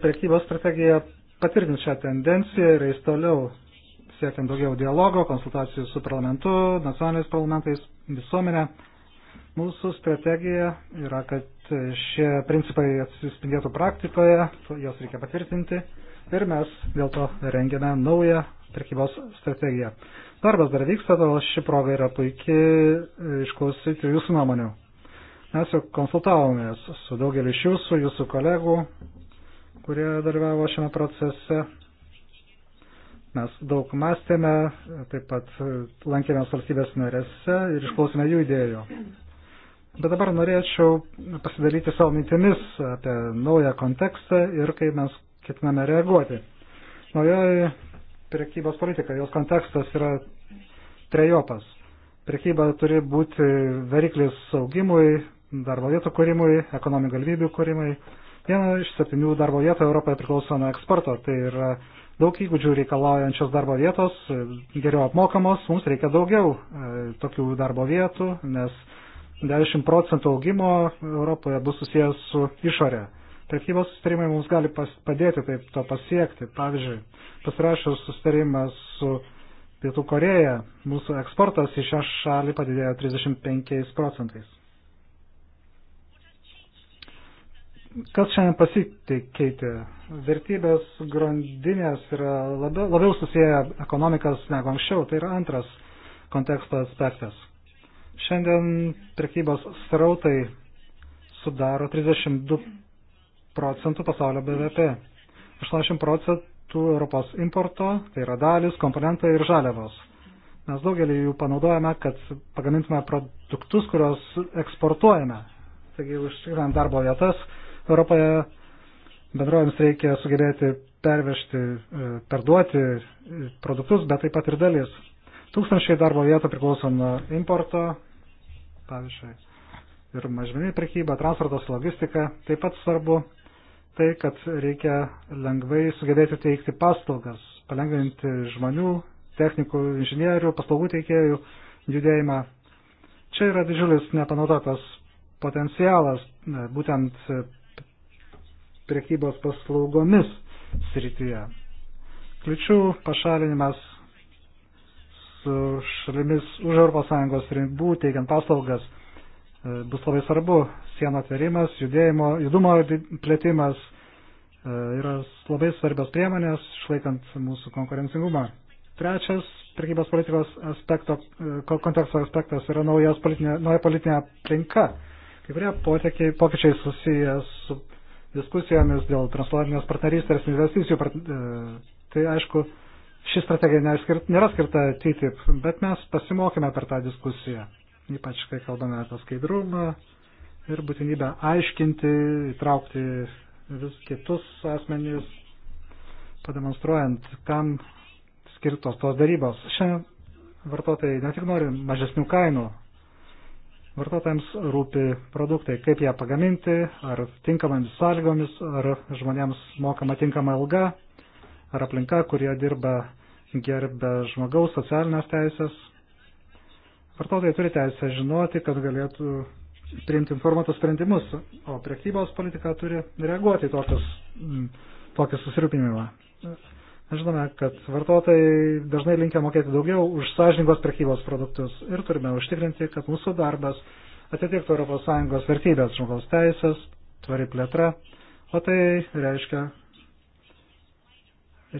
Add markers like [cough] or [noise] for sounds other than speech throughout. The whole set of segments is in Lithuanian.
Prekybos strategija patvirtins šią tendenciją ir eis toliau, siekiant daugiau dialogo, konsultacijų su parlamentu, nacionaliniais parlamentais, visuomenė. Mūsų strategija yra, kad šie principai atsispindėtų praktikoje, jos reikia patvirtinti ir mes dėl to rengiame naują prekybos strategiją. Darbas dar vyksta, todėl ši proga yra puikiai išklausyti jūsų nuomonių. Mes jau konsultavomės su daugeliu iš jūsų, jūsų kolegų, kurie dalyvavo šiame procese. Mes daug mąstėme, taip pat lankėmės valstybės narėse ir išklausėme jų idėjų. Bet dabar norėčiau pasidalyti savo mintimis apie naują kontekstą ir kaip mes ketiname reaguoti. Naujoji prekybos politika, jos kontekstas yra trejopas. Prekyba turi būti variklis saugimui, darbo vietų kūrimui, ekonominių galimybių kūrimui Viena iš septynių darbo vietų Europoje priklauso nuo eksporto. Tai yra daug įgūdžių reikalaujančios darbo vietos, geriau apmokamos, mums reikia daugiau e, tokių darbo vietų, nes 90 procentų augimo Europoje bus susijęs su išorė. Prekybos sustarimai mums gali padėti taip to pasiekti. Pavyzdžiui, pasirašęs sustarimą su Pietų Koreja, mūsų eksportas į šią šalį padidėjo 35 procentais. Kas šiandien pasikeitė? Vertybės grandinės yra labiau, labiau susiję ekonomikas negu anksčiau. Tai yra antras konteksto aspektas. Šiandien prekybos srautai sudaro 32 procentų pasaulio BVP. 80 procentų Europos importo, tai yra dalis, komponentai ir žaliavos. Mes daugelį jų panaudojame, kad pagamintume produktus, kuriuos eksportuojame. Taigi užtikrinant darbo vietas, Europoje bendrovėms reikia sugebėti pervežti, e, perduoti produktus, bet taip pat ir dalis. Tūkstančiai darbo vietų priklauso nuo importo, pavyzdžiui, ir mažmeninė prekyba, transportas, logistika. Taip pat svarbu tai, kad reikia lengvai sugebėti teikti paslaugas, palengvinti žmonių, technikų, inžinierių, paslaugų teikėjų judėjimą. Čia yra didžiulis nepanaudotas potencialas, e, būtent priekybos paslaugomis srityje. Kliučių pašalinimas su šalimis už ES ribų teikiant paslaugas e, bus labai svarbu. Sienų atverimas, judėjimo, judumo plėtimas e, yra labai svarbios priemonės, išlaikant mūsų konkurencingumą. Trečias prekybos politikos aspekto, e, konteksto aspektas yra nauja politinė, nauja politinė aplinka. Kai kurie pokyčiai susiję su diskusijomis dėl transatlantinės partnerystės ir investicijų. E, tai aišku, ši strategija nėra skirta TTIP, bet mes pasimokime per tą diskusiją, ypač kai kalbame apie skaidrumą ir būtinybę aiškinti, įtraukti vis kitus asmenys, pademonstruojant, kam skirtos tos darybos. Šiandien vartotojai ne tik nori mažesnių kainų, Vartotojams rūpi produktai, kaip ją pagaminti, ar tinkamomis sąlygomis, ar žmonėms mokama tinkama alga, ar aplinka, kurie dirba gerbė žmogaus socialinės teisės. Vartotojai turi teisę žinoti, kad galėtų priimti informuotus sprendimus, o prekybos politika turi reaguoti į tokius, mm, tokį susirūpinimą. Žinome, kad vartotojai dažnai linkia mokėti daugiau už sąžiningos prekybos produktus ir turime užtikrinti, kad mūsų darbas atitiktų ES vertybės žmogaus teisės, tvari plėtra, o tai reiškia,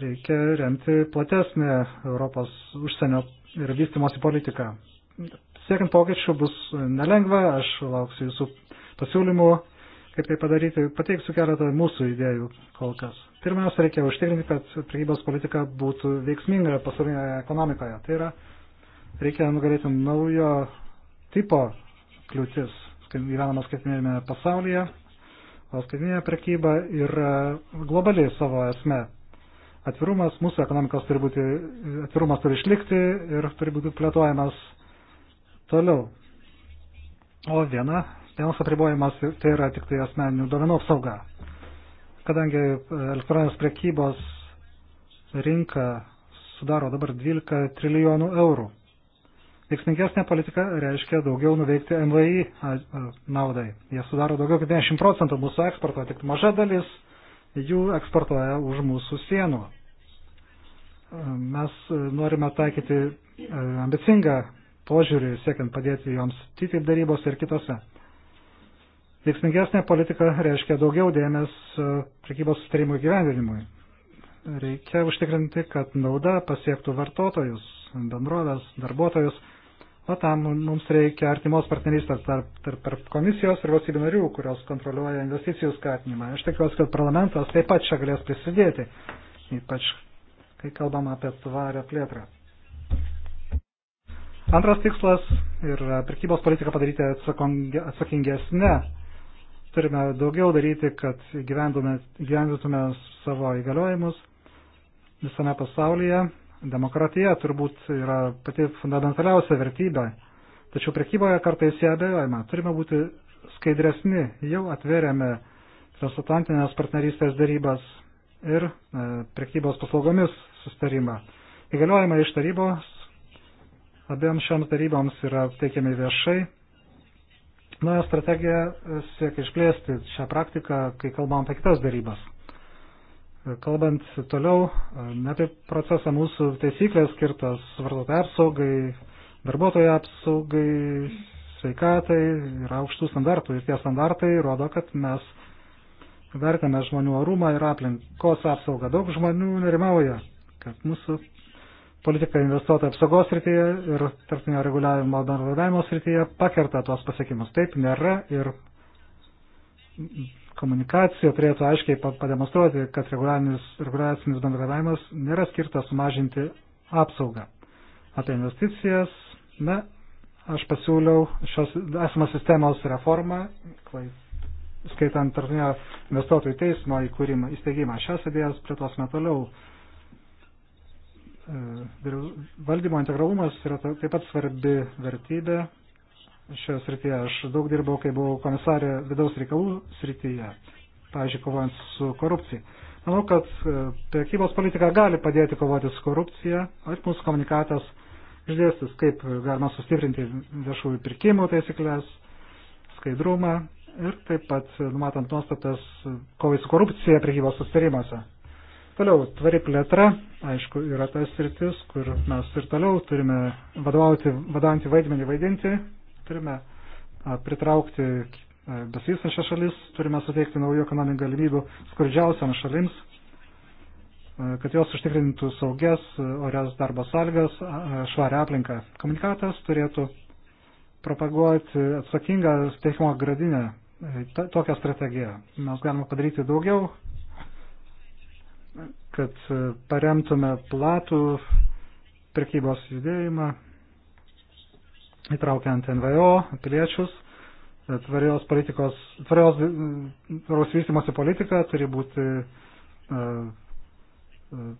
reikia remti platesnį Europos užsienio ir vystimosi politiką. Siekiant pokyčių bus nelengva, aš lauksiu jūsų pasiūlymų kaip tai padaryti, pateiksiu keletą mūsų idėjų kol kas. Pirmiausia, reikia užtikrinti, kad priekybos politika būtų veiksminga pasaulinėje ekonomikoje. Tai yra, reikia nugalėti naujo tipo kliūtis, kai gyvename skaitinėme pasaulyje, o skaitinė prekyba yra globali savo esme. Atvirumas mūsų ekonomikos turi būti, atvirumas turi išlikti ir turi būti plėtojamas toliau. O viena Vienas apribojimas tai yra tik tai asmeninių duomenų apsauga. Kadangi e, elektroninės prekybos rinka sudaro dabar 12 trilijonų eurų. Veiksmingesnė politika reiškia daugiau nuveikti MVI naudai. Jie sudaro daugiau kaip 50 procentų mūsų eksporto, tik maža dalis jų eksportuoja už mūsų sienų. E, mes e, norime taikyti ambicingą požiūrį, siekiant padėti joms TTIP darybos ir kitose. Veiksmingesnė politika reiškia daugiau dėmesio prekybos sustarimų gyvendinimui. Reikia užtikrinti, kad nauda pasiektų vartotojus, bendrovės, darbuotojus, o tam mums reikia artimos partnerystės tarp, tarp, tarp komisijos ir valstybių narių, kurios kontroliuoja investicijų skatinimą. Aš tikiuosi, kad parlamentas taip pat čia galės prisidėti, ypač kai kalbam apie tvarę plėtrą. Antras tikslas yra prekybos politiką padaryti atsakingesnę Turime daugiau daryti, kad gyvendytume savo įgaliojimus visame pasaulyje. Demokratija turbūt yra pati fundamentaliausia vertybė, tačiau prekyboje kartais ją abejojame. Turime būti skaidresni, jau atvėrėme transatlantinės partnerystės darybas ir e, prekybos paslaugomis sustarimą. Įgaliojimai iš tarybos abiems šiams daryboms yra teikiami viešai Na, strategija siekia išplėsti šią praktiką, kai kalbam apie kitas darybas. Kalbant toliau, ne apie procesą mūsų taisyklės skirtos vartotojų apsaugai, darbuotojų apsaugai, sveikatai yra aukštų standartų ir tie standartai rodo, kad mes vertiname žmonių orumą ir aplinkos apsaugą. Daug žmonių nerimauja, kad mūsų politika investuota apsaugos srityje ir tarptinio reguliavimo bendradarbiavimo srityje pakerta tuos pasiekimus. Taip nėra ir komunikacija turėtų aiškiai pademonstruoti, kad reguliacinis bendradarbiavimas nėra skirtas sumažinti apsaugą. Apie investicijas, na, aš pasiūliau šios esamos sistemos reformą, skaitant tarptinio investuotojų teismo įkūrimą, įsteigimą. Šias idėjas plėtosime toliau E, valdymo integralumas yra taip pat svarbi vertybė. Šioje srityje aš daug dirbau, kai buvau komisarė vidaus reikalų srityje, pavyzdžiui, kovant su korupcija. Manau, kad e, priekybos politika gali padėti kovoti su korupcija, o ir mūsų komunikatas išdėstis, kaip galima sustiprinti viešųjų pirkimų taisyklės, skaidrumą ir taip pat numatant nuostatas kovai su korupcija priekybos sustarimuose. Toliau, tvari plėtra, aišku, yra tas sritis, kur mes ir toliau turime vadovauti, vadovantį vaidmenį vaidinti, turime pritraukti besivystančias šalis, turime suteikti naujų ekonominių galimybių skurdžiausiam šalims, kad jos užtikrintų saugias, orias darbo sąlygas, švarę aplinką. Komunikatas turėtų propaguoti atsakingą teikimo gradinę, e, tokią strategiją. Mes galime padaryti daugiau, kad e, paremtume platų prekybos judėjimą, įtraukiant NVO, piliečius, e, tvarios politikos, tvarios, tvarios vystimosi politika turi būti e,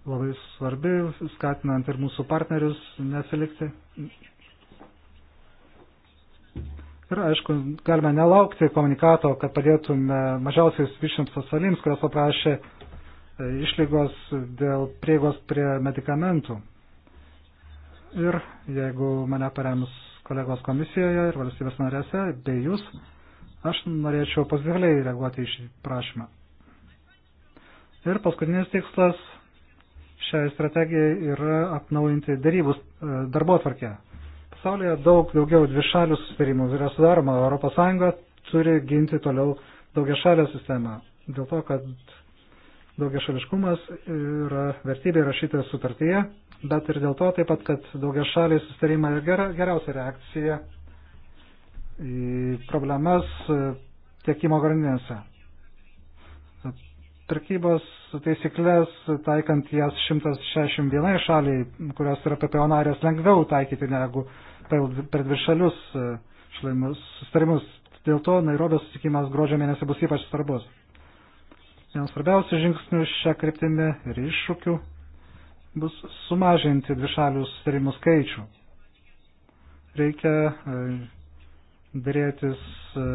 labai svarbi, skatinant ir mūsų partnerius nesilikti. Ir aišku, galime nelaukti komunikato, kad padėtume mažiausiais išimtos šalims, kurios paprašė išlygos dėl prieigos prie medikamentų. Ir jeigu mane parems kolegos komisijoje ir valstybės narėse, bei jūs, aš norėčiau pozityviai reaguoti į šį prašymą. Ir paskutinis tikslas šiai strategijai yra atnaujinti darybus e, darbo atvarkę. Pasaulyje daug daugiau dvišalių susitarimų yra sudaroma, ES turi ginti toliau daugia šalę sistemą. Dėl to, kad Daugiašališkumas yra vertybė rašyta sutartyje, bet ir dėl to taip pat, kad daugiašaliai sustarimai yra geriausia reakcija į problemas tiekimo grandinėse. Tarkybos taisyklės, taikant jas 161 šaliai, kurios yra PPO narės, lengviau taikyti negu per dvišalius e, sustarimus. Dėl to Nairobės susitikimas gruodžio mėnesį bus ypač svarbus. Vienas svarbiausių žingsnių šią kryptimį ir iššūkių bus sumažinti dvišalių sustarimų skaičių. Reikia e, dėrėtis e,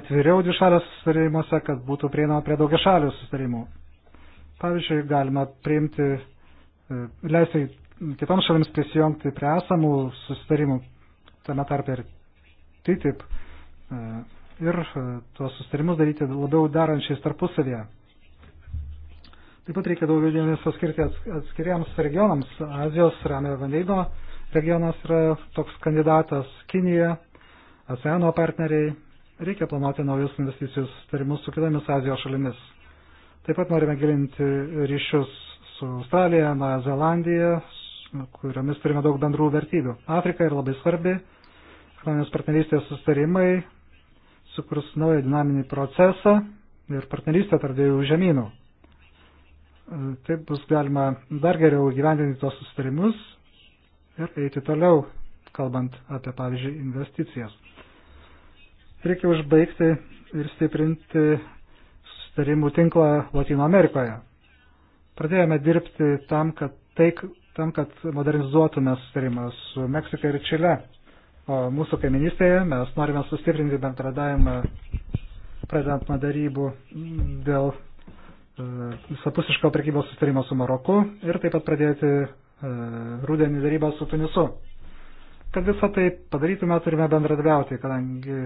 atviriau dvišalės sustarimuose, kad būtų prieinama prie daugiašalių sustarimų. Pavyzdžiui, galima priimti, e, leisti kitoms šalims prisijungti prie esamų sustarimų, tame tarp ir TTIP ir e, tuos sustarimus daryti labiau darančiais tarpusavėje. Taip pat reikia daugiau dėmesio skirti atskiriams regionams. Azijos ramio vandenyno regionas yra toks kandidatas Kinija, ASEANO partneriai. Reikia planuoti naujus investicijų sustarimus su kitomis Azijos šalimis. Taip pat norime gilinti ryšius su Australija, Nuoja Zelandija, kuriomis turime daug bendrų vertybių. Afrika yra labai svarbi. Ekonominės partnerystės sustarimai sukurs naują dinaminį procesą ir partnerystę tarp dviejų žemynų. E, taip bus galima dar geriau gyvendinti tos sustarimus ir eiti toliau, kalbant apie, pavyzdžiui, investicijas. Reikia užbaigti ir stiprinti sustarimų tinklą Latino Amerikoje. Pradėjome dirbti tam, kad, tai, tam, kad modernizuotume sustarimą su Meksika ir Čile mūsų kaiminystėje. Mes norime sustiprinti bendradavimą, pradedant nuo darybų dėl e, visapusiško prekybos sustarimo su Maroku ir taip pat pradėti e, rūdienį darybą su Tunisu. Kad visą tai padarytume, turime bendradarbiauti, kadangi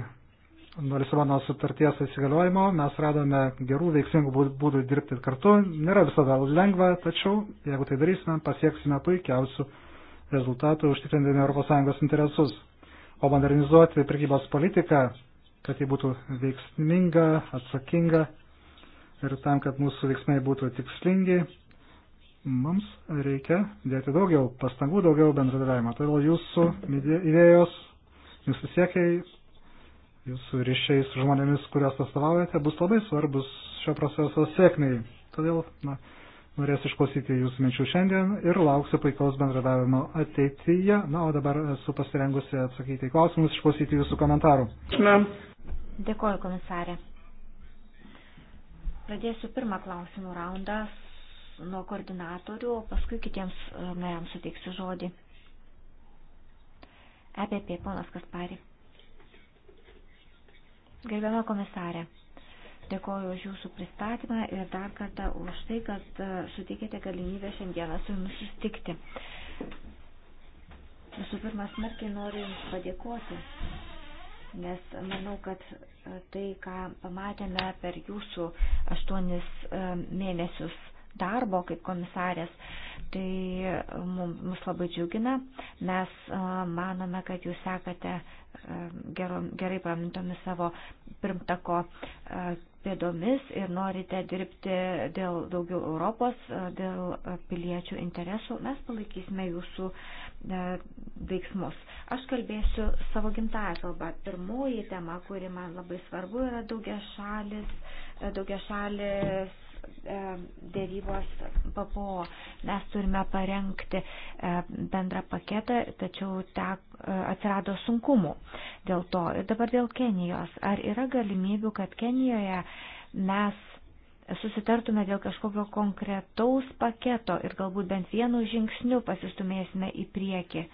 nuo Lisabono sutarties įsigaliojimo mes radome gerų veiksmingų būdų dirbti kartu. Nėra visada lengva, tačiau jeigu tai darysime, pasieksime puikiausių rezultatų užtikrindami ES interesus o modernizuoti prekybos politiką, kad ji būtų veiksminga, atsakinga ir tam, kad mūsų veiksmai būtų tikslingi, mums reikia dėti daugiau pastangų, daugiau bendradarbiavimo. Todėl jūsų idėjos, jūsų siekiai, jūsų ryšiai su žmonėmis, kuriuos atstovaujate, bus labai svarbus šio proceso sėkmiai. Todėl, na, norės išklausyti jūsų minčių šiandien ir lauksiu puikaus bendradavimo ateityje. Na, o dabar esu pasirengusi atsakyti į klausimus, išklausyti jūsų komentarų. Dėkoju, komisarė. Pradėsiu pirmą klausimų raundą nuo koordinatorių, o paskui kitiems e, nariams suteiksiu žodį. EPP, ponas Kaspari. Gerbiama komisarė. Dėkoju už jūsų pristatymą ir dar kartą už tai, kad e, suteikėte galimybę šiandieną su jumis sustikti. Visų pirma, smarkiai noriu jums padėkoti, nes manau, kad e, tai, ką pamatėme per jūsų aštuonis e, mėnesius darbo kaip komisarės, tai mus labai džiugina. Mes manome, kad jūs sekate gerai pramintomis savo pirmtako bėdomis ir norite dirbti dėl daugiau Europos, dėl piliečių interesų, mes palaikysime jūsų e, veiksmus. Aš kalbėsiu savo gimtąją kalbą. Pirmoji tema, kuri man labai svarbu, yra daugia šalis, e, daugia šalis E, dėrybos PPO. Mes turime parengti e, bendrą paketą, tačiau ta, e, atsirado sunkumų dėl to. Ir dabar dėl Kenijos. Ar yra galimybių, kad Kenijoje mes susitartume dėl kažkokio konkretaus paketo ir galbūt bent vienu žingsniu pasistumėsime į priekį?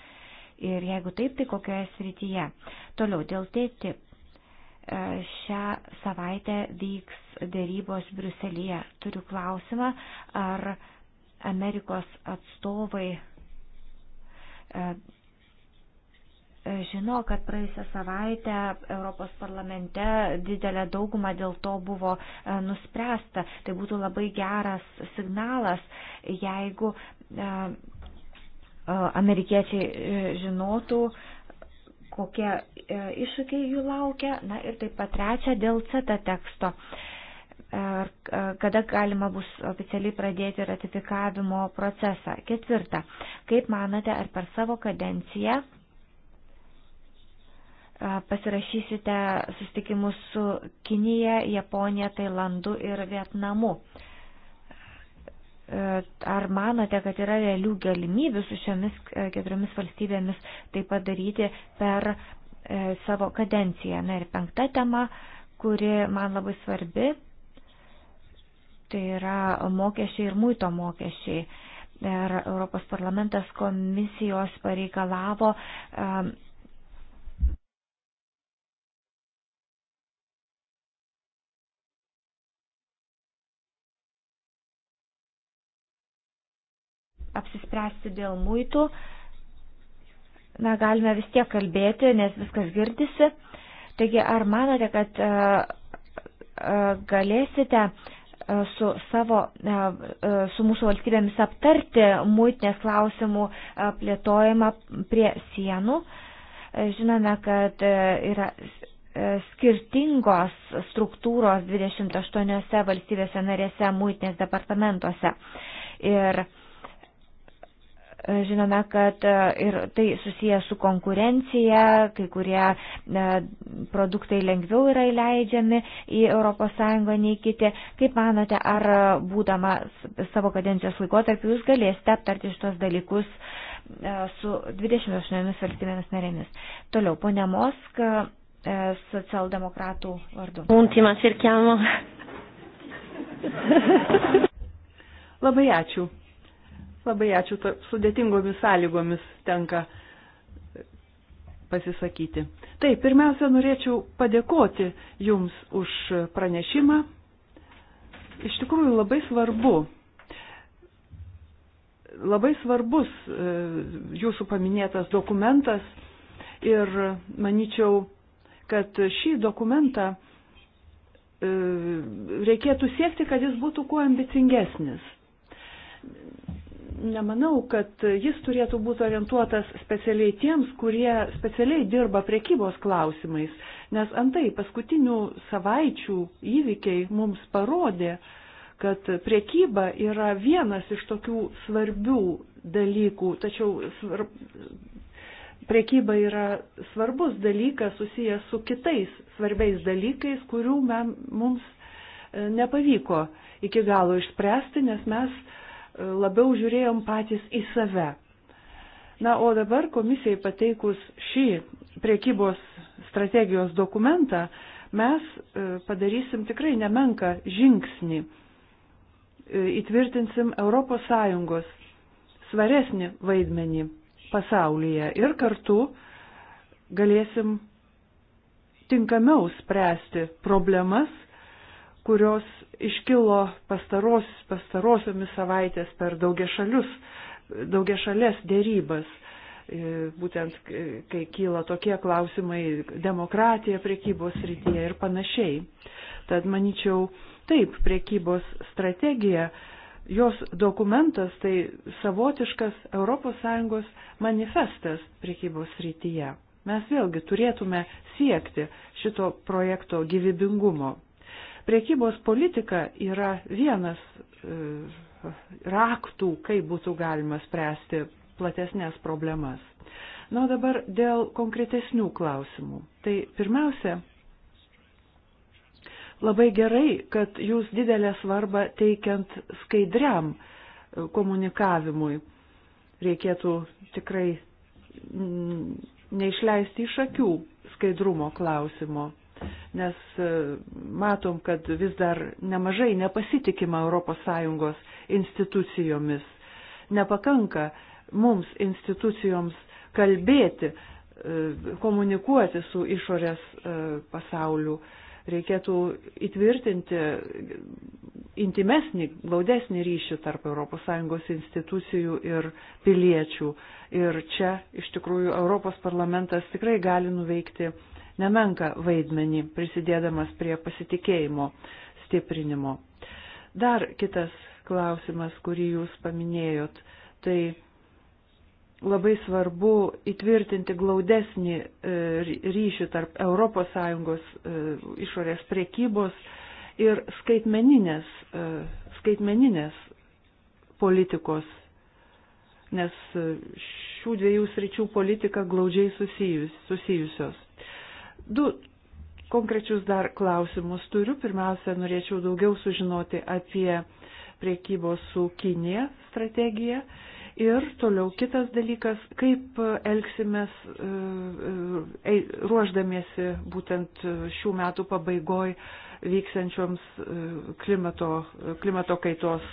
Ir jeigu taip, tai kokioje srityje? Toliau, dėl TTIP E, šią savaitę vyks dėrybos Briuselyje. Turiu klausimą, ar Amerikos atstovai e, e, žino, kad praėjusią savaitę Europos parlamente didelė dauguma dėl to buvo nuspręsta. Tai būtų labai geras signalas, jeigu amerikiečiai žinotų, kokie e, iššūkiai jų laukia. Na ir taip pat trečia dėl CETA teksto. Ar e, kada galima bus oficialiai pradėti ratifikavimo procesą? Ketvirta. Kaip manote, ar per savo kadenciją e, pasirašysite susitikimus su Kinija, Japonija, Tailandu ir Vietnamu? E, ar manote, kad yra realių galimybių su šiomis e, keturiomis valstybėmis tai padaryti per e, savo kadenciją? Na ir penkta tema, kuri man labai svarbi, tai yra mokesčiai ir muito mokesčiai. Ir Europos parlamentas komisijos pareikalavo apsispręsti dėl muitų. Na, galime vis tiek kalbėti, nes viskas girdisi. Taigi, ar manote, kad e, e, galėsite e, su, savo, su mūsų valstybėmis aptarti muitinės klausimų plėtojimą prie sienų. Žinome, kad yra skirtingos struktūros 28 valstybėse narėse muitinės departamentuose. Ir Žinome, kad e, ir tai susiję su konkurencija, kai kurie e, produktai lengviau yra įleidžiami į ES nei kiti. Kaip manote, ar e, būdama savo kadencijos laikotarpiu jūs galėsite aptarti šitos dalykus su 28 valstybėmis narėmis? Toliau, ponia Moska, socialdemokratų vardu. Untimas ir kiamo. Labai ačiū. Labai ačiū, sudėtingomis sąlygomis tenka pasisakyti. Taip, pirmiausia, norėčiau padėkoti Jums už pranešimą. Iš tikrųjų labai svarbu, labai svarbus e, Jūsų paminėtas dokumentas ir manyčiau, kad šį dokumentą e, reikėtų siekti, kad jis būtų kuo ambicingesnis nemanau, kad jis turėtų būti orientuotas specialiai tiems, kurie specialiai dirba priekybos klausimais, nes antai paskutinių savaičių įvykiai mums parodė, kad priekyba yra vienas iš tokių svarbių dalykų, tačiau svarb... priekyba yra svarbus dalykas susijęs su kitais svarbiais dalykais, kurių mums e, nepavyko iki galo išspręsti, nes mes labiau žiūrėjom patys į save. Na, o dabar komisijai pateikus šį priekybos strategijos dokumentą, mes e, padarysim tikrai nemenką žingsnį. E, įtvirtinsim ES svaresnį vaidmenį pasaulyje ir kartu galėsim tinkamiau spręsti problemas, kurios iškilo pastaros, pastarosiomis savaitės per daugiašalius, daugiašalės dėrybas. E, būtent kai kyla tokie klausimai - demokratija, priekybos rytyje ir panašiai. Tad manyčiau, taip, priekybos strategija, jos dokumentas tai savotiškas ES manifestas priekybos rytyje. Mes vėlgi turėtume siekti šito projekto gyvybingumo Priekybos politika yra vienas e, raktų, kaip būtų galima spręsti platesnės problemas. Na, o dabar dėl konkretesnių klausimų. Tai pirmiausia, labai gerai, kad jūs didelę svarbą teikiant skaidriam e, komunikavimui reikėtų tikrai neišleisti iš akių skaidrumo klausimo nes e, matom, kad vis dar nemažai nepasitikima ES institucijomis. Nepakanka mums institucijoms kalbėti, e, komunikuoti su išorės e, pasauliu. Reikėtų įtvirtinti intimesnį, glaudesnį ryšį tarp ES institucijų ir piliečių. Ir čia iš tikrųjų Europos parlamentas tikrai gali nuveikti uh, nemenka vaidmenį, prisidėdamas prie pasitikėjimo stiprinimo. Dar kitas klausimas, kurį jūs paminėjot, tai labai svarbu įtvirtinti glaudesnį e, ryšį tarp ES e, išorės priekybos ir skaitmeninės, e, skaitmeninės politikos, nes šių dviejų sričių politika glaudžiai susijus, susijusios. Du konkrečius dar klausimus turiu. Pirmiausia, norėčiau daugiau sužinoti apie priekybos su Kinė strategiją. Ir toliau kitas dalykas, kaip e, elgsimės e, e ruoždamiesi būtent šių metų pabaigoj vyksiančioms e, klimato, klimato kaitos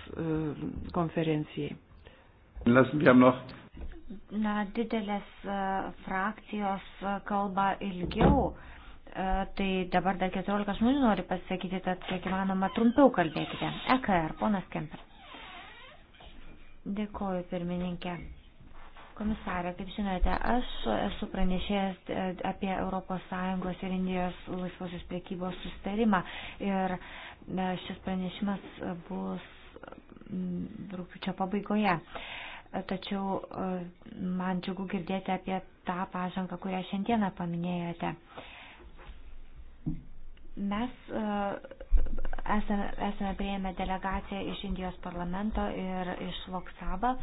konferencijai na, didelės e, frakcijos e, kalba ilgiau. E, tai dabar dar 14 žmonių nori pasakyti, tad kiek įmanoma trumpiau kalbėkite. EKR, er, ponas Kemper. Dėkuoju, pirmininkė. Komisarė, kaip žinote, aš esu pranešėjęs apie ES ir Indijos laisvosios priekybos sustarimą ir šis pranešimas bus rūpiučio pabaigoje. Uh, tačiau e, man džiugu girdėti apie tą pažangą, kurią šiandieną paminėjote. Mes e, esame, esame prieėmę delegaciją iš Indijos parlamento ir iš Loksaba.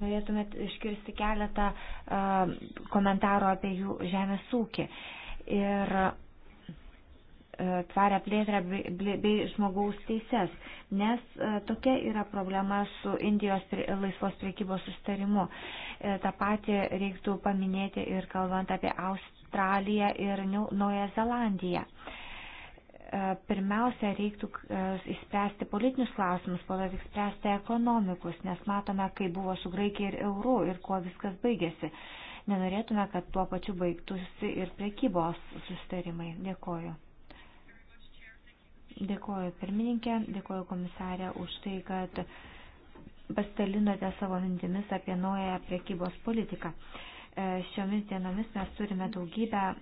Norėtumėt iškirsti keletą uh, komentarų apie jų žemės ūkį. Ir uh, E, tvarę plėtrą bei žmogaus teises, nes e, tokia yra problema su Indijos laisvos priekybos sustarimu. E, Ta pati reiktų paminėti ir kalbant apie Australiją ir Naują Zelandiją. Pirmiausia, reiktų įspręsti politinius klausimus, po to tik spręsti ekonomikus, nes matome, kaip buvo su Graikija ir Euru ir kuo viskas baigėsi nenorėtume, kad tuo pačiu baigtųsi ir prekybos sustarimai. Dėkoju. Dėkoju pirmininkė, dėkoju komisarė už tai, kad pasidalinote savo mintimis apie naują priekybos politiką. E, šiomis dienomis mes turime daugybę e,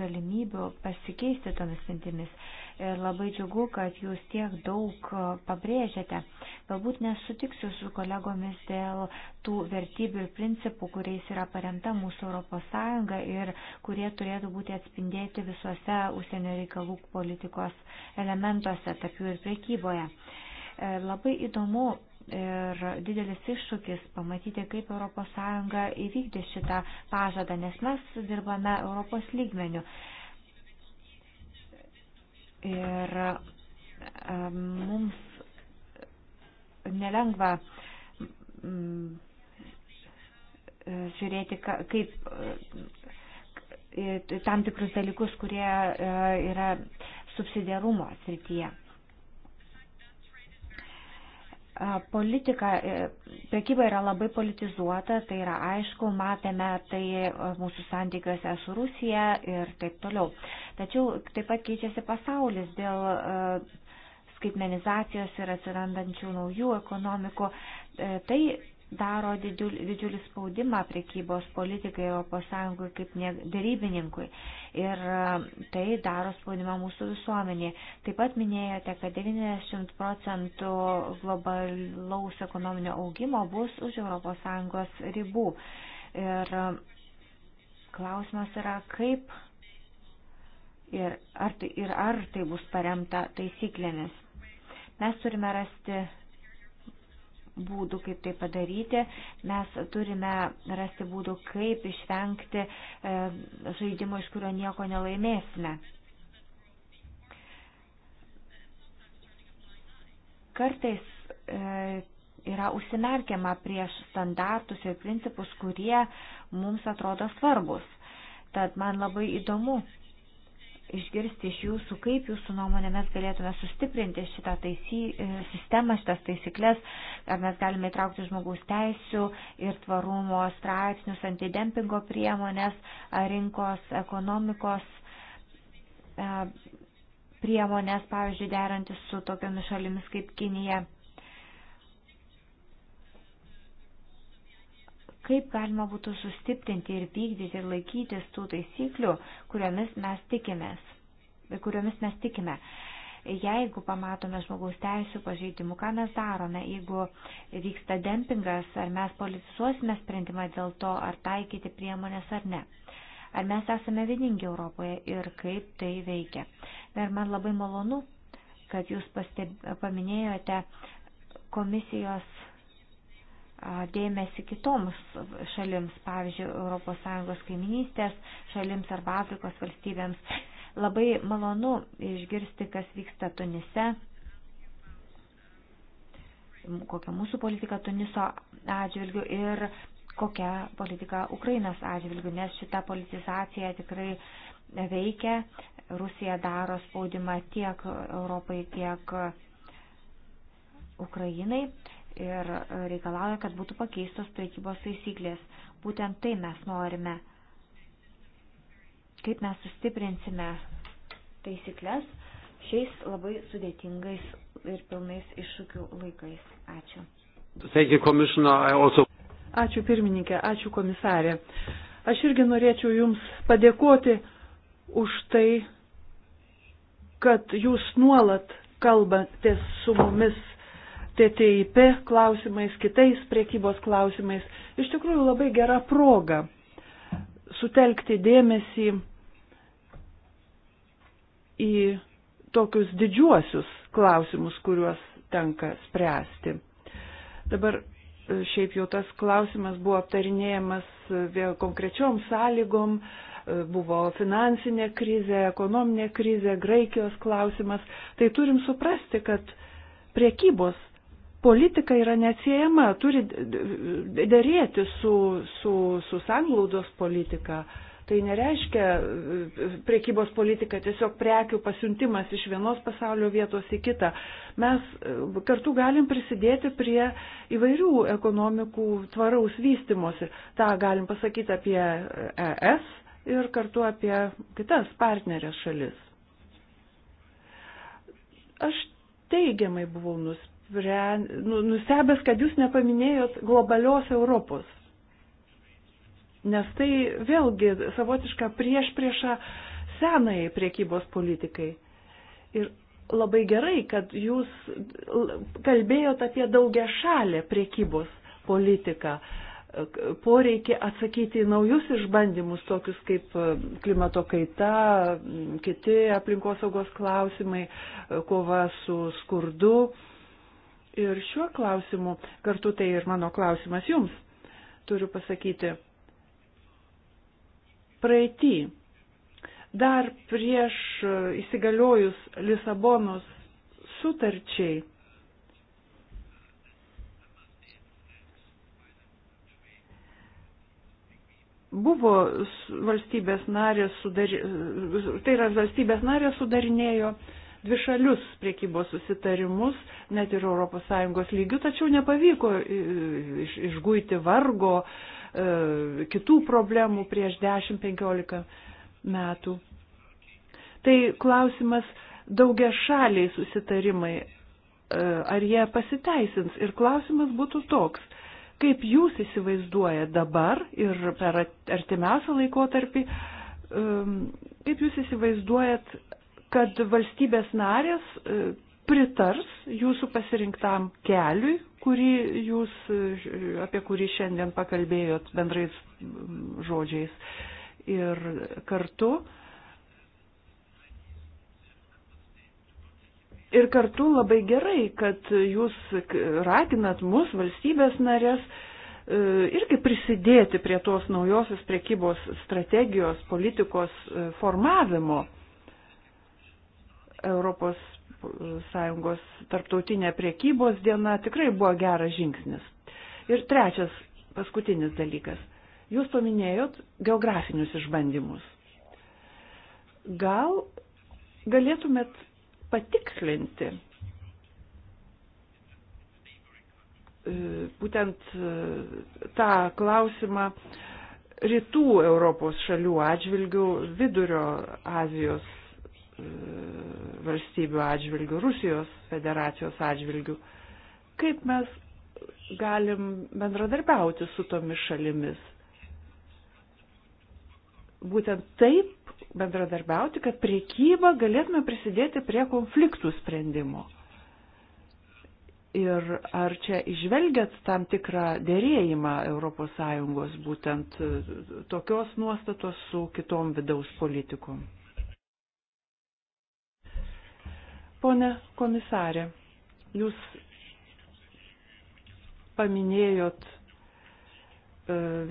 galimybių pasikeisti tomis mintimis ir labai džiugu, kad jūs tiek daug e, pabrėžėte. Galbūt nesutiksiu su kolegomis dėl tų vertybių ir principų, kuriais yra paremta mūsų ES ir kurie turėtų būti atspindėti visuose užsienio reikalų politikos elementuose, tarp jų ir priekyboje. E, labai įdomu ir didelis iššūkis pamatyti, kaip ES įvykdė šitą pažadą, nes mes dirbame Europos lygmenių. Ir mums nelengva mm, žiūrėti, kaip e, tam tikrus dalykus, kurie e, yra subsidiarumo srityje. Politika, e, prekyba yra labai politizuota, tai yra aišku, matėme tai e, mūsų santykiuose su Rusija ir taip toliau. Tačiau taip pat keičiasi pasaulis dėl e, skaitmenizacijos ir atsirandančių naujų ekonomikų. Tai daro didžiulį spaudimą prekybos politikai ES kaip darybininkui ir e, tai daro spaudimą mūsų visuomenį. Taip pat minėjote, kad 90 procentų globalaus ekonominio augimo bus už ES ribų. Ir e, klausimas yra, kaip ir ar tai, ir ar tai bus paremta taisyklėmis. Mes turime rasti būdų, kaip tai padaryti. Mes turime rasti būdų, kaip išvengti e, žaidimo, iš kurio nieko nelaimėsime. Kartais e, yra užsimerkiama prieš standartus ir principus, kurie mums atrodo svarbus. Tad man labai įdomu, išgirsti iš jūsų, kaip jūsų nuomonė mes galėtume sustiprinti šitą taisy, e, sistemą, šitas taisyklės, ar mes galime įtraukti žmogaus teisų ir tvarumo straipsnius, antidempingo priemonės, rinkos, ekonomikos e, priemonės, pavyzdžiui, derantis su tokiomis šalimis kaip Kinija. kaip galima būtų sustiprinti ir vykdyti ir laikytis tų taisyklių, kuriomis mes tikimės. Kuriomis mes tikime. Jeigu pamatome žmogaus teisų pažeidimų, ką mes darome, jeigu vyksta dempingas, ar mes politizuosime sprendimą dėl to, ar taikyti priemonės ar ne ar mes esame vieningi Europoje ir kaip tai veikia. Ir man labai malonu, kad jūs pasteb... paminėjote komisijos dėmesį kitoms šalims, pavyzdžiui, ES kaiminystės šalims arba Afrikos valstybėms. Labai malonu išgirsti, kas vyksta Tunise, kokia mūsų politika Tuniso atžvilgių ir kokia politika Ukrainos atžvilgių, nes šita politizacija tikrai veikia. Rusija daro spaudimą tiek Europai, tiek Ukrainai ir e, reikalauja, kad būtų pakeistos prekybos taisyklės. Būtent tai mes norime. Kaip mes sustiprinsime taisyklės šiais labai sudėtingais ir pilnais iššūkių laikais. Ačiū. Ačiū pirmininkė, ačiū komisarė. Aš irgi norėčiau Jums padėkoti už tai, kad Jūs nuolat kalbatės su mumis TTIP klausimais, kitais priekybos klausimais, iš tikrųjų labai gera proga sutelkti dėmesį į tokius didžiuosius klausimus, kuriuos tenka spręsti. Dabar e, šiaip jau tas klausimas buvo aptarinėjamas e, vėl konkrečiom sąlygom, e, buvo finansinė krizė, ekonominė krizė, Graikijos klausimas. Tai turim suprasti, kad priekybos politika yra neatsiejama, turi dėrėti su, su, su sanglaudos politika. Tai nereiškia e, priekybos politika tiesiog prekių pasiuntimas iš vienos pasaulio vietos į kitą. Mes e, kartu galim prisidėti prie įvairių ekonomikų tvaraus vystimosi. Ta galim pasakyti apie ES ir kartu apie kitas partnerės šalis. Aš teigiamai buvau nusipirkęs Nu, nustebęs, kad jūs nepaminėjot globalios Europos. Nes tai vėlgi savotiška prieš priešą senai priekybos politikai. Ir labai gerai, kad jūs kalbėjot apie daugia šalę priekybos politiką, poreikį atsakyti į naujus išbandymus, tokius kaip e, klimato kaita, kiti aplinkosaugos klausimai, kova su skurdu ir šiuo klausimu, kartu tai ir mano klausimas jums, turiu pasakyti, praeitį, dar prieš įsigaliojus Lisabonos sutarčiai, buvo valstybės narės, sudari, tai yra valstybės narės sudarinėjo uh, dvišalius priekybos susitarimus, net ir ES lygių, tačiau nepavyko e, iš, išguiti vargo, e, kitų problemų prieš 10-15 metų. Tai klausimas daugia šaliai susitarimai, e, ar jie pasiteisins. Ir klausimas būtų toks, kaip jūs įsivaizduoja dabar ir per artimiausią laikotarpį, e, kaip jūs įsivaizduojat kad valstybės narės e, pritars jūsų pasirinktam keliui, kurį jūs, e, apie kurį šiandien pakalbėjot bendrais žodžiais. Ir kartu Ir kartu labai gerai, kad jūs raginat mus, valstybės narės, e, irgi prisidėti prie tos naujosios priekybos strategijos politikos formavimo. Europos Sąjungos tarptautinė priekybos diena tikrai buvo geras žingsnis. Ir trečias, paskutinis dalykas. Jūs paminėjot geografinius išbandymus. Gal galėtumėt patikslinti e, būtent e, tą klausimą rytų Europos šalių atžvilgių vidurio Azijos E, valstybių atžvilgių, Rusijos federacijos atžvilgių. Kaip mes galim bendradarbiauti su tomis šalimis? Būtent taip bendradarbiauti, kad priekyba galėtume prisidėti prie konfliktų sprendimo. Ir ar čia išvelgiat tam tikrą dėrėjimą ES būtent tokios nuostatos su kitom vidaus politikom? Pone komisarė, jūs paminėjot e,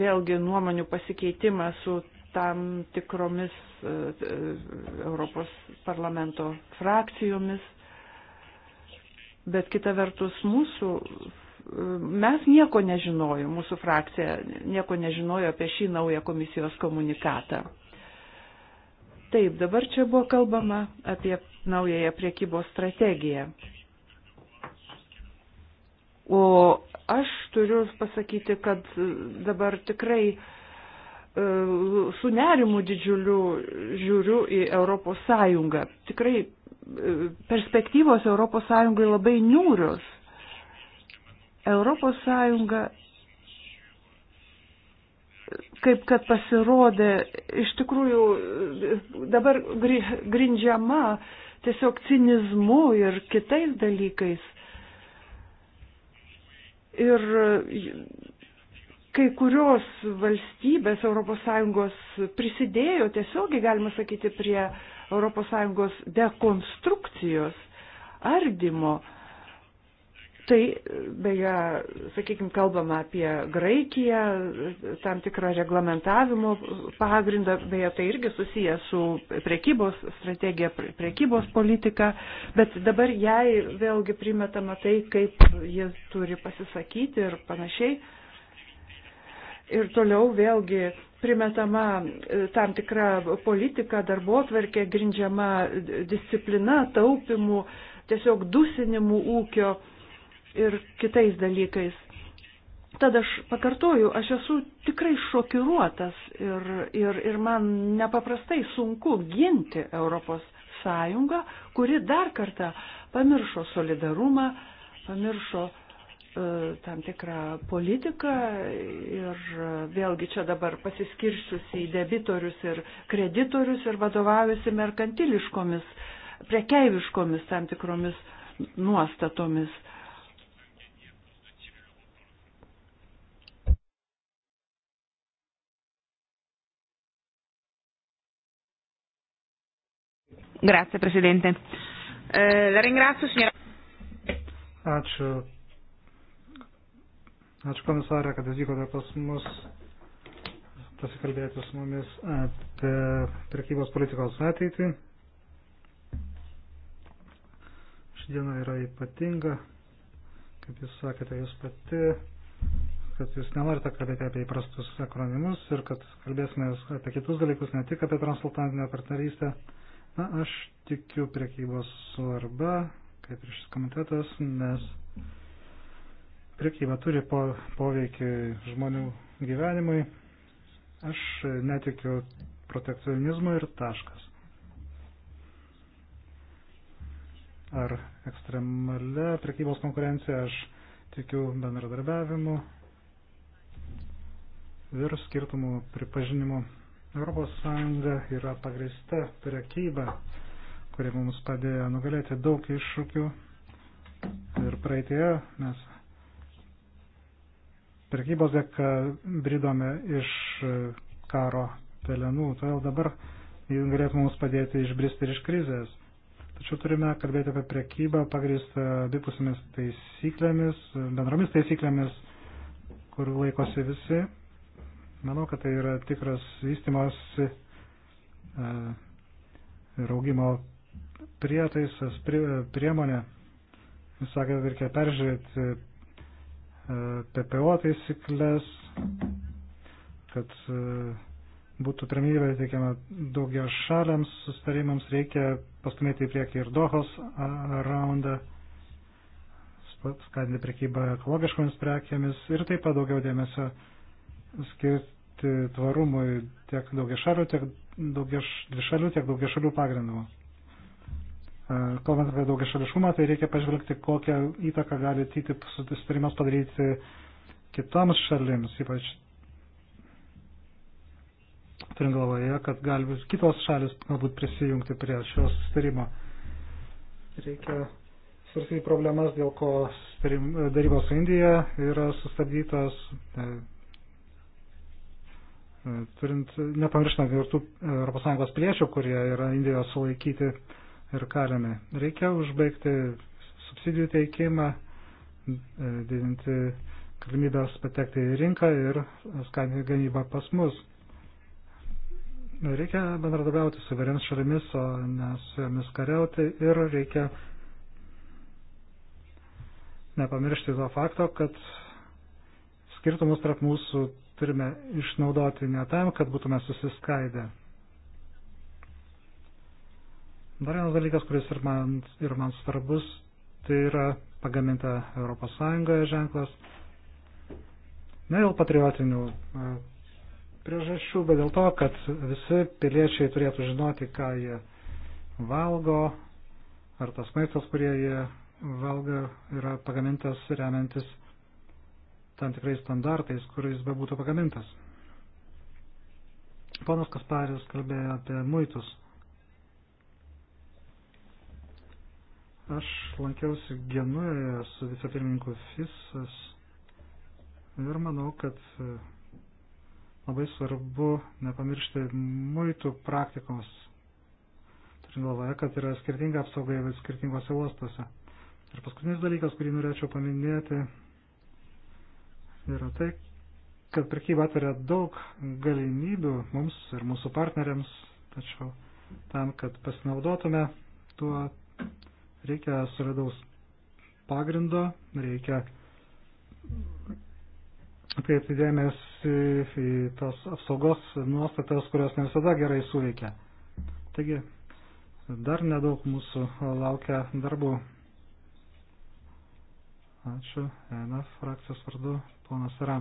vėlgi nuomonių pasikeitimą su tam tikromis e, e, Europos parlamento frakcijomis, bet kita vertus mūsų, mes nieko nežinojom, mūsų frakcija nieko nežinojo apie šį naują komisijos komunikatą. Taip, dabar čia buvo kalbama apie naująją priekybos strategiją. O aš turiu pasakyti, kad dabar tikrai e, su nerimu didžiuliu žiūriu į Europos Sąjungą. Tikrai e, perspektyvos Europos Sąjungai labai niūrios. Europos Sąjunga kaip kad pasirodė, iš tikrųjų dabar grindžiama tiesiog cinizmu ir kitais dalykais. Ir kai kurios valstybės ES prisidėjo tiesiogiai, galima sakyti, prie ES dekonstrukcijos, ardymo. Tai beje, sakykime, kalbama apie Graikiją, tam tikrą reglamentavimo pagrindą, beje, tai irgi susiję su priekybos strategija, priekybos politika, bet dabar jai vėlgi primetama tai, kaip jis turi pasisakyti ir panašiai. Ir toliau vėlgi primetama e, tam tikra politika, darbo tvarkė grindžiama disciplina, taupimu, tiesiog dusinimu ūkio ir kitais dalykais. Tad aš pakartoju, aš esu tikrai šokiruotas ir, ir, ir man nepaprastai sunku ginti Europos Sąjungą, kuri dar kartą pamiršo solidarumą, pamiršo e, tam tikrą politiką ir e, vėlgi čia dabar pasiskirščius į debitorius ir kreditorius ir vadovaujasi merkantiliškomis, prekeiviškomis tam tikromis nuostatomis. Grazie, Presidente. Eh, la ringrazio, signora. Ačiū. Ačiū komisarė, kad atvykote pas mus pasikalbėti su mumis apie prekybos politikos ateitį. Ši diena yra ypatinga, kaip jūs sakėte, jūs pati, kad jūs nenorite kalbėti apie įprastus akronimus ir kad kalbėsime apie kitus dalykus, ne tik apie transatlantinę partnerystę. Na, aš tikiu priekybos svarba, kaip ir šis komitetas, nes priekyba turi po, poveikį žmonių gyvenimui. Aš netikiu protekcionizmu ir taškas. Ar ekstremalia priekybos konkurencija aš tikiu bendradarbiavimu ir skirtumų pripažinimu. ES yra pagrįsta prekyba, kuri mums padėjo nugalėti daug iššūkių. Ir praeitėje mes prekybos dėka bridome iš karo pelenų, todėl dabar jis galėtų mums padėti išbristi ir iš krizės. Tačiau turime kalbėti apie prekybą pagrįstą abipusiamis taisyklėmis, bendromis taisyklėmis, kur laikosi visi Manau, kad tai yra tikras vystimas e, ir augimo prietaisas, prie, priemonė. Jūs sakėte, reikia peržiūrėti e, PPO taisyklės, kad e, būtų premjybė teikiama daugia šaliams sustarimams, reikia pastumėti į priekį ir Dohos raundą, skatinti prekybą ekologiškomis prekėmis ir taip pat daugiau dėmesio skirti dirbti tvarumui tiek daugiašalių, tiek daugiaš, dvišalių, tiek daugiašalių pagrindų. E, kalbant apie daugiašališkumą, tai reikia pažvelgti, kokią įtaką gali TTIP susitarimas padaryti kitoms šalims, ypač turint galvoje, kad gali kitos šalis galbūt prisijungti prie šio susitarimo. Reikia svarstyti problemas, dėl ko darybos su Indija yra sustabdytos, e, turint nepamirštant ir tų ES piliečių, kurie yra Indijos sulaikyti ir kalėme. Reikia užbaigti subsidijų teikimą, didinti galimybės patekti į rinką ir skatinti gamybą pas mus. Reikia bendradarbiauti su įvairiams šalimis, o ne su jomis kariauti ir reikia nepamiršti to fakto, kad skirtumus tarp mūsų turime išnaudoti ne tam, kad būtume susiskaidę. Dar vienas dalykas, kuris ir man, ir man svarbus, tai yra pagaminta ES ženklas. Ne dėl patriotinių e, priežasčių, bet dėl to, kad visi piliečiai turėtų žinoti, ką jie valgo, ar tas maistas, kurie jie valgo, yra pagamintas remiantis tam tikrais standartais, kuriais bebūtų pagamintas. Ponas Kasparis kalbėjo apie muitus. Aš lankiausi Genuoje su vicepirmininku FISAS ir manau, kad e, labai svarbu nepamiršti muitų praktikos. Turint galvoje, kad yra skirtinga apsauga skirtingose uostose. Ir paskutinis dalykas, kurį norėčiau paminėti, yra tai, kad prekyba atveria daug galimybių mums ir mūsų partneriams, tačiau tam, kad pasinaudotume tuo, reikia solidaus pagrindo, reikia atkreipti dėmesį į tas apsaugos nuostatas, kurios ne visada gerai suveikia. Taigi, dar nedaug mūsų laukia darbų. Ačiū. ENF frakcijos vardu ponas yra.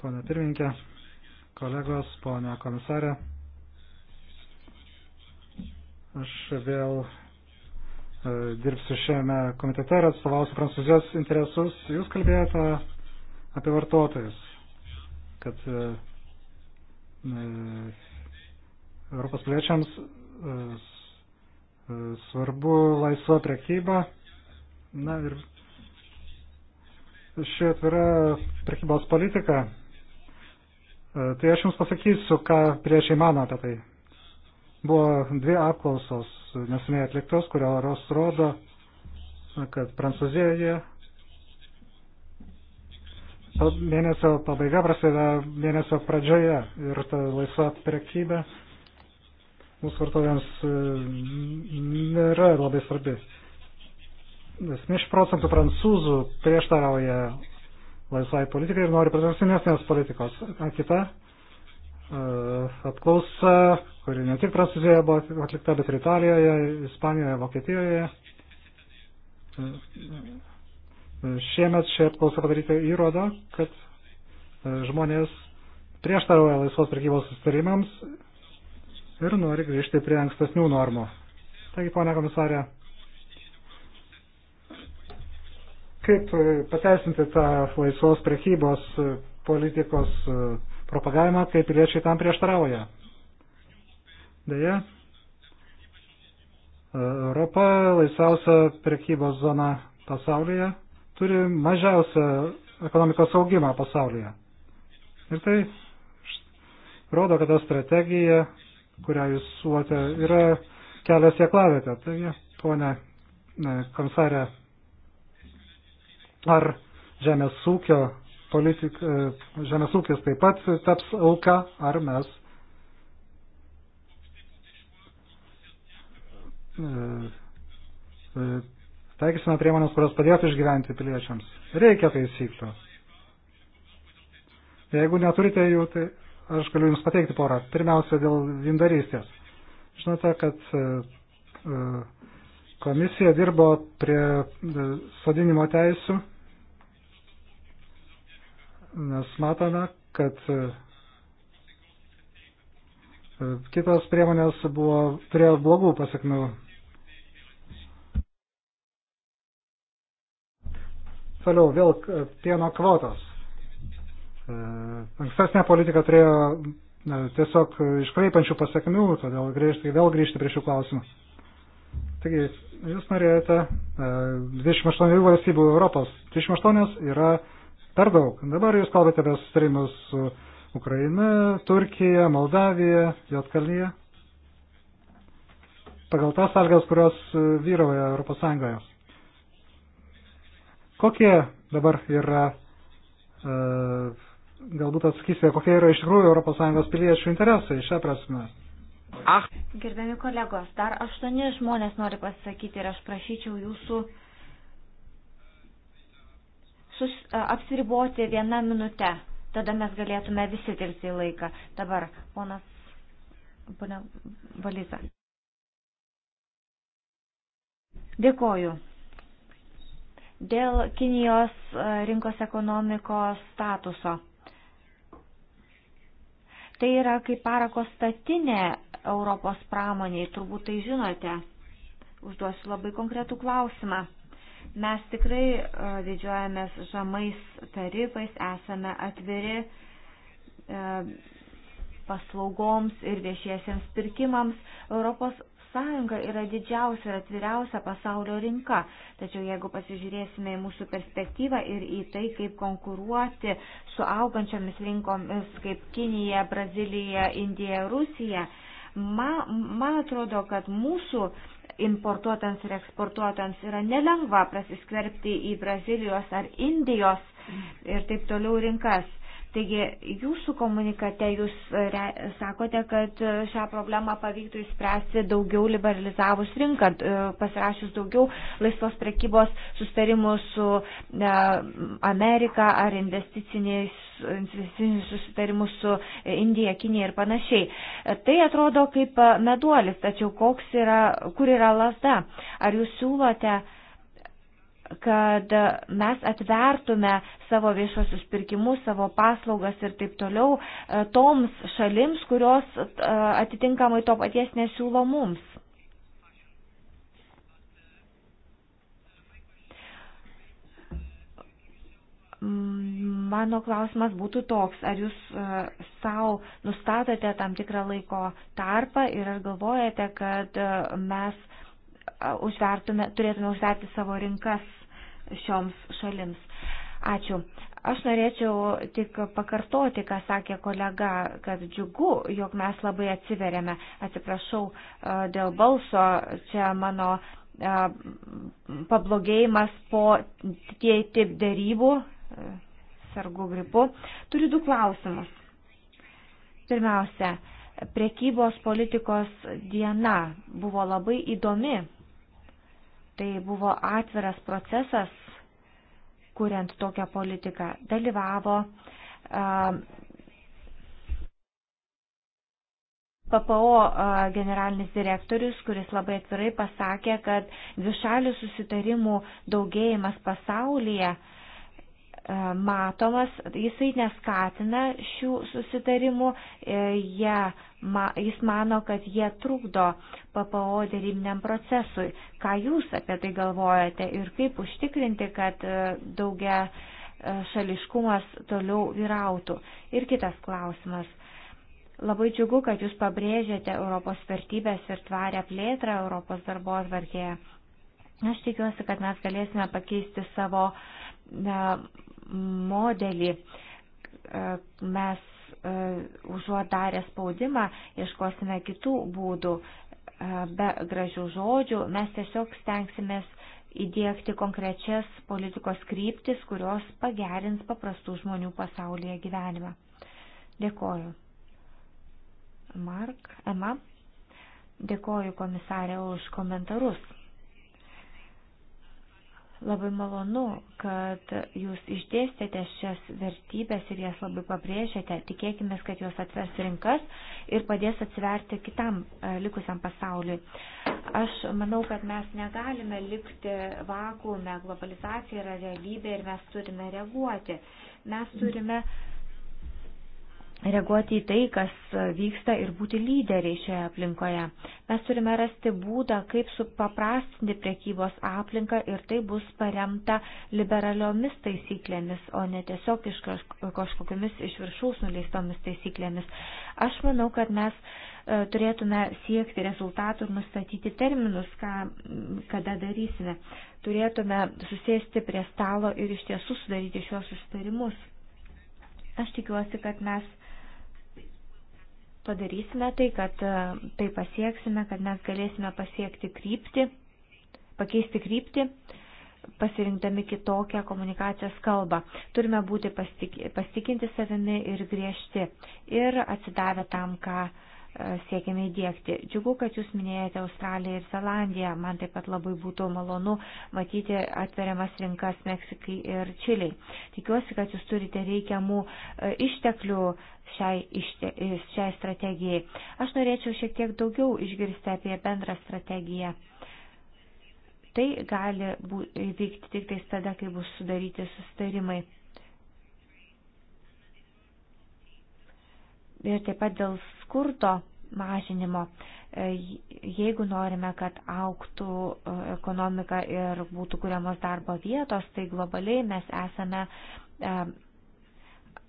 Pone pirmininkė, kolegos, pone komisarė. Aš vėl e, dirbsiu šiame komitete ir atstovausiu prancūzijos interesus. Jūs kalbėjote apie vartotojus, kad e, e, Europos piliečiams e, e svarbu laisva prekyba Na ir ši atvira prekybos politika, e, tai aš Jums pasakysiu, ką priešai mano apie tai. Buvo dvi apklausos neseniai atliktos, kurios rodo, kad Prancūzijoje mėnesio pabaiga prasideda mėnesio pradžioje ir ta laisva prekyba mūsų vartotojams e, nėra labai svarbi. 70 procentų prancūzų prieštarauja laisvai politikai ir nori protestinės politikos. A, kita e, apklausa, kuri ne tik Prancūzijoje buvo atlikta, bet ir Italijoje, Ispanijoje, Vokietijoje. E, e, šiemet ši apklausa padaryta įrodo, kad žmonės prieštarauja laisvos prekybos sustarimams ir nori grįžti prie ankstesnių normų. Taigi, ponia komisarė, Kaip e, pateisinti tą laisvos prekybos e, politikos e, propagavimą, kai piliečiai tam prieštarauja? Deja, Europa, laisviausia prekybos zona pasaulyje, turi mažiausią ekonomikos augimą pasaulyje. Ir tai rodo, kad ta strategija, kurią jūs suote, yra kelias į aklavietę. Taigi, ponė komisarė Ar žemės ūkio politik, e, žemės ūkis taip pat taps auka, ar mes e, e, taikysime priemonės, kurios padėtų išgyventi piliečiams. Reikia taisyklių. Jeigu neturite jų, tai aš galiu Jums pateikti porą. Pirmiausia, dėl vindarystės. Žinote, kad Komisija dirbo prie e, sodinimo teisų, nes matome, kad e, kitos priemonės buvo, turėjo blogų pasiekmių. Toliau vėl pieno kvotos. E, ankstesnė politika turėjo tiesiog iškraipančių pasiekmių, todėl grįžti, vėl grįžti prie šių klausimų. Taigi, jūs norėjote 28 e, valstybių Europos. 28 yra per daug. Dabar jūs kalbate apie sustarimus su Ukraina, Turkija, Moldavija, Jotkalnyje. Pagal tas sąlygas, kurios e, vyrauja Europos Sąjungoje. Kokie dabar yra, e, galbūt atsakysite, kokie yra iš tikrųjų Europos Sąjungos piliečių interesai šią prasme? Ach. Gerbiami kolegos, dar aštuoni žmonės nori pasakyti ir aš prašyčiau jūsų sus, apsiriboti vieną minutę. Tada mes galėtume visi tilpti į laiką. Dabar, ponas, ponia Valiza. Dėkoju. Dėl Kinijos rinkos ekonomikos statuso. Tai yra kaip parako statinė Europos pramoniai. Turbūt tai žinote. Užduosiu labai konkretų klausimą. Mes tikrai e, didžiuojamės žemais tarifais, esame atviri e, paslaugoms ir viešiesiems pirkimams. Europos Sąjunga yra didžiausia ir atviriausia pasaulio rinka. Tačiau jeigu pasižiūrėsime į mūsų perspektyvą ir į tai, kaip konkuruoti su augančiomis rinkomis kaip Kinija, Brazilija, Indija, Rusija, Ma, man atrodo, kad mūsų importuotams ir eksportuotams yra nelengva prasiskverbti į Brazilijos ar Indijos ir taip toliau rinkas. Taigi jūsų komunikate jūs e, sakote, kad e, šią problemą pavyktų įspręsti daugiau liberalizavus rinką, e, pasirašius daugiau laisvos prekybos sustarimų su Amerika ar investiciniais susitarimus su Indija, Kinija ir panašiai. Tai atrodo kaip meduolis, tačiau koks yra, kur yra lasda? Ar jūs siūlote uh, kad mes atvertume savo viešuosius pirkimus, savo paslaugas ir taip toliau e, toms šalims, kurios e, atitinkamai to paties nesiūlo mums. Mano klausimas būtų toks, ar jūs e, savo nustatote tam tikrą laiko tarpą ir ar galvojate, kad mes užvertume, turėtume užverti savo rinkas šioms šalims. Ačiū. Aš norėčiau tik pakartoti, ką sakė kolega, kad džiugu, jog mes labai atsiveriame. Atsiprašau e, dėl balso, čia mano e, pablogėjimas po tie tip darybų, e, sargu gripu. Turiu du klausimus. Pirmiausia, priekybos politikos diena buvo labai įdomi Tai buvo atviras procesas, kuriant tokią politiką. Dalyvavo PPO generalinis direktorius, kuris labai atvirai pasakė, kad dvišalių susitarimų daugėjimas pasaulyje uh, E, matomas, jisai neskatina šių susitarimų, e, jie, ma, jis mano, kad jie trukdo PPO dėrybiniam procesui. Ką jūs apie tai galvojate ir kaip užtikrinti, kad e, daugia šališkumas toliau vyrautų? Ir kitas klausimas. Labai džiugu, kad jūs pabrėžėte Europos vertybės ir tvarę plėtrą Europos darbo atvarkėje. Aš tikiuosi, kad mes galėsime pakeisti savo ne, modelį e, mes e, užuot darę spaudimą, ieškosime kitų būdų e, be gražių žodžių, mes tiesiog stengsimės įdėkti konkrečias politikos kryptis, kurios pagerins paprastų žmonių pasaulyje gyvenimą. Dėkoju. Mark, Ema, dėkoju komisarė už komentarus. Labai malonu, kad jūs išdėstėte šias vertybės ir jas labai pabrėžėte. Tikėkime, kad jos atvers rinkas ir padės atsiverti kitam e, likusiam pasauliui. Aš manau, kad mes negalime likti vakuume. Globalizacija yra realybė ir mes turime reaguoti. Mes turime uh, reaguoti į tai, kas vyksta ir būti lyderiai šioje aplinkoje. Mes turime rasti būdą, kaip supaprastinti priekybos aplinką ir tai bus paremta liberaliomis taisyklėmis, o ne tiesiog iš kažkokiamis iš viršaus nuleistomis taisyklėmis. Aš manau, kad mes e, turėtume siekti rezultatų ir nustatyti terminus, ką, kada darysime. Turėtume susėsti prie stalo ir iš tiesų sudaryti šios susitarimus. Aš tikiuosi, kad mes padarysime tai, kad e, tai pasieksime, kad mes galėsime pasiekti kryptį, pakeisti kryptį, pasirinkdami kitokią komunikacijos kalbą. Turime būti pastik, pastikinti savimi ir griežti ir atsidavę tam, ką siekiame įdėkti. Džiugu, kad jūs minėjote Australiją ir Zelandiją. Man taip pat labai būtų malonu matyti atveriamas rinkas Meksikai ir Čiliai. Tikiuosi, kad jūs turite reikiamų e, išteklių šiai, ište, e, šiai strategijai. Aš norėčiau šiek tiek daugiau išgirsti apie bendrą strategiją. Tai gali bū, vykti tik tais tada, kai bus sudaryti sustarimai. ir taip pat dėl skurto mažinimo. E, jeigu norime, kad auktų e, ekonomika ir būtų kuriamos darbo vietos, tai globaliai mes esame e,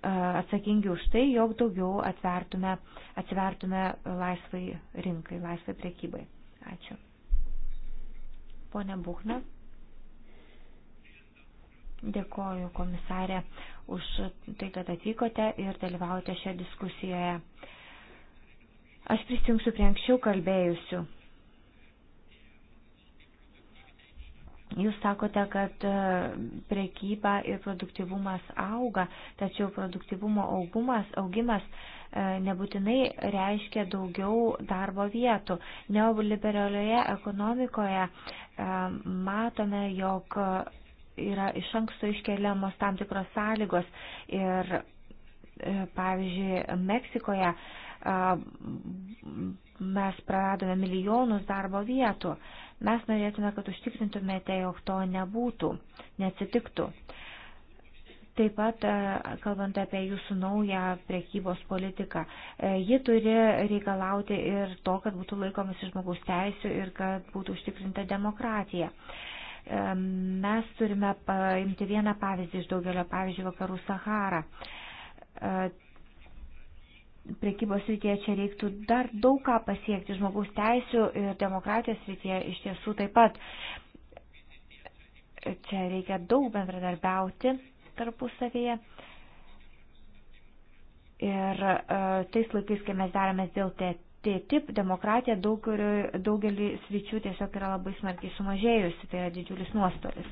atsakingi už tai, jog daugiau atvertume, atsivertume laisvai rinkai, laisvai priekybai. Ačiū. Pone Buchna. Dėkoju komisarė už tai, kad atvykote ir dalyvaujate šią diskusijoje. Aš prisijungsiu prie anksčiau kalbėjusių. Jūs sakote, kad e, prekyba ir produktivumas auga, tačiau produktivumo augumas, augimas e, nebūtinai reiškia daugiau darbo vietų. Neoliberalioje ekonomikoje e, matome, jog yra iš anksto iškeliamos tam tikros sąlygos ir, e, pavyzdžiui, Meksikoje mes praradome milijonus darbo vietų. Mes norėtume, kad užtikrintumėte, jog to nebūtų, neatsitiktų. Taip pat, kalbant apie jūsų naują priekybos politiką, e, ji turi reikalauti ir to, kad būtų laikomas žmogaus teisų ir kad būtų užtikrinta demokratija. Mes turime paimti vieną pavyzdį iš daugelio, pavyzdžiui, vakarų Sahara. E, prekybos rytėje čia reiktų dar daug ką pasiekti, žmogaus teisų ir demokratijos rytėje iš tiesų taip pat. Čia reikia daug bendradarbiauti tarpusavėje. Ir e, tais laikais, kai mes darėmės dėl TT, TTIP demokratija daugelį, daugelį sričių tiesiog yra labai smarkiai sumažėjusi, tai yra didžiulis nuostolis.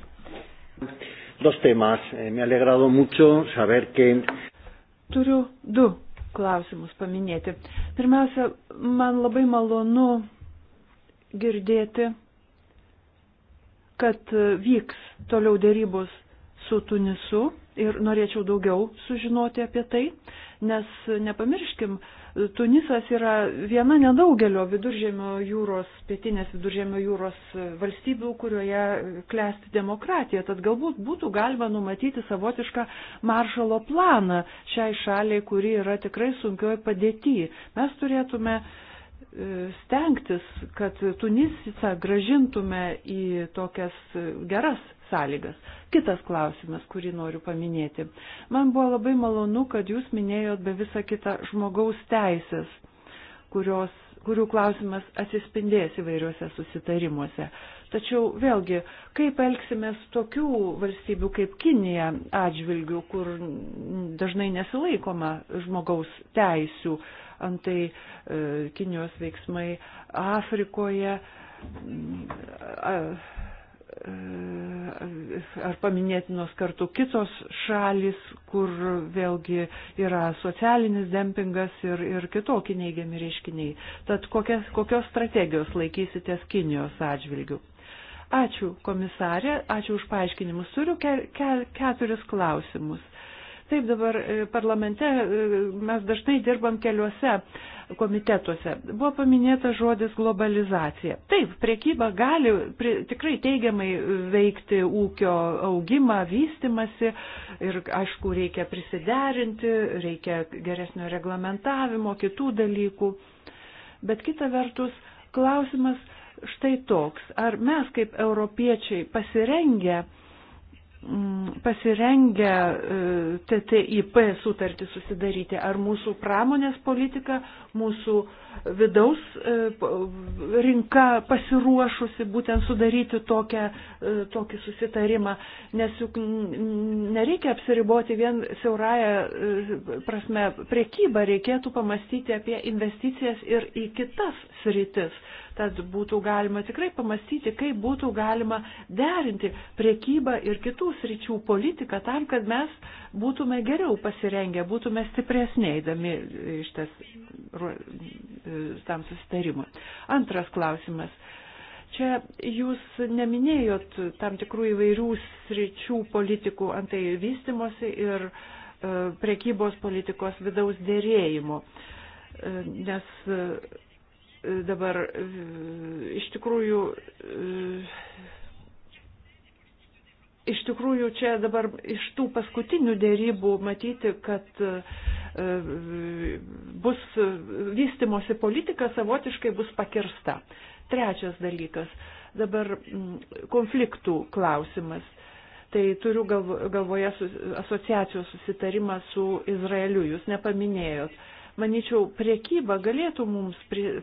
Dos temas. Eh, me alegrado mucho saber que... Turiu du klausimus paminėti. Pirmiausia, man labai malonu girdėti, kad e, vyks toliau dėrybos su Tunisu ir norėčiau daugiau sužinoti apie tai, nes e, nepamirškim, Tunisas yra viena nedaugelio viduržėmio jūros, pietinės viduržėmio jūros valstybių, kurioje klesti demokratija. Tad galbūt būtų galima numatyti savotišką maršalo planą šiai šaliai, kuri yra tikrai sunkioj padėtyje. Mes turėtume e, stengtis, kad Tunisą gražintume į tokias geras sąlygas. Kitas klausimas, kurį noriu paminėti. Man buvo labai malonu, kad jūs minėjot be visą kitą žmogaus teisės, kurios, kurių klausimas atsispindės įvairiuose susitarimuose. Tačiau vėlgi, kaip elgsimės tokių valstybių kaip Kinija atžvilgių, kur dažnai nesilaikoma žmogaus teisių, antai e, Kinijos veiksmai Afrikoje. E, E, ar paminėtinos kartu kitos šalis, kur vėlgi yra socialinis dempingas ir, ir kitokie neigiami reiškiniai. Tad kokias, kokios strategijos laikysitės Kinijos atžvilgių? Ačiū komisarė, ačiū už paaiškinimus. Turiu ke, ke, keturis klausimus. Taip, dabar e, parlamente e, mes dažnai dirbam keliuose komitetuose. Buvo paminėta žodis globalizacija. Taip, priekyba gali prie, tikrai teigiamai veikti ūkio augimą, vystimasi ir, aišku, reikia prisiderinti, reikia geresnio reglamentavimo, kitų dalykų. Bet kita vertus, klausimas štai toks, ar mes kaip europiečiai pasirengę Mm, pasirengę e, TTIP sutartį susidaryti, ar mūsų pramonės politika, mūsų vidaus e, rinka pasiruošusi būtent sudaryti tokią, e, tokį susitarimą, nes juk nereikia apsiriboti vien siaurąją prasme priekybą, reikėtų pamastyti apie investicijas ir į kitas sritis. Tad būtų galima tikrai pamastyti, kaip būtų galima derinti priekybą ir kitų sričių politiką tam, kad mes būtume geriau pasirengę, būtume stipresnėdami iš tas, tam susitarimui. Antras klausimas. Čia jūs neminėjot tam tikrų įvairių sričių politikų antai vystimosi ir e, priekybos politikos vidaus dėrėjimo, e, nes e, dabar e, iš tikrųjų. E, iš tikrųjų, čia dabar iš tų paskutinių dėrybų matyti, kad e, bus vystimosi politika savotiškai bus pakirsta. Trečias dalykas - dabar konfliktų klausimas. Tai turiu galvoje asociacijos susitarimą su Izraeliu, jūs nepaminėjot manyčiau, priekyba galėtų mums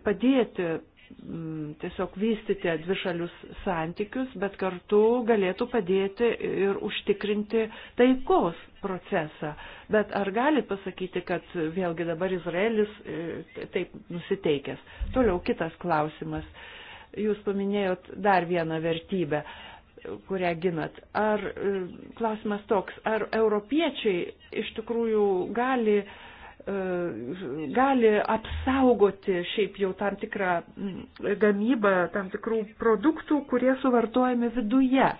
padėti mm, tiesiog vystyti dvišalius santykius, bet kartu galėtų padėti ir užtikrinti taikos procesą. Bet ar galit pasakyti, kad vėlgi dabar Izraelis e, taip nusiteikęs? Toliau kitas klausimas. Jūs paminėjot dar vieną vertybę kurią ginat. Ar e, klausimas toks, ar europiečiai iš tikrųjų gali uh, E, gali apsaugoti šiaip jau tam tikrą mm, gamybą, tam tikrų produktų, kurie suvartojami viduje.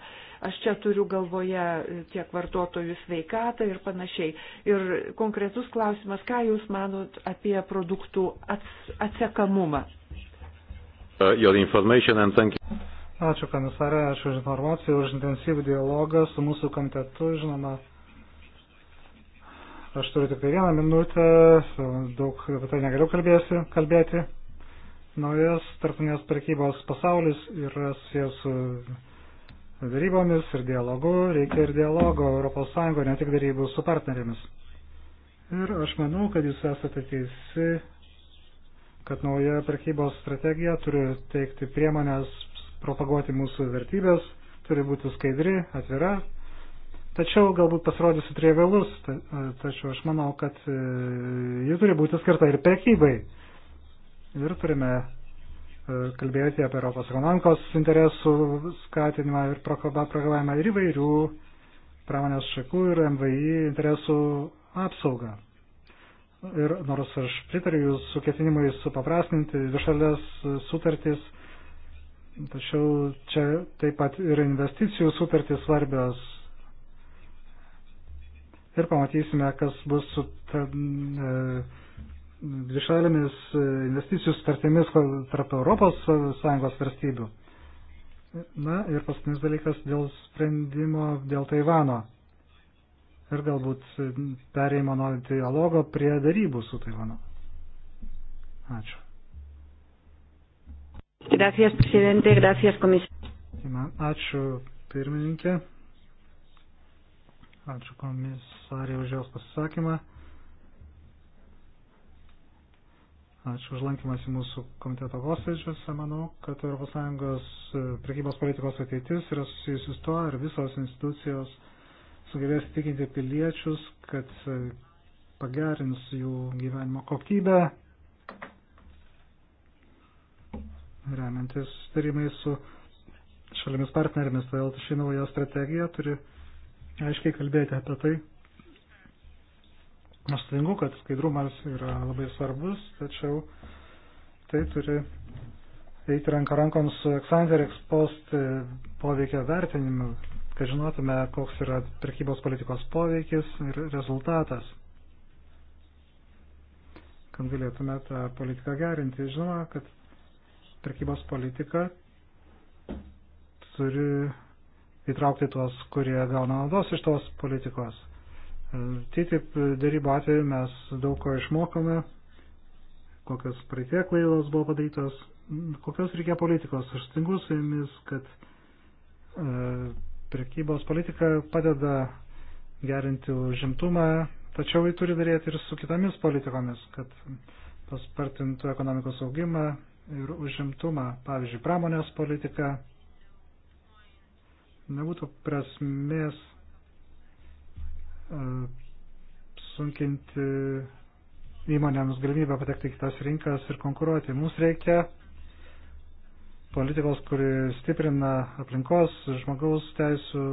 Aš čia turiu galvoje tiek vartotojų sveikatą ir panašiai. Ir konkretus klausimas, ką Jūs manot apie produktų atsekamumą? Uh, ačiū, komisarė, ačiū už informaciją, už intensyvų dialogą su mūsų komitetu, žinoma Aš turiu tik tai vieną minutę, daug apie tai negaliu kalbėsi, kalbėti. Naujas tarptautinės prekybos pasaulis yra susijęs su darybomis ir dialogu, reikia ir dialogo ES, ne tik darybų su partnerėmis. Ir aš manau, kad jūs esate teisi, kad nauja prekybos strategija turi teikti priemonės propaguoti mūsų vertybės, turi būti skaidri, atvira, Tačiau galbūt pasirodysiu trivialus, tačiau aš manau, kad e, ji turi būti skirta ir prekybai. Ir turime e, kalbėti apie Europos ekonomikos interesų skatinimą ir programavimą ir įvairių pramonės šakų ir MVI interesų apsaugą. Ir nors aš pritariu jūsų ketinimui supaprastinti višalės sutartys, tačiau čia taip pat ir investicijų sutartys svarbios ir pamatysime, kas bus su ta, e, dvišalėmis investicijų sutartimis tarp Europos Sąjungos varstybių. Na ir paskutinis dalykas dėl sprendimo dėl Taivano ir galbūt perėjimo nuo dialogo prie darybų su Taivanu. Ačiū. Gracias, presidente, gracias, komisija. Ačiū, pirmininkė. Ačiū komisarė už jos pasisakymą. Ačiū už lankymas į mūsų komiteto posėdžius. Manau, kad ES e, prekybos politikos ateitis yra susijusi su tuo, ar visos institucijos sugebės tikinti piliečius, kad e, pagerins jų gyvenimo kokybę, remiantis tarimai su šalimis partnerėmis. Todėl ši nauja strategija turi aiškiai kalbėti apie tai. Aš sutinku, kad skaidrumas yra labai svarbus, tačiau tai turi eiti ranka rankon su Exander Expost poveikio vertinimu, kad žinotume, koks yra prekybos politikos poveikis ir rezultatas, kad galėtume tą politiką gerinti. Žinoma, kad prekybos politika turi įtraukti tuos, kurie gauna naudos iš tos politikos. E, TTIP darybo atveju mes daug ko išmokome, kokios praeitie klaidos buvo padarytos, kokios reikia politikos. Aš sutinku su jumis, kad e, prekybos politika padeda gerinti užimtumą, tačiau jį turi daryti ir su kitomis politikomis, kad paspartintų ekonomikos augimą ir užimtumą, pavyzdžiui, pramonės politika nebūtų prasmės e, sunkinti įmonėms galimybę patekti kitas rinkas ir konkuruoti. Mums reikia politikos, kuri stiprina aplinkos, žmogaus teisų,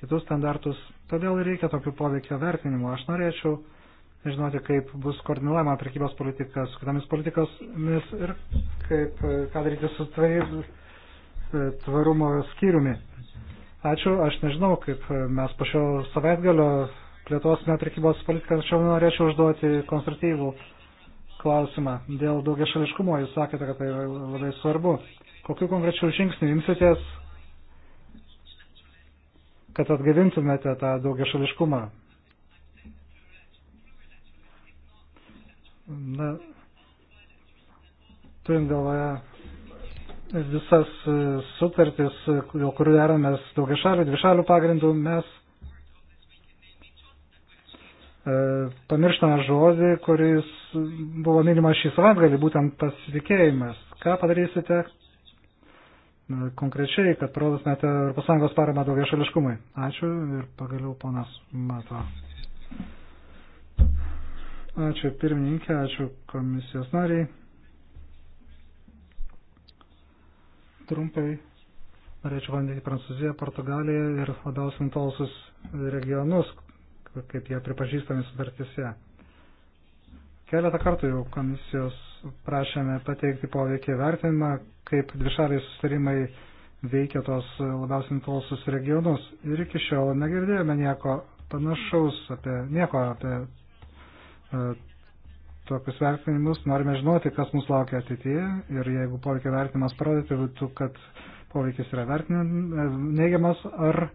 kitus standartus. Todėl reikia tokių poveikio vertinimų. Aš norėčiau žinoti, kaip bus koordinuojama prekybos politika su kitomis politikomis ir kaip, e, ką daryti su tai E, tvarumo skyriumi. Ačiū, aš nežinau, kaip mes po šio savaitgalio plėtosime prekybos politiką, tačiau norėčiau užduoti konstruktyvų klausimą dėl daugiašališkumo. Jūs sakėte, kad tai yra labai svarbu. Kokiu konkrečiu žingsniu imsitės, kad atgavintumėte tą daugiašališkumą? Na, turint galvoje visas e, sutartis, dėl kurių deramės daugia šalių, dvišalių pagrindų, mes e, pamirštame žodį, kuris buvo minimas šį savaitgalį, būtent pasitikėjimas. Ką padarysite konkrečiai, kad prodasmėte Europos Sąjungos paramą daugia šališkumui? Ačiū ir pagaliau ponas Mato. Ačiū pirmininkė, ačiū komisijos nariai. Trumpai norėčiau bandyti Prancūziją, Portugaliją ir labiausiai nutolusius regionus, kaip jie pripažįstami sutartise. Keletą kartų jau komisijos prašėme pateikti poveikį vertinimą, kaip dvišaliai sustarimai veikia tos labiausiai nutolusius regionus. Ir iki šiol negirdėjome nieko panašaus apie, nieko apie e, tokius vertinimus, norime žinoti, kas mūsų laukia ateityje ir jeigu poveikio vertinimas parodytų, kad poveikis yra vertinimas neigiamas, ar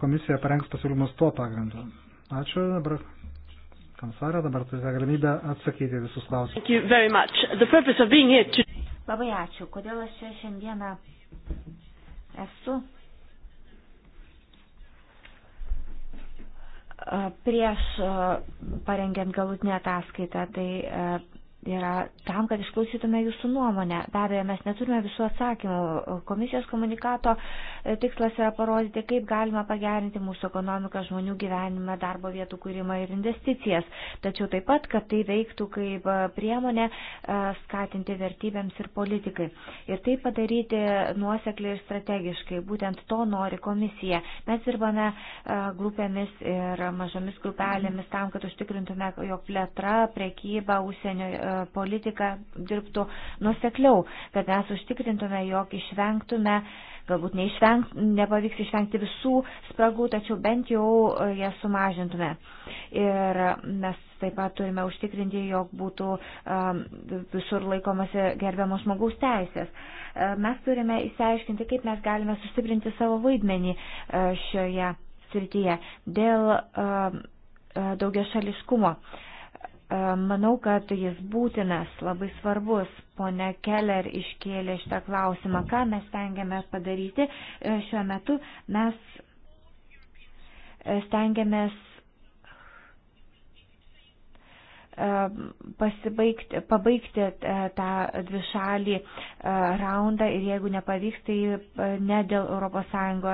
komisija parengs pasiūlymus tuo pagrindu. Ačiū dabar. Kansarė, dabar turite galimybę atsakyti visus klausimus. Labai ačiū. Kodėl aš čia šiandieną esu? prieš e, parengiant galutinę ataskaitą, tai e, yra tam, kad išklausytume jūsų nuomonę. Be abejo, mes neturime visų atsakymų. Komisijos komunikato e, tikslas yra parodyti, kaip galima pagerinti mūsų ekonomiką, žmonių gyvenimą, darbo vietų kūrimą ir investicijas. Tačiau taip pat, kad tai veiktų kaip e, priemonė e, skatinti vertybėms ir politikai. Ir tai padaryti nuosekliai ir strategiškai. Būtent to nori komisija. Mes dirbame grupėmis ir mažomis grupelėmis tam, kad užtikrintume, jog plėtra, priekyba, užsienio politika dirbtų nusekliau, kad mes užtikrintume, jog išvengtume, galbūt neišvengt, nepavyks išvengti visų spragų, tačiau bent jau e, jas sumažintume. Ir mes taip pat turime užtikrinti, jog būtų e, visur laikomasi gerbiamos žmogaus teisės. E, mes turime įsiaiškinti, kaip mes galime sustiprinti savo vaidmenį šioje srityje dėl daugia šališkumo. Uh, E, manau, kad jis būtinas, labai svarbus. Pone Keller iškėlė šitą klausimą, ką mes tengiamės padaryti. E, šiuo metu mes e, stengiamės pasibaigti, pabaigti tą dvišalį raundą ir jeigu nepavyks, tai ne dėl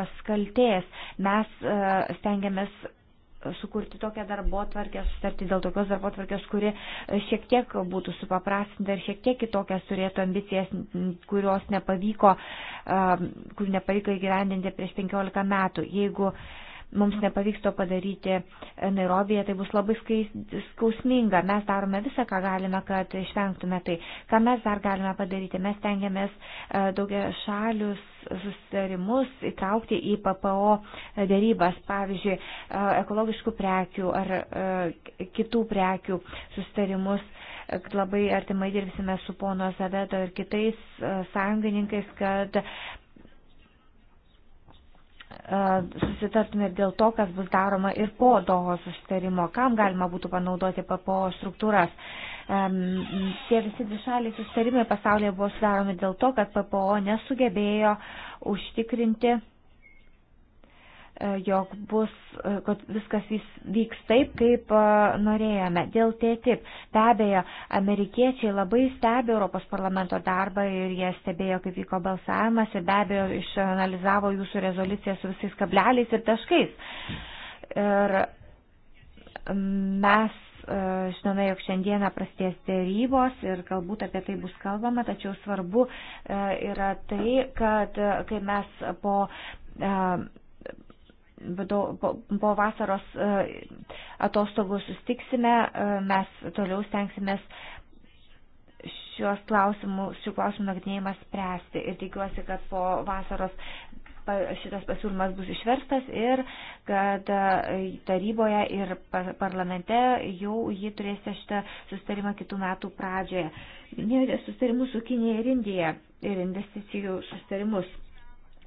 ES kaltės. Mes stengiamės sukurti tokią darbo tvarkę, sutarti dėl tokios darbo tvarkės, kuri šiek tiek būtų supaprastinta ir šiek tiek kitokias turėtų ambicijas, kurios nepavyko, um, kurių nepavyko įgyvendinti prieš 15 metų. Jeigu mums nepavyks to padaryti Nairobėje, tai bus labai skausminga. Mes darome visą, ką galime, kad išvengtume tai. Ką mes dar galime padaryti? Mes tengiamės uh, daugia šalius susitarimus įtraukti į PPO dėrybas, pavyzdžiui, e, ekologiškų prekių ar e, kitų prekių susitarimus. Labai artimai dirbsime su pono Zavedo ir kitais e, sąjungininkais, kad susitartume ir dėl to, kas bus daroma ir po Doho susitarimo, kam galima būtų panaudoti PPO struktūras. Tie visi dvišaliai sustarimai pasaulyje buvo sudaromi dėl to, kad PPO nesugebėjo užtikrinti, e, jog bus, e, kad viskas vyks taip, kaip e, norėjome. Dėl TTIP be abejo, amerikiečiai labai stebi Europos parlamento darbą ir jie stebėjo, kaip vyko balsavimas ir be abejo išanalizavo jūsų rezoliuciją su visais kableliais ir taškais. Ir mes žinome, jog šiandieną prasidės dėrybos ir galbūt apie tai bus kalbama, tačiau svarbu e, yra tai, kad e, kai mes po e, po, po vasaros atostogų sustiksime, mes toliau stengsimės šios klausimų, šių klausimų nagrinėjimą spręsti. Ir tikiuosi, kad po vasaros šitas pasiūlymas bus išverstas ir kad e, taryboje ir parlamente jau jį turėsite šitą sustarimą kitų metų pradžioje. Minėjote sustarimus su Kinėje ir Indija ir investicijų sustarimus.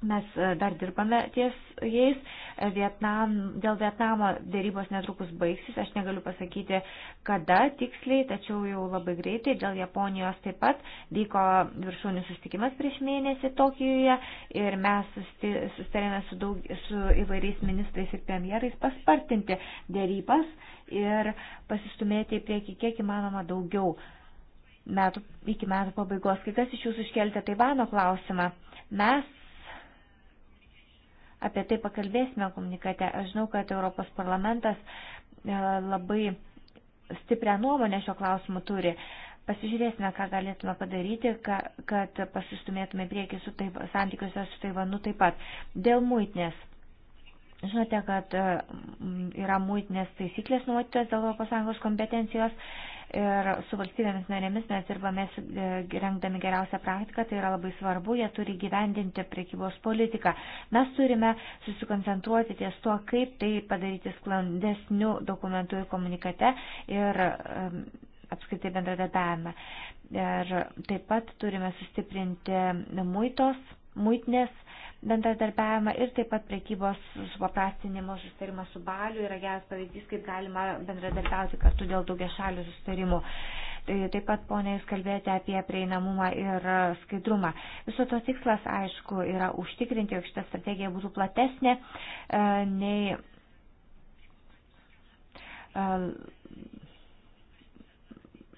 Mes e, dar dirbame ties jais. E, Vietnam, dėl Vietnamo dėrybos netrukus baigsis. Aš negaliu pasakyti, kada tiksliai, tačiau jau labai greitai. Dėl Japonijos taip pat vyko viršūnių sustikimas prieš mėnesį Tokijoje ir mes sustarėme su, daug, su įvairiais ministrais ir premjerais paspartinti dėrybas ir pasistumėti į priekį kiek įmanoma daugiau metų, iki metų pabaigos. Kai kas iš jūsų iškeltė Taivano klausimą. Mes apie tai pakalbėsime komunikate. Aš žinau, kad Europos parlamentas e, labai stiprią nuomonę šio klausimu turi. Pasižiūrėsime, ką galėtume padaryti, kad pasistumėtume prieki su taip, santykiuose su Taivanu taip pat. Dėl muitinės Žinote, kad mm, yra mūtinės taisyklės numatytos dėl ES kompetencijos ir su valstybėmis narėmis mes dirbame e, rengdami geriausią praktiką, tai yra labai svarbu, jie turi gyvendinti priekybos politiką. Mes turime susikoncentruoti ties tuo, kaip tai padaryti sklandesnių dokumentų ir komunikate ir apskaitai bendradarbiavime. Ir taip pat turime sustiprinti muitos, muitinės bendradarbiavimą ir taip pat prekybos supaprastinimo sustarimas su Baliu yra geras pavyzdys, kaip galima bendradarbiauti kartu dėl daugia šalių sustarimų. Tai taip pat, ponė, jūs kalbėjote apie prieinamumą ir skaidrumą. Viso to tikslas, aišku, yra užtikrinti, jog šita strategija būtų platesnė e, nei e,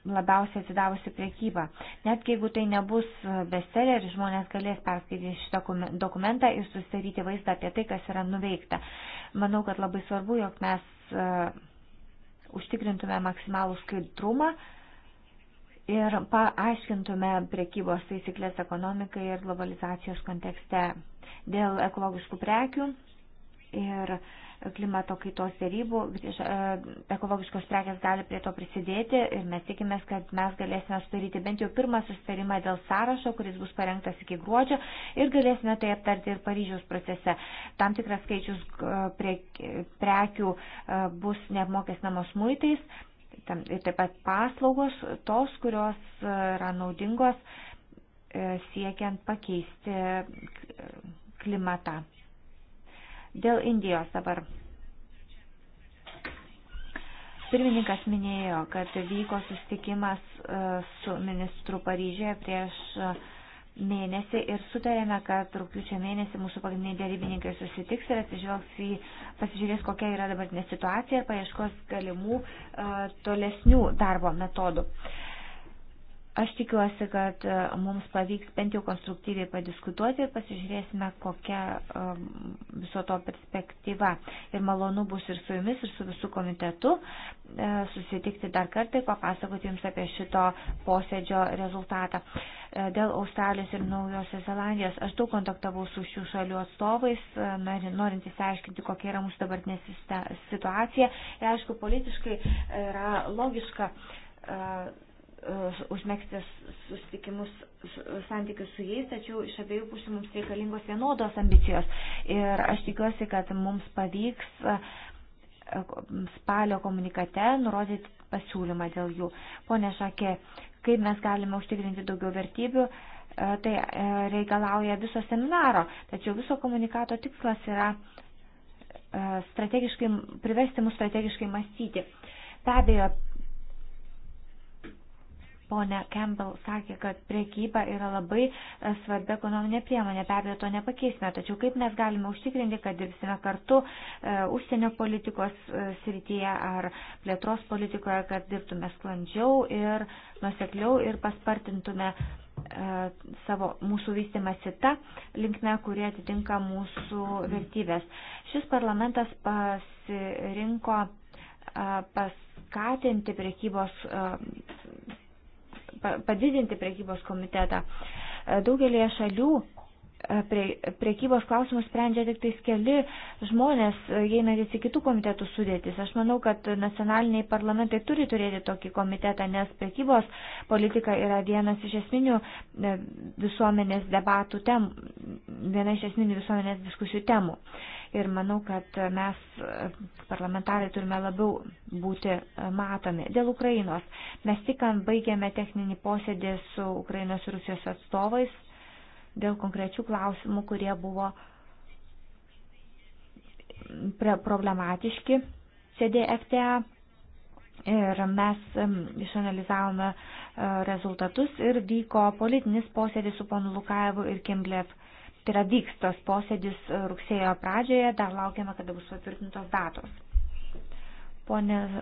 labiausiai atsidavusi priekyba. Netgi jeigu tai nebus bestselleris, žmonės galės perskaityti šitą dokumentą ir susidaryti vaizdą apie tai, kas yra nuveikta. Manau, kad labai svarbu, jog mes e, užtikrintume maksimalų skaidrumą ir paaiškintume priekybos taisyklės ekonomikai ir globalizacijos kontekste dėl ekologiškų prekių ir uh, klimato kaitos dėrybų, e, ekologiškos prekės gali prie to prisidėti ir mes tikimės, kad mes galėsime sudaryti bent jau pirmą susitarimą dėl sąrašo, kuris bus parengtas iki gruodžio ir galėsime tai aptarti ir Paryžiaus procese. Tam tikras skaičius e, prie, prekių e, bus neapmokestinamos muitais tam, ir taip pat paslaugos, tos, kurios yra naudingos siekiant pakeisti klimatą. Dėl Indijos dabar. Pirmininkas minėjo, kad vyko sustikimas e, su ministru Paryžėje prieš e, mėnesį ir sutarėme, kad rūpiučio mėnesį mūsų pagrindiniai dėrybininkai susitiks ir atsižvelgs į, pasižiūrės, kokia yra dabartinė situacija ir paieškos galimų e, tolesnių darbo metodų. Uh, Aš tikiuosi, kad e, mums pavyks bent jau konstruktyviai padiskutuoti ir pasižiūrėsime, kokia e, viso to perspektyva. Ir malonu bus ir su jumis, ir su visų komitetu e, susitikti dar kartą ir papasakoti jums apie šito posėdžio rezultatą. Dėl Australijos ir Naujosios Zelandijos aš daug kontaktavau su šių šalių atstovais, norint įsiaiškinti, kokia yra mūsų dabartinė situacija. Ir aišku, politiškai yra logiška Uh, užmėgsti susitikimus, santykius su jais, tačiau iš abiejų pusių mums reikalingos vienodos ambicijos. Ir aš tikiuosi, kad mums pavyks uh, spalio komunikate nurodyti pasiūlymą dėl jų. Pone Šakė, kaip mes galime užtikrinti daugiau vertybių, uh, tai reikalauja viso seminaro, tačiau viso komunikato tikslas yra strategiškai, privesti mus strategiškai mąstyti. Be abejo, Pone Campbell sakė, kad priekyba yra labai e, svarbi ekonominė priemonė, be abejo to nepakeisime, tačiau kaip mes galime užtikrinti, kad dirbsime kartu e, užsienio politikos e, srityje ar plėtros politikoje, kad dirbtume sklandžiau ir nusekliau ir paspartintume e, savo mūsų vystimasi tą linkme, kurie atitinka mūsų vertybės. Šis parlamentas pasirinko e, paskatinti priekybos e, padidinti priekybos komitetą. Daugelie šalių prie, priekybos klausimus sprendžia tik tais keli žmonės, e, einantis į kitų komitetų sudėtis. Aš manau, kad nacionaliniai parlamentai turi turėti tokį komitetą, nes priekybos politika yra vienas iš esminių e, visuomenės debatų temų, viena iš esminių visuomenės diskusijų temų. Ir manau, kad mes e, parlamentarai turime labiau būti matomi. Dėl Ukrainos. Mes tik baigėme techninį posėdį su Ukrainos ir Rusijos atstovais dėl konkrečių klausimų, kurie buvo problematiški CDFTA. Ir mes išanalizavome e, rezultatus ir vyko politinis posėdis su ponu Lukaevu ir Kimblev. Tai yra vyks tos posėdis e, rugsėjo pradžioje, dar laukiame, kada bus patvirtintos datos. Pone e,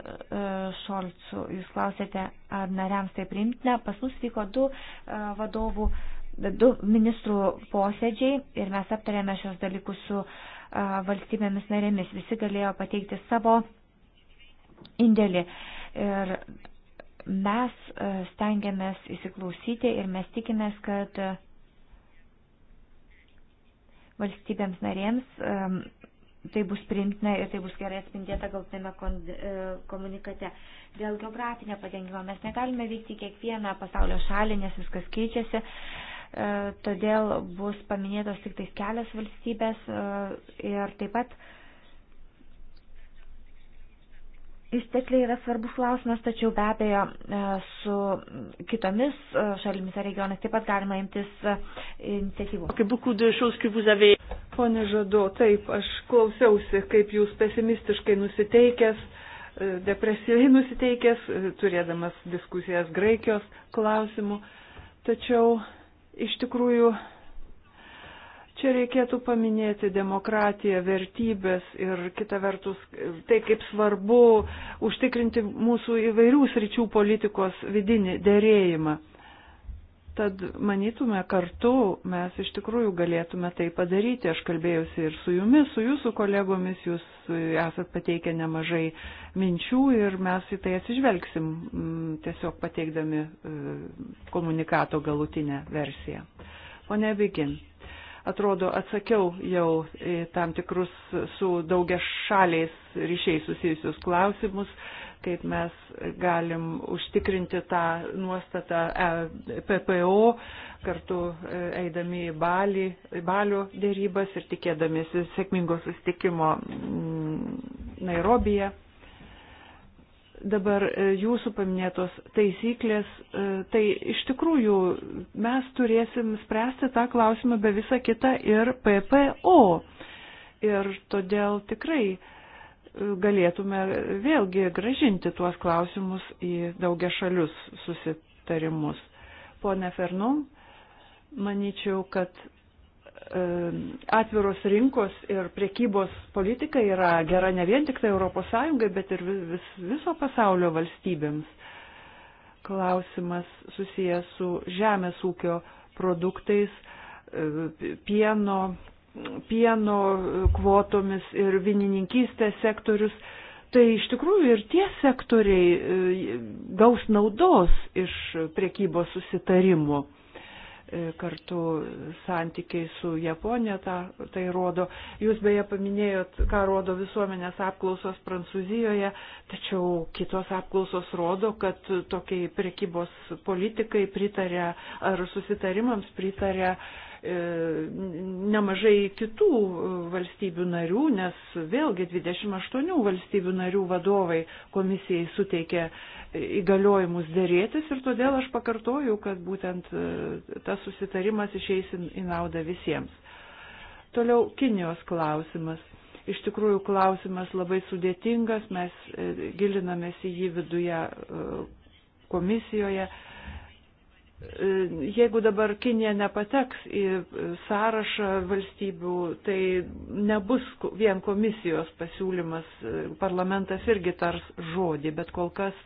Šolcu, jūs klausėte, ar nariams tai priimtina. Pas mus vyko du vadovų du ministrų posėdžiai ir mes aptarėme šios dalykus su valstybėmis narėmis. Visi galėjo pateikti savo indėlį. Ir mes stengiamės įsiklausyti ir mes tikimės, kad valstybėms narėms tai bus primtina ir tai bus gerai atspindėta galtinėme komunikate. Dėl geografinio padengimo mes negalime vykti kiekvieną pasaulio šalį, nes viskas keičiasi. E, todėl bus paminėtos tik tais kelios valstybės e, ir taip pat Ištekliai yra svarbus klausimas, tačiau be abejo e, su kitomis šalimis ar regionais taip pat galima imtis iniciatyvų. Pone Žadu, taip, aš klausiausi, kaip jūs pesimistiškai nusiteikęs, depresyviai [laughs] nusiteikęs, turėdamas diskusijas Graikijos klausimų, tačiau Iš tikrųjų, čia reikėtų paminėti demokratiją, vertybės ir kita vertus tai, kaip svarbu užtikrinti mūsų įvairių sričių politikos vidinį dėrėjimą. Tad manytume kartu mes iš tikrųjų galėtume tai padaryti. Aš kalbėjausi ir su jumis, su jūsų kolegomis, jūs esat pateikę nemažai minčių ir mes į tai atsižvelgsim mm, tiesiog pateikdami e, komunikato galutinę versiją. Pone Bigin, atrodo atsakiau jau tam tikrus su daugia šaliais ryšiai susijusius klausimus kaip mes galim užtikrinti tą nuostatą e, PPO, kartu e, eidami į balį, balio dėrybas ir tikėdamiesi sėkmingo sustikimo mm, Nairobije. Dabar e, jūsų paminėtos taisyklės, tai iš tikrųjų mes turėsim spręsti tą klausimą be visą kitą ir PPO. Ir todėl tikrai uh, galėtume vėlgi gražinti tuos klausimus į daugia šalius susitarimus. Pone Fernum, manyčiau, kad e, atviros rinkos ir priekybos politika yra gera ne vien tik tai ES, bet ir vis, viso pasaulio valstybėms. Klausimas susijęs su žemės ūkio produktais, e, pieno, pieno kvotomis ir vinininkystės sektorius, tai iš tikrųjų ir tie sektoriai e, gaus naudos iš priekybos susitarimų e, kartu santykiai su Japonija, ta, tai rodo. Jūs beje paminėjot, ką rodo visuomenės apklausos Prancūzijoje, tačiau kitos apklausos rodo, kad tokiai priekybos politikai pritarė ar susitarimams pritarė uh, E, nemažai kitų valstybių narių, nes vėlgi 28 valstybių narių vadovai komisijai suteikė įgaliojimus dėrėtis ir todėl aš pakartoju, kad būtent e, tas susitarimas išeis į naudą visiems. Toliau Kinijos klausimas. Iš tikrųjų klausimas labai sudėtingas, mes e, gilinamės į jį viduje komisijoje jeigu dabar Kinija nepateks į sąrašą valstybių, tai nebus vien komisijos pasiūlymas, parlamentas irgi tars žodį, bet kol kas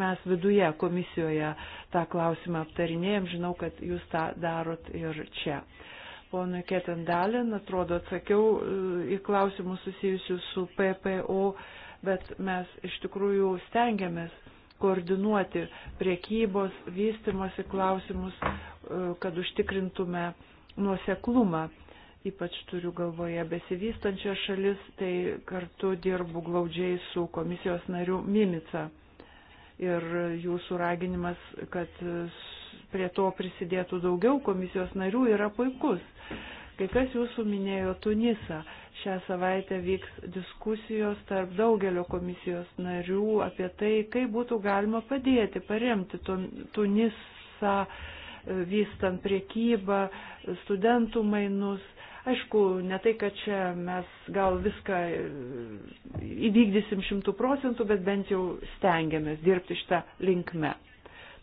mes viduje komisijoje tą klausimą aptarinėjom, žinau, kad jūs tą darot ir čia. Pone Ketendalin, atrodo, atsakiau e, į klausimus susijusius su PPO, bet mes iš tikrųjų stengiamės koordinuoti priekybos, vystimosi klausimus, e, kad užtikrintume nuoseklumą. Ypač turiu galvoje besivystančias šalis, tai kartu dirbu glaudžiai su komisijos nariu Mimica. Ir jūsų raginimas, kad prie to prisidėtų daugiau komisijos narių, yra puikus Kai kas jūsų minėjo Tunisą. Šią savaitę vyks diskusijos tarp daugelio komisijos narių apie tai, kaip būtų galima padėti, paremti Tunisą, e, vystant priekybą, studentų mainus. Aišku, ne tai, kad čia mes gal viską e, įvykdysim šimtų procentų, bet bent jau stengiamės dirbti šitą linkmę.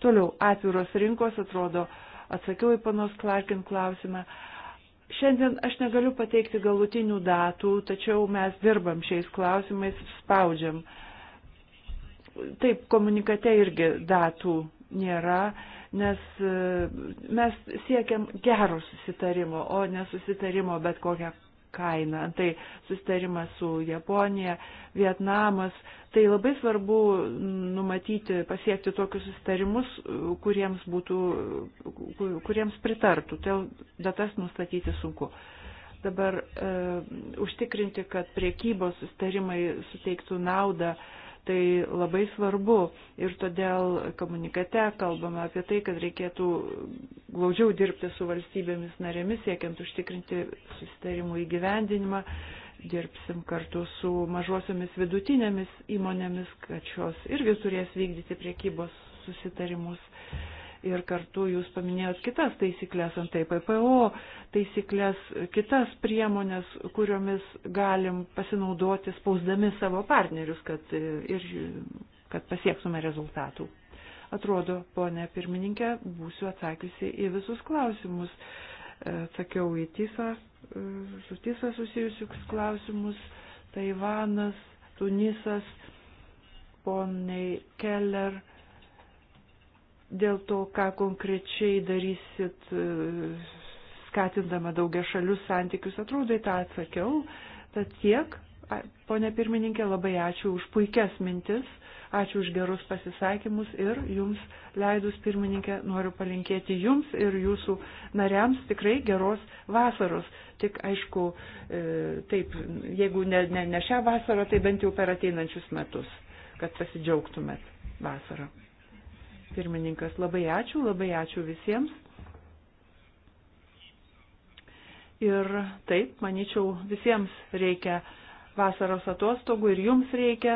Toliau, atviros rinkos atrodo atsakiau į panos Clarkin klausimą. Šiandien aš negaliu pateikti galutinių datų, tačiau mes dirbam šiais klausimais, spaudžiam. Taip, komunikate irgi datų nėra, nes e, mes siekiam gero susitarimo, o ne susitarimo bet kokią kainą. Tai sustarimas su Japonija, Vietnamas. Tai labai svarbu numatyti, pasiekti tokius sustarimus, kuriems, būtų, kuriems pritartų. Tai datas nustatyti sunku dabar e, užtikrinti, kad priekybos sustarimai suteiktų naudą Tai labai svarbu ir todėl komunikate kalbama apie tai, kad reikėtų glaudžiau dirbti su valstybėmis narėmis, siekiant užtikrinti susitarimų įgyvendinimą. Dirbsim kartu su mažosiomis vidutinėmis įmonėmis, kad šios irgi turės vykdyti priekybos susitarimus ir kartu jūs paminėjot kitas taisyklės antai PPO, taisyklės, kitas priemonės, kuriomis galim pasinaudoti spausdami savo partnerius, kad, e, ir, kad pasiektume rezultatų. Atrodo, ponė pirmininkė, būsiu atsakiusi į visus klausimus. E, atsakiau į tysą, e, su tysą susijusius klausimus, Taivanas, Tunisas, poniai Keller, dėl to, ką konkrečiai darysit, e, skatindama daugia šalius santykius, atrodo, į tą atsakiau. Tad tiek, ponė pirmininkė, labai ačiū už puikias mintis, ačiū už gerus pasisakymus ir jums leidus pirmininkė noriu palinkėti jums ir jūsų nariams tikrai geros vasaros. Tik aišku, e, taip, jeigu ne, ne, ne šią vasarą, tai bent jau per ateinančius metus, kad pasidžiaugtumėt vasarą. Pirmininkas, labai ačiū, labai ačiū visiems. Ir taip, manyčiau, visiems reikia vasaros atostogų ir jums reikia,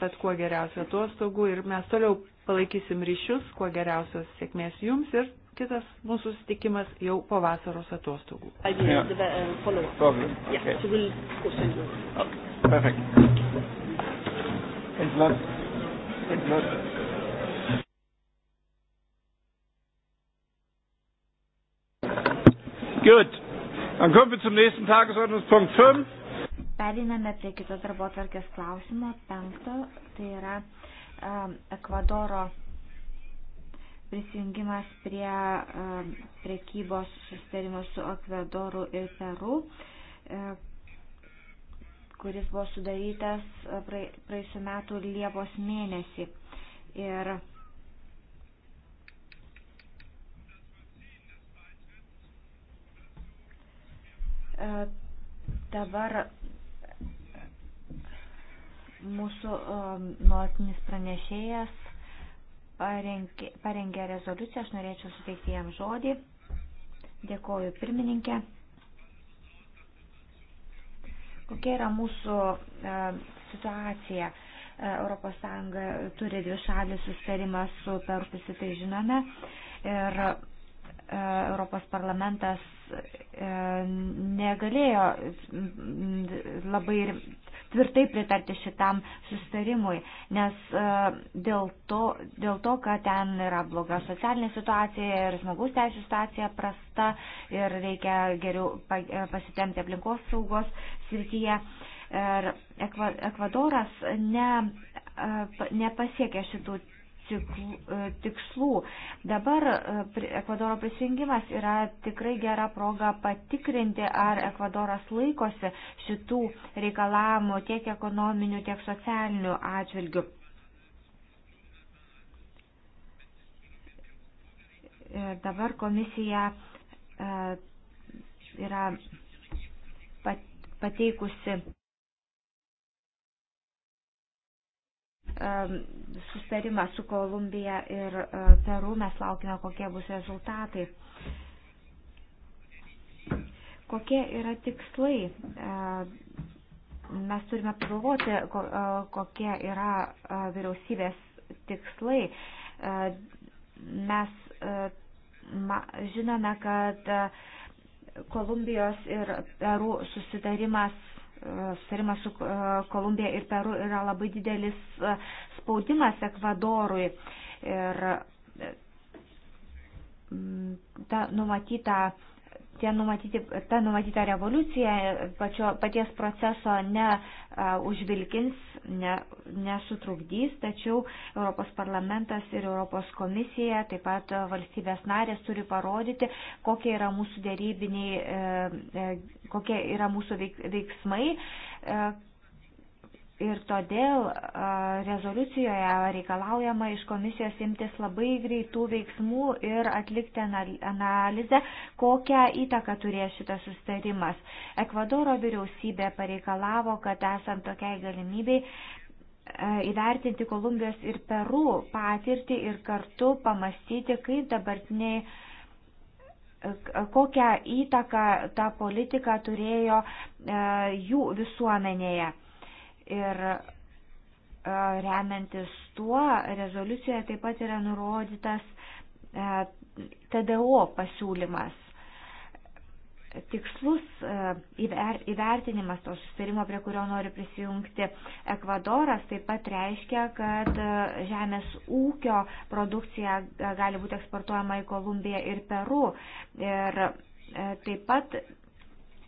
tad kuo geriausių atostogų ir mes toliau palaikysim ryšius, kuo geriausios sėkmės jums ir kitas mūsų susitikimas jau po vasaros atostogų. Yeah. Gut. Dann kommen wir zum nächsten Tagesordnungspunkt 5. Periname prie kito darbo tvarkės klausimo, penkto, tai yra um, Ekvadoro prisijungimas prie um, prekybos susitarimo su Ekvadoru ir Peru, um, kuris buvo sudarytas e, praėjusiu metu Liepos mėnesį. Ir E, dabar mūsų e, nuolatinis pranešėjas parengė, parengė rezoliuciją, aš norėčiau suteikti jam žodį. Dėkoju pirmininkė. Kokia yra mūsų e, situacija? E, ES turi dvišalį susitarimą su Peru, visi tai žinome. Ir E, Europos parlamentas e, negalėjo labai tvirtai pritarti šitam sustarimui, nes e, dėl to, dėl to, kad ten yra bloga socialinė situacija ir žmogaus teisų situacija prasta ir reikia geriau pasitemti aplinkos saugos srityje. Ir Ekvadoras ne, nepasiekė šitų E, tikslų. Dabar e, Ekvadoro prisijungimas yra tikrai gera proga patikrinti, ar Ekvadoras laikosi šitų reikalavimų tiek ekonominių, tiek socialinių atžvilgių. E, dabar komisija yra pateikusi Um, sustarimą su Kolumbija ir uh, Peru, mes laukime, kokie bus rezultatai. Kokie yra tikslai? Uh, mes turime pagalvoti, uh, kokie yra vyriausybės tikslai. Mes žinome, kad Kolumbijos ir Peru susitarimas sutarimas su e, Kolumbija ir Peru yra labai didelis e, spaudimas Ekvadorui. Ir e, ta numatyta tie numatyti, ta numatyta revoliucija pačio, paties proceso ne uh, užvilkins, ne, nesutrukdys, tačiau Europos parlamentas ir Europos komisija, taip pat valstybės narės turi parodyti, kokie yra mūsų dėrybiniai, uh, e, e, kokie yra mūsų veiksmai, uh, Ir todėl rezoliucijoje reikalaujama iš komisijos imtis labai greitų veiksmų ir atlikti analizę, kokią įtaką turės šitas sustarimas. Ekvadoro vyriausybė pareikalavo, kad esant tokiai galimybei įvertinti Kolumbijos ir Peru patirtį ir kartu pamastyti, kaip dabartiniai kokią įtaką ta politika turėjo jų visuomenėje. Ir e, remiantis tuo, rezoliucijoje taip pat yra nurodytas e, TDO pasiūlymas. Tikslus e, įvertinimas to susitarimo, prie kurio nori prisijungti Ekvadoras, taip pat reiškia, kad žemės ūkio produkcija gali būti eksportuojama į Kolumbiją ir Peru. Ir taip pat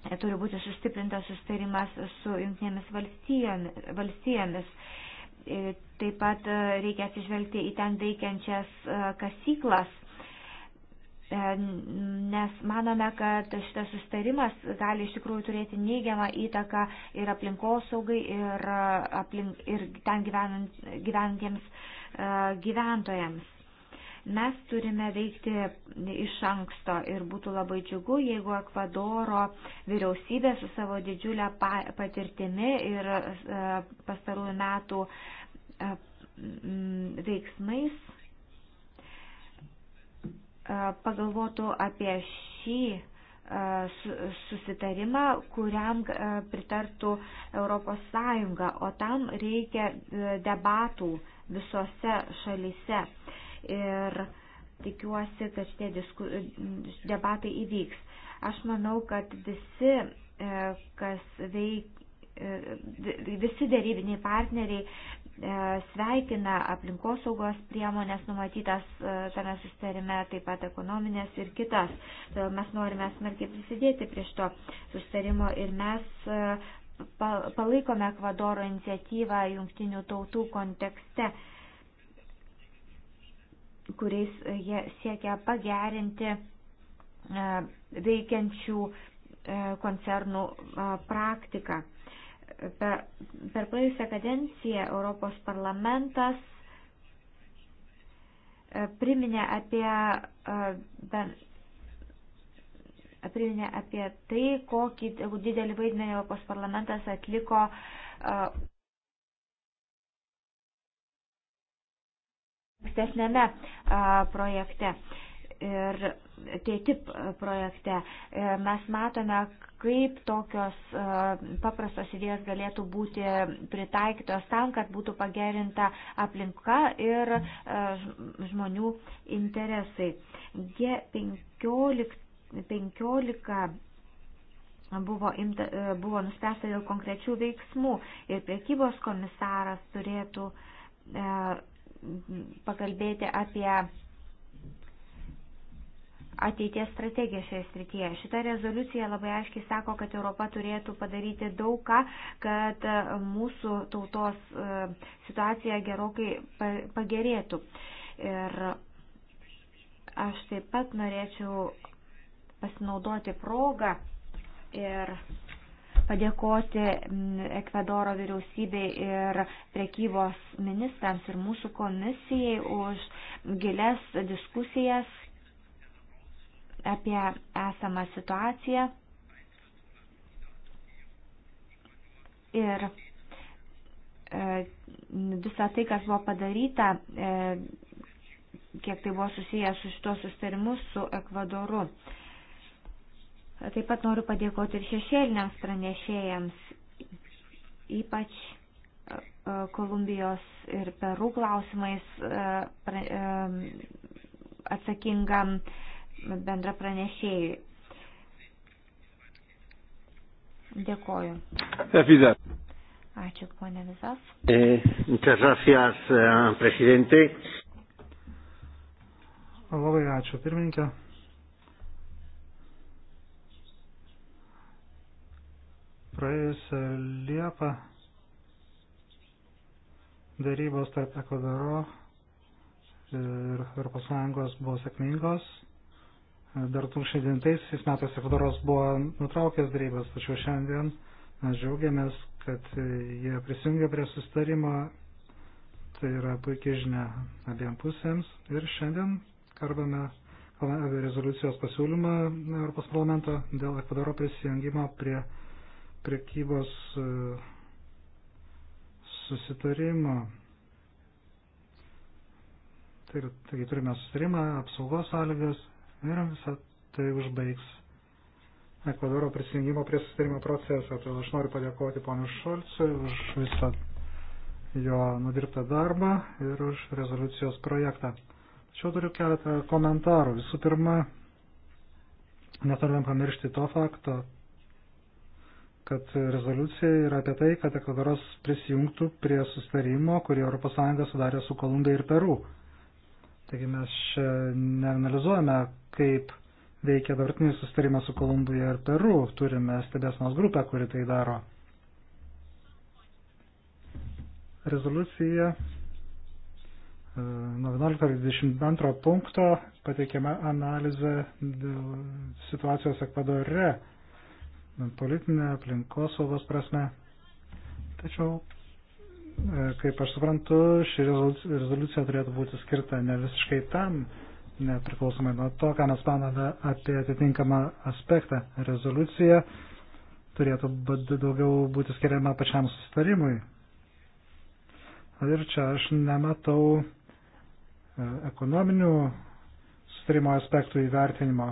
E, turi būti sustiprintas sustarimas su jungtinėmis valstijomis. E, taip pat e, reikia atsižvelgti į ten veikiančias kasyklas, nes manome, kad šitas sustarimas gali iš tikrųjų turėti neigiamą įtaką ir aplinkosaugai, ir, aplink, ir ten gyvenant, gyventiems gyventojams. Mes turime veikti iš anksto ir būtų labai džiugu, jeigu Ekvadoro vyriausybė su savo didžiulę patirtimi ir e, pastarųjų metų e, veiksmais e, pagalvotų apie šį susitarimą, kuriam pritartų ES, o tam reikia debatų visose šalyse ir tikiuosi, kad šitie disku, debatai įvyks. Aš manau, kad visi, e, kas veik, e, visi dėrybiniai partneriai e, sveikina aplinkosaugos priemonės numatytas tame susitarime, taip pat ekonominės ir kitas. Todėl mes norime smarkiai prisidėti prie šito susitarimo ir mes palaikome Ekvadoro iniciatyvą jungtinių tautų kontekste kuriais e, jie siekia pagerinti e, veikiančių e, koncernų praktiką. Per, per praėjusią kadenciją Europos parlamentas priminė apie, ben, priminė apie tai, kokį didelį vaidmenį Europos parlamentas atliko ankstesnėme projekte ir TTIP projekte. E, mes matome, kaip tokios paprastos idėjos galėtų būti pritaikytos tam, kad būtų pagerinta aplinka ir žmonių interesai. G15 buvo, imta, e, buvo nuspręsta dėl konkrečių veiksmų ir priekybos komisaras turėtų e, pakalbėti apie ateities strategiją šioje srityje. Šita rezoliucija labai aiškiai sako, kad Europa turėtų padaryti daug ką, kad mūsų tautos e, situacija gerokai pagerėtų. Ir aš taip pat norėčiau pasinaudoti progą ir padėkoti mm, Ekvadoro vyriausybei ir prekybos ministrams ir mūsų komisijai už giles diskusijas apie esamą situaciją. Ir e, visą tai, kas buvo padaryta, e, kiek tai buvo susijęs su šito sustarimu su Ekvadoru. Taip pat noriu padėkoti ir šešėliniams pranešėjams, ypač e, e, Kolumbijos ir Perų klausimais e, atsakingam bendra pranešėjui. Dėkoju. Ačiū, ponė Vizas. Muchas gracias, eh, prezidente. Labai ačiū, pirmininkė. praėjusią Liepą darybos tarp Ekvadoro ir Europos Sąjungos buvo sėkmingos. Dar 2009 metais Ekvadoras buvo nutraukęs darybas, tačiau šiandien mes džiaugiamės, kad jie prisijungia prie sustarimo. Tai yra puikiai žinia abiem pusėms. Ir šiandien kalbame apie rezoliucijos pasiūlymą Europos parlamento dėl Ekvadoro prisijungimo prie prekybos e, susitarimo. Tai, taigi turime susitarimą, apsaugos sąlygas ir visą tai užbaigs Ekvadoro prisijungimo prie susitarimo procesą. Todėl aš noriu padėkoti ponu Šolcui už visą jo nudirbtą darbą ir už rezoliucijos projektą. Tačiau turiu keletą komentarų. Visų pirma, neturime pamiršti to fakto, kad rezoliucija yra apie tai, kad Ekvadoras prisijungtų prie sustarimo, kurį ES sudarė su Kolumbija ir Peru. Taigi mes čia neanalizuojame, kaip veikia dabartinis sustarimas su Kolumbija ir Peru. Turime stebėsnos grupę, kuri tai daro. Rezoliucija e, nuo 11.22 punkto pateikiama analizė dėl situacijos Ekvadore politinė, aplinkosaugos prasme. Tačiau, e, kaip aš suprantu, ši rezoliucija turėtų būti skirta ne visiškai tam, nepriklausomai nuo to, ką mes manome apie atitinkamą aspektą. Rezoliucija turėtų daugiau būti skiriama pačiam sustarimui. Ir čia aš nematau e, ekonominių sustarimo aspektų įvertinimo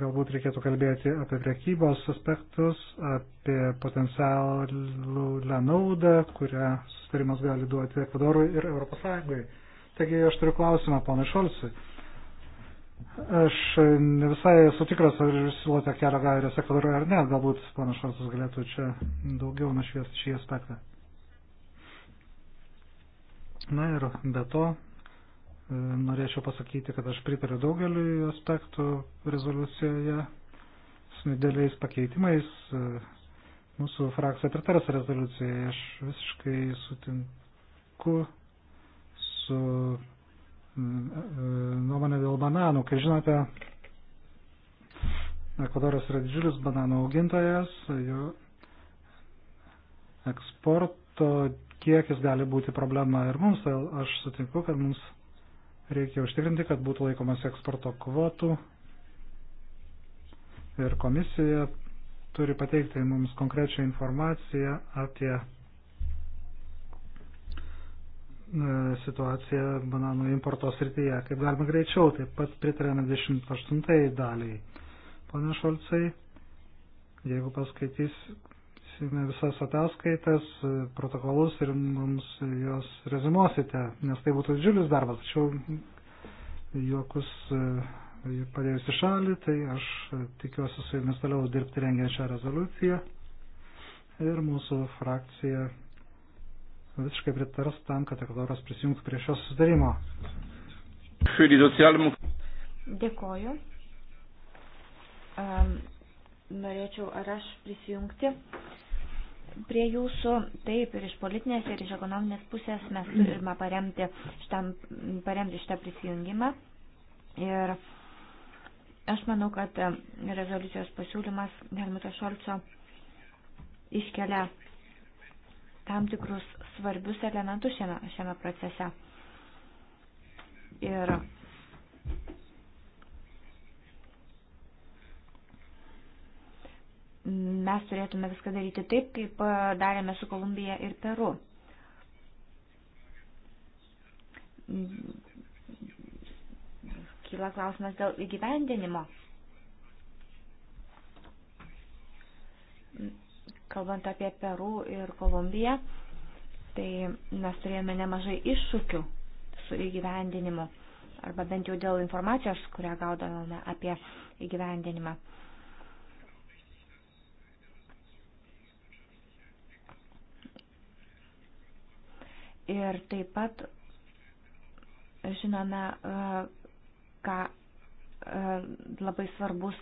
Galbūt reikėtų kalbėti apie prekybos aspektus, apie potencialų naudą, kurią sustarimas gali duoti Ekvadorui ir ES. Taigi aš turiu klausimą, ponai Šolcui. Aš ne visai esu tikras, ar jūs siūlote kelio gairės Ekvadorui ar ne, galbūt ponas Šolcas galėtų čia daugiau nušviesti šį aspektą. Na ir be to, E, norėčiau pasakyti, kad aš pritariu daugeliu aspektų rezoliucijoje su dideliais pakeitimais. E, mūsų frakcija pritars rezoliucijai. Aš visiškai sutinku su e, nuomonė dėl bananų. Kaip žinote, Ekvadoras yra didžiulis bananų augintojas, jo eksporto kiekis gali būti problema ir mums. Aš sutinku, kad mums Reikia užtikrinti, kad būtų laikomas eksporto kvotų ir komisija turi pateikti mums konkrečią informaciją apie e, situacija bananų importo srityje, kaip galima greičiau, taip pat pritarėme 28 daliai. Pane Šolcai, jeigu paskaitys, gausime visas ataskaitas, protokolus ir mums jos rezimuosite, nes tai būtų didžiulis darbas. Tačiau juokus e, padėjus į šalį, tai aš e, tikiuosi su jumis toliau dirbti rengiant šią rezoliuciją. Ir mūsų frakcija visiškai pritars tam, kad Ekvadoras prisijungtų prie šios susidarimo. Dėkoju. Um, norėčiau ar aš prisijungti prie jūsų. Taip, ir iš politinės, ir iš ekonominės pusės mes turime paremti, šitam, paremti šitą prisijungimą. Ir aš manau, kad rezoliucijos pasiūlymas Helmuto Šolco iškelia tam tikrus svarbius elementus šiame, šiame procese. Ir mes turėtume viską daryti taip, kaip e, darėme su Kolumbija ir Peru. Kyla klausimas dėl įgyvendinimo. Kalbant apie Peru ir Kolumbiją, tai mes turėjome nemažai iššūkių su įgyvendinimu, arba bent jau dėl informacijos, kurią gaudavome apie įgyvendinimą. Ir taip pat žinome, e, ką e, labai svarbus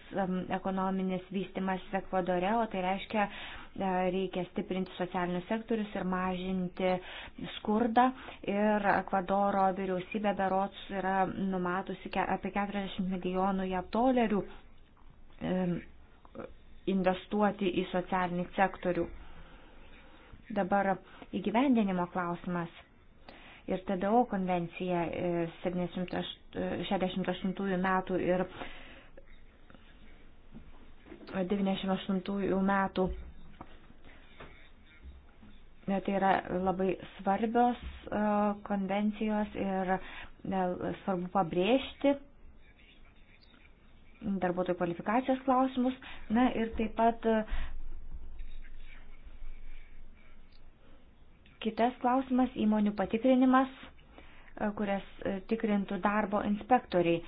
ekonominis vystimas Ekvadore, o tai reiškia e, reikia stiprinti socialinius sektorius ir mažinti skurdą. Ir Ekvadoro vyriausybė berots yra numatusi apie 40 milijonų jav dolerių investuoti į socialinį sektorių. Dabar įgyvendinimo klausimas. Ir TDO konvencija 68 e, metų ir 98 metų. E, tai yra labai svarbios e, konvencijos ir svarbu pabrėžti darbuotojų kvalifikacijos klausimus. Na ir taip pat Kitas klausimas - įmonių patikrinimas, e, kurias e, tikrintų darbo inspektoriai.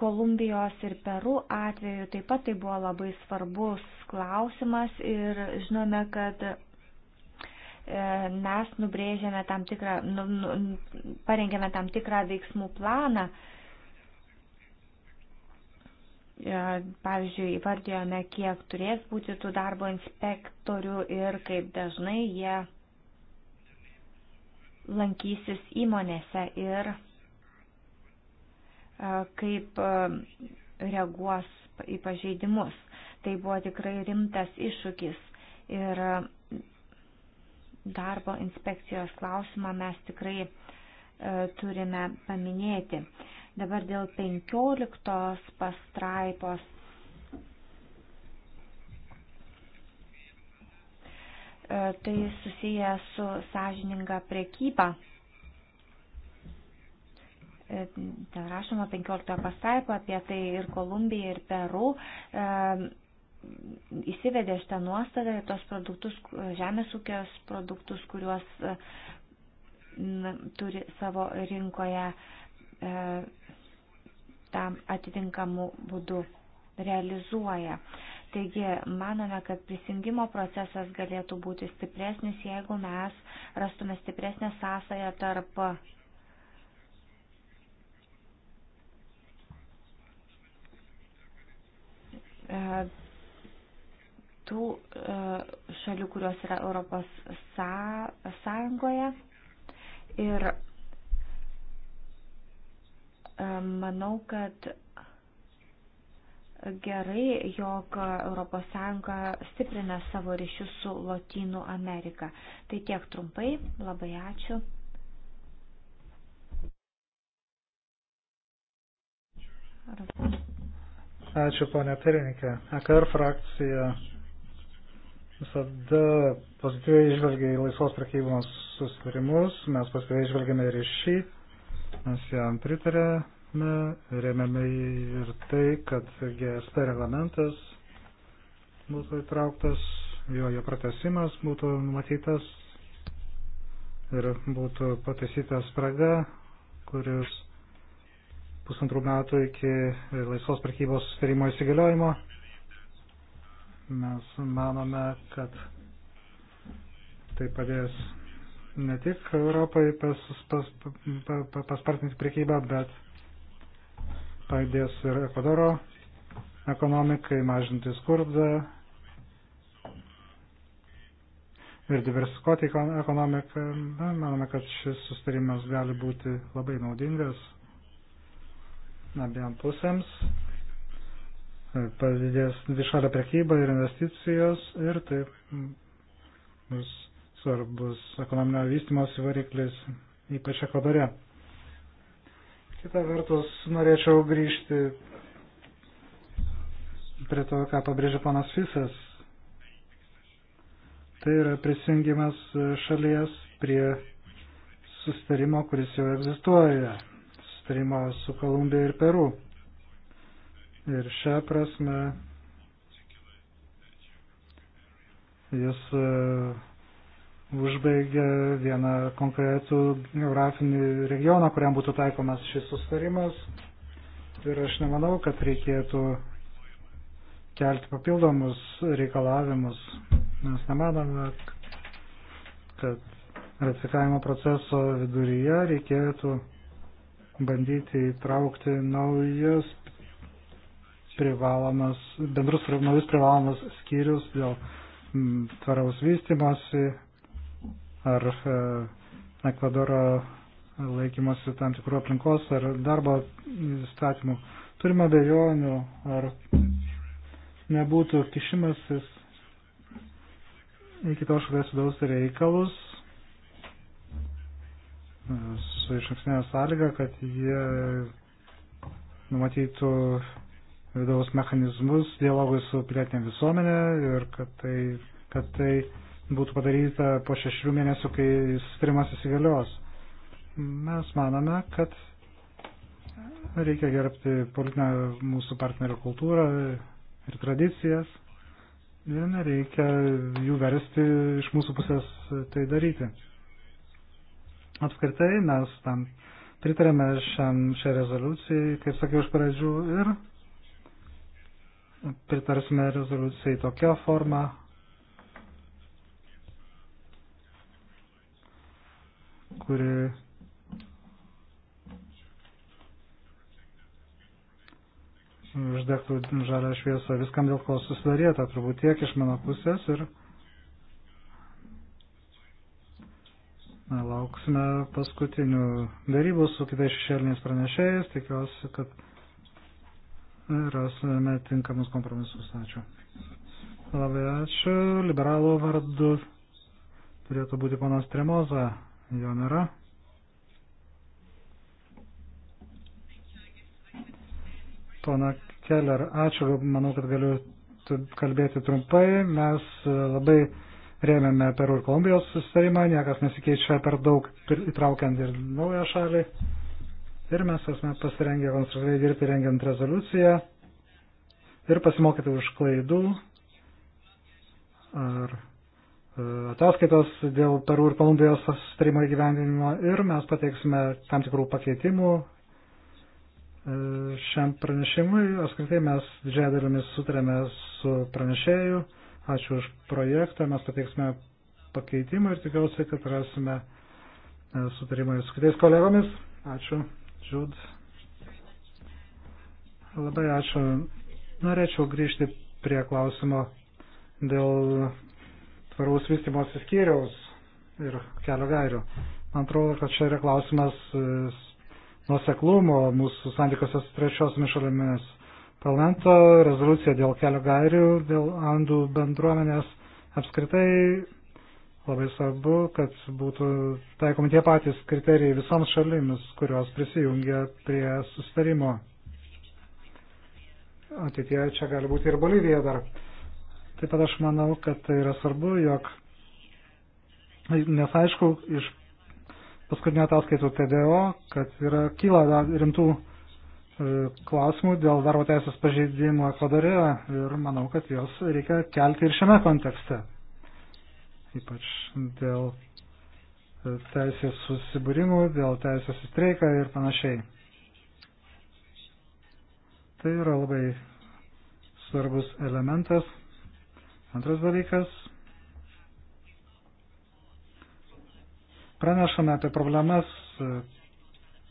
Kolumbijos ir Peru atveju taip pat tai buvo labai svarbus klausimas ir žinome, kad e, mes nubrėžėme tam tikrą, nu, nu, parengėme tam tikrą veiksmų planą E, pavyzdžiui, įvardėjome, kiek turės būti tų darbo inspektorių ir kaip dažnai jie lankysis įmonėse ir e, kaip e, reaguos į pažeidimus. Tai buvo tikrai rimtas iššūkis ir darbo inspekcijos klausimą mes tikrai turime paminėti. Dabar dėl 15 pastraipos. E, tai susiję su sąžininga priekyba. E, ten rašoma 15 pastraipą apie tai ir Kolumbija, ir Peru e, įsivedė šitą nuostatą ir tos produktus, žemės ūkios produktus, kuriuos turi savo rinkoje tą atitinkamų būdų realizuoja. Taigi manome, kad prisijungimo procesas galėtų būti stipresnis, jeigu mes rastume stipresnę sąsąją tarp e, tų e, šalių, kurios yra Europos sąjungoje ir E, manau, kad gerai, jog ES stiprina savo ryšius su Lotynų Amerika. Tai tiek trumpai, labai ačiū. Ačiū, ponė pirmininkė. AKR frakcija visada pozityviai išvelgia į laisvos prekybos susitarimus, mes pozityviai išvelgiame ir iš šį mes jam pritarėme, remiame ir tai, kad GSP reglamentas būtų įtrauktas, jo, jo pratesimas būtų numatytas ir būtų pataisyta spraga, kuris pusantrų metų iki laisvos prekybos sutarimo įsigaliojimo. Mes manome, kad tai padės ne tik Europai pas, pas, pas, pas, paspartinti priekybą, bet padės ir Ekvadoro ekonomikai mažinti skurdą ir diversifikuoti ekonomiką. Na, manome, kad šis sustarimas gali būti labai naudingas abiem pusėms. Padidės dvišalio prekyba ir investicijos ir taip bus svarbus ekonominio vystimos variklis, ypač Ekvadore. Kita vertus, norėčiau grįžti prie to, ką pabrėžė panas Fisas. Tai yra prisijungimas šalies prie sustarimo, kuris jau egzistuoja. Sustarimo su Kolumbija ir Peru. Ir šią prasme jis uh, užbaigė vieną konkretų geografinį regioną, kuriam būtų taikomas šis sustarimas. Ir aš nemanau, kad reikėtų kelti papildomus reikalavimus. Mes nemanome, kad ratifikavimo proceso viduryje reikėtų bandyti įtraukti naujas privalomas, bendrus naujus privalomas skyrius dėl mm, tvaraus vystimosi ar e, Ekvadoro laikymosi tam tikrų aplinkos ar darbo įstatymų. Turime bejonių, ar nebūtų kišimasis į kitos šalies vidaus reikalus e, su išankstinė sąlyga, kad jie numatytų vidaus mechanizmus dialogui su pilietinė visuomenė ir kad tai, kad tai būtų padaryta po šešių mėnesių, kai sustarimas įsigalios. Mes manome, kad reikia gerbti politinę mūsų partnerio kultūrą ir tradicijas ir nereikia jų versti iš mūsų pusės tai daryti. Apskritai mes tam pritarėme šiam, šią rezoliuciją, kaip sakiau iš pradžių, ir pritarsime rezoliucijai tokią formą, kuri uždegtų žalę šviesą viskam, dėl ko susidarėta, turbūt tiek iš mano pusės ir na, lauksime paskutinių darybų su kitais šešėliniais pranešėjais, tikiuosi, kad rasime tinkamus kompromisus. Ačiū. Labai ačiū. Liberalų vardu turėtų būti panas Tremoza jo nėra. Pana Keller, ačiū, manau, kad galiu kalbėti trumpai. Mes e, labai rėmėme Peru ir Kolumbijos susitarimą, niekas nesikeičia per daug, įtraukiant ir naują šalį. Ir mes esame pasirengę konstruktyviai dirbti rengiant rezoliuciją ir pasimokyti už klaidų ar E, ataskaitos dėl Peru ir Kolumbijos sustarimo įgyvendinimo ir mes pateiksime tam tikrų pakeitimų e, šiam pranešimui. Apskritai mes didžiąją dalimi sutarėme su pranešėju. Ačiū už projektą, mes pateiksime pakeitimą ir tikiuosi, kad rasime e, sutarimą ir su kitais kolegomis. Ačiū, Džud. Labai ačiū. Norėčiau grįžti prie klausimo dėl tvaraus vystimosi skyriaus ir kelio gairių. Man atrodo, kad čia yra klausimas e, nuoseklumo mūsų santykiuose su trečiosiomis šalimis. Parlamento rezoliucija dėl kelio gairių, dėl Andų bendruomenės apskritai labai svarbu, kad būtų taikomi tie patys kriterijai visoms šalimis, kurios prisijungia prie sustarimo. Ateitie čia gali būti ir Bolivija dar. Taip pat aš manau, kad tai yra svarbu, jog, nes aišku, iš paskutinio ataskaitų TDO, kad yra kyla rimtų e, klausimų dėl darbo teisės pažeidimo Ekvadore ir manau, kad jos reikia kelti ir šiame kontekste. Ypač dėl e, teisės susibūrimų, dėl teisės į streiką ir panašiai. Tai yra labai svarbus elementas Antras dalykas. Pranešame apie problemas,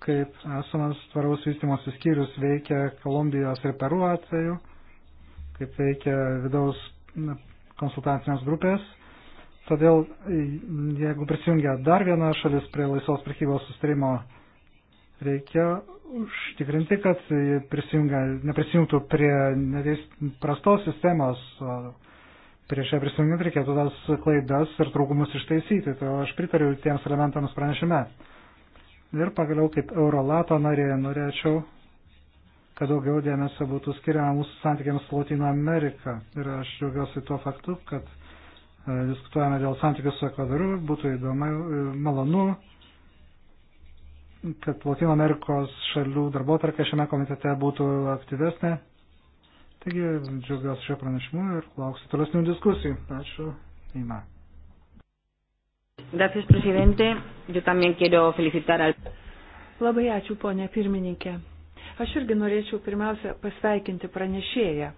kaip esamas tvaraus vystimosi skyrius veikia Kolumbijos ir Peru atveju, kaip veikia vidaus konsultacinės grupės. Todėl, jeigu prisijungia dar viena šalis prie laisvos prekybos sustarimo, reikia užtikrinti, kad neprisijungtų prie neteis prastos sistemos, prieš ją prisiminti reikėtų tas klaidas ir trūkumus ištaisyti. Tai aš pritariu tiems elementams pranešime. Ir pagaliau kaip Eurolato narė norėčiau, kad daugiau dėmesio būtų skiriama mūsų santykiams su Latino Amerika. Ir aš džiaugiuosi tuo faktu, kad e, diskutuojame dėl santykių su Ekvadoru. Būtų įdomu, e, malonu, kad Latino Amerikos šalių darbo tarka šiame komitete būtų aktyvesnė Taigi džiaugiuosi šio pranešimu ir lauksiu tolesnių diskusijų. Ačiū. Eina. Gracias, presidente. Yo también quiero felicitar al. Labai ačiū, ponė pirmininkė. Aš irgi norėčiau pirmiausia pasveikinti pranešėją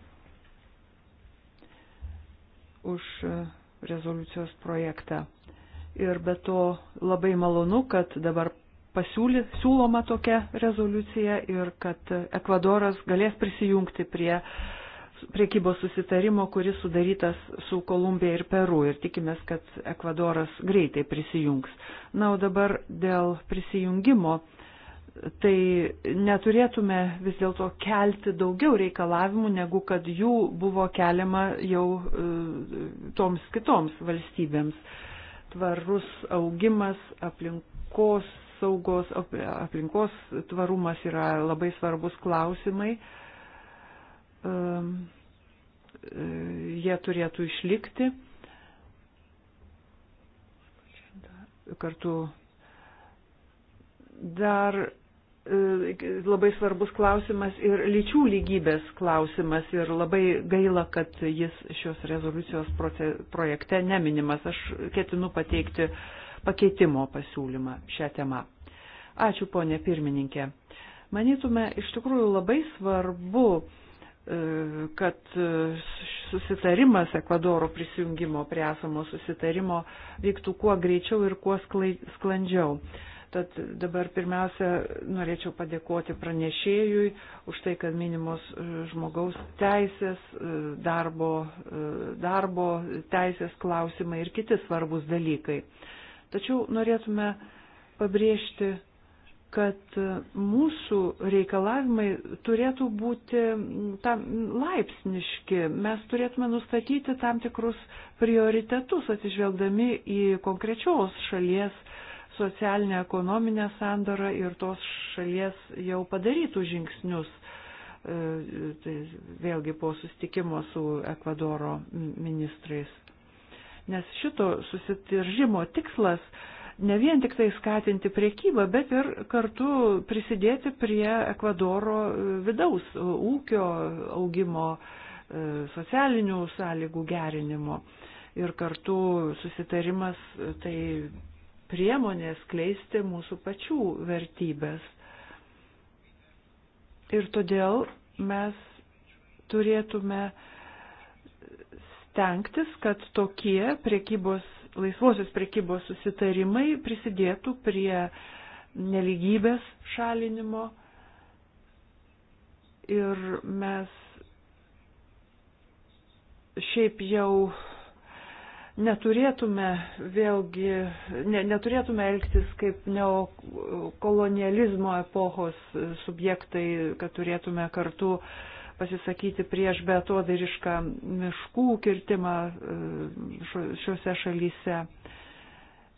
už e, rezoliucijos projektą. Ir be to labai malonu, kad dabar pasiūly, siūloma tokia rezoliucija ir kad Ekvadoras galės prisijungti prie priekybos susitarimo, kuris sudarytas su Kolumbija ir Peru ir tikimės, kad Ekvadoras greitai prisijungs. Na, o dabar dėl prisijungimo tai neturėtume vis dėlto kelti daugiau reikalavimų, negu kad jų buvo keliama jau e, toms kitoms valstybėms. Tvarus augimas, aplinkos saugos, aplinkos tvarumas yra labai svarbus klausimai. Ehm, e, jie turėtų išlikti. Kartu dar e, labai svarbus klausimas ir lyčių lygybės klausimas ir labai gaila, kad jis šios rezoliucijos projekte neminimas. Aš ketinu pateikti uh, pakeitimo pasiūlymą šią temą. Ačiū, ponė pirmininkė. Manytume, iš tikrųjų labai svarbu, e, kad e, susitarimas Ekvadoro prisijungimo prie esamo susitarimo vyktų kuo greičiau ir kuo sklandžiau. Tad dabar pirmiausia, norėčiau padėkoti pranešėjui už tai, kad minimos e, žmogaus teisės, darbo, darbo teisės klausimai ir kiti svarbus dalykai. Tačiau norėtume pabrėžti, kad mūsų reikalavimai turėtų būti tam laipsniški. Mes turėtume nustatyti tam tikrus prioritetus atsižvelgdami į konkrečios šalies socialinę ekonominę sandarą ir tos šalies jau padarytų žingsnius. E, tai vėlgi po sustikimo su Ekvadoro ministrais nes šito susitiržimo tikslas ne vien tik tai skatinti priekybą, bet ir kartu prisidėti prie Ekvadoro e, vidaus e, ūkio augimo, e, socialinių sąlygų gerinimo. Ir kartu susitarimas tai priemonės kleisti mūsų pačių vertybės. Ir todėl mes turėtume uh, stengtis, kad tokie priekybos, laisvosios priekybos susitarimai prisidėtų prie neligybės šalinimo. Ir mes šiaip jau neturėtume vėlgi, ne, neturėtume elgtis kaip neokolonializmo epochos subjektai, kad turėtume kartu uh, pasisakyti prieš betodarišką miškų kirtimą e, šiuose šalyse.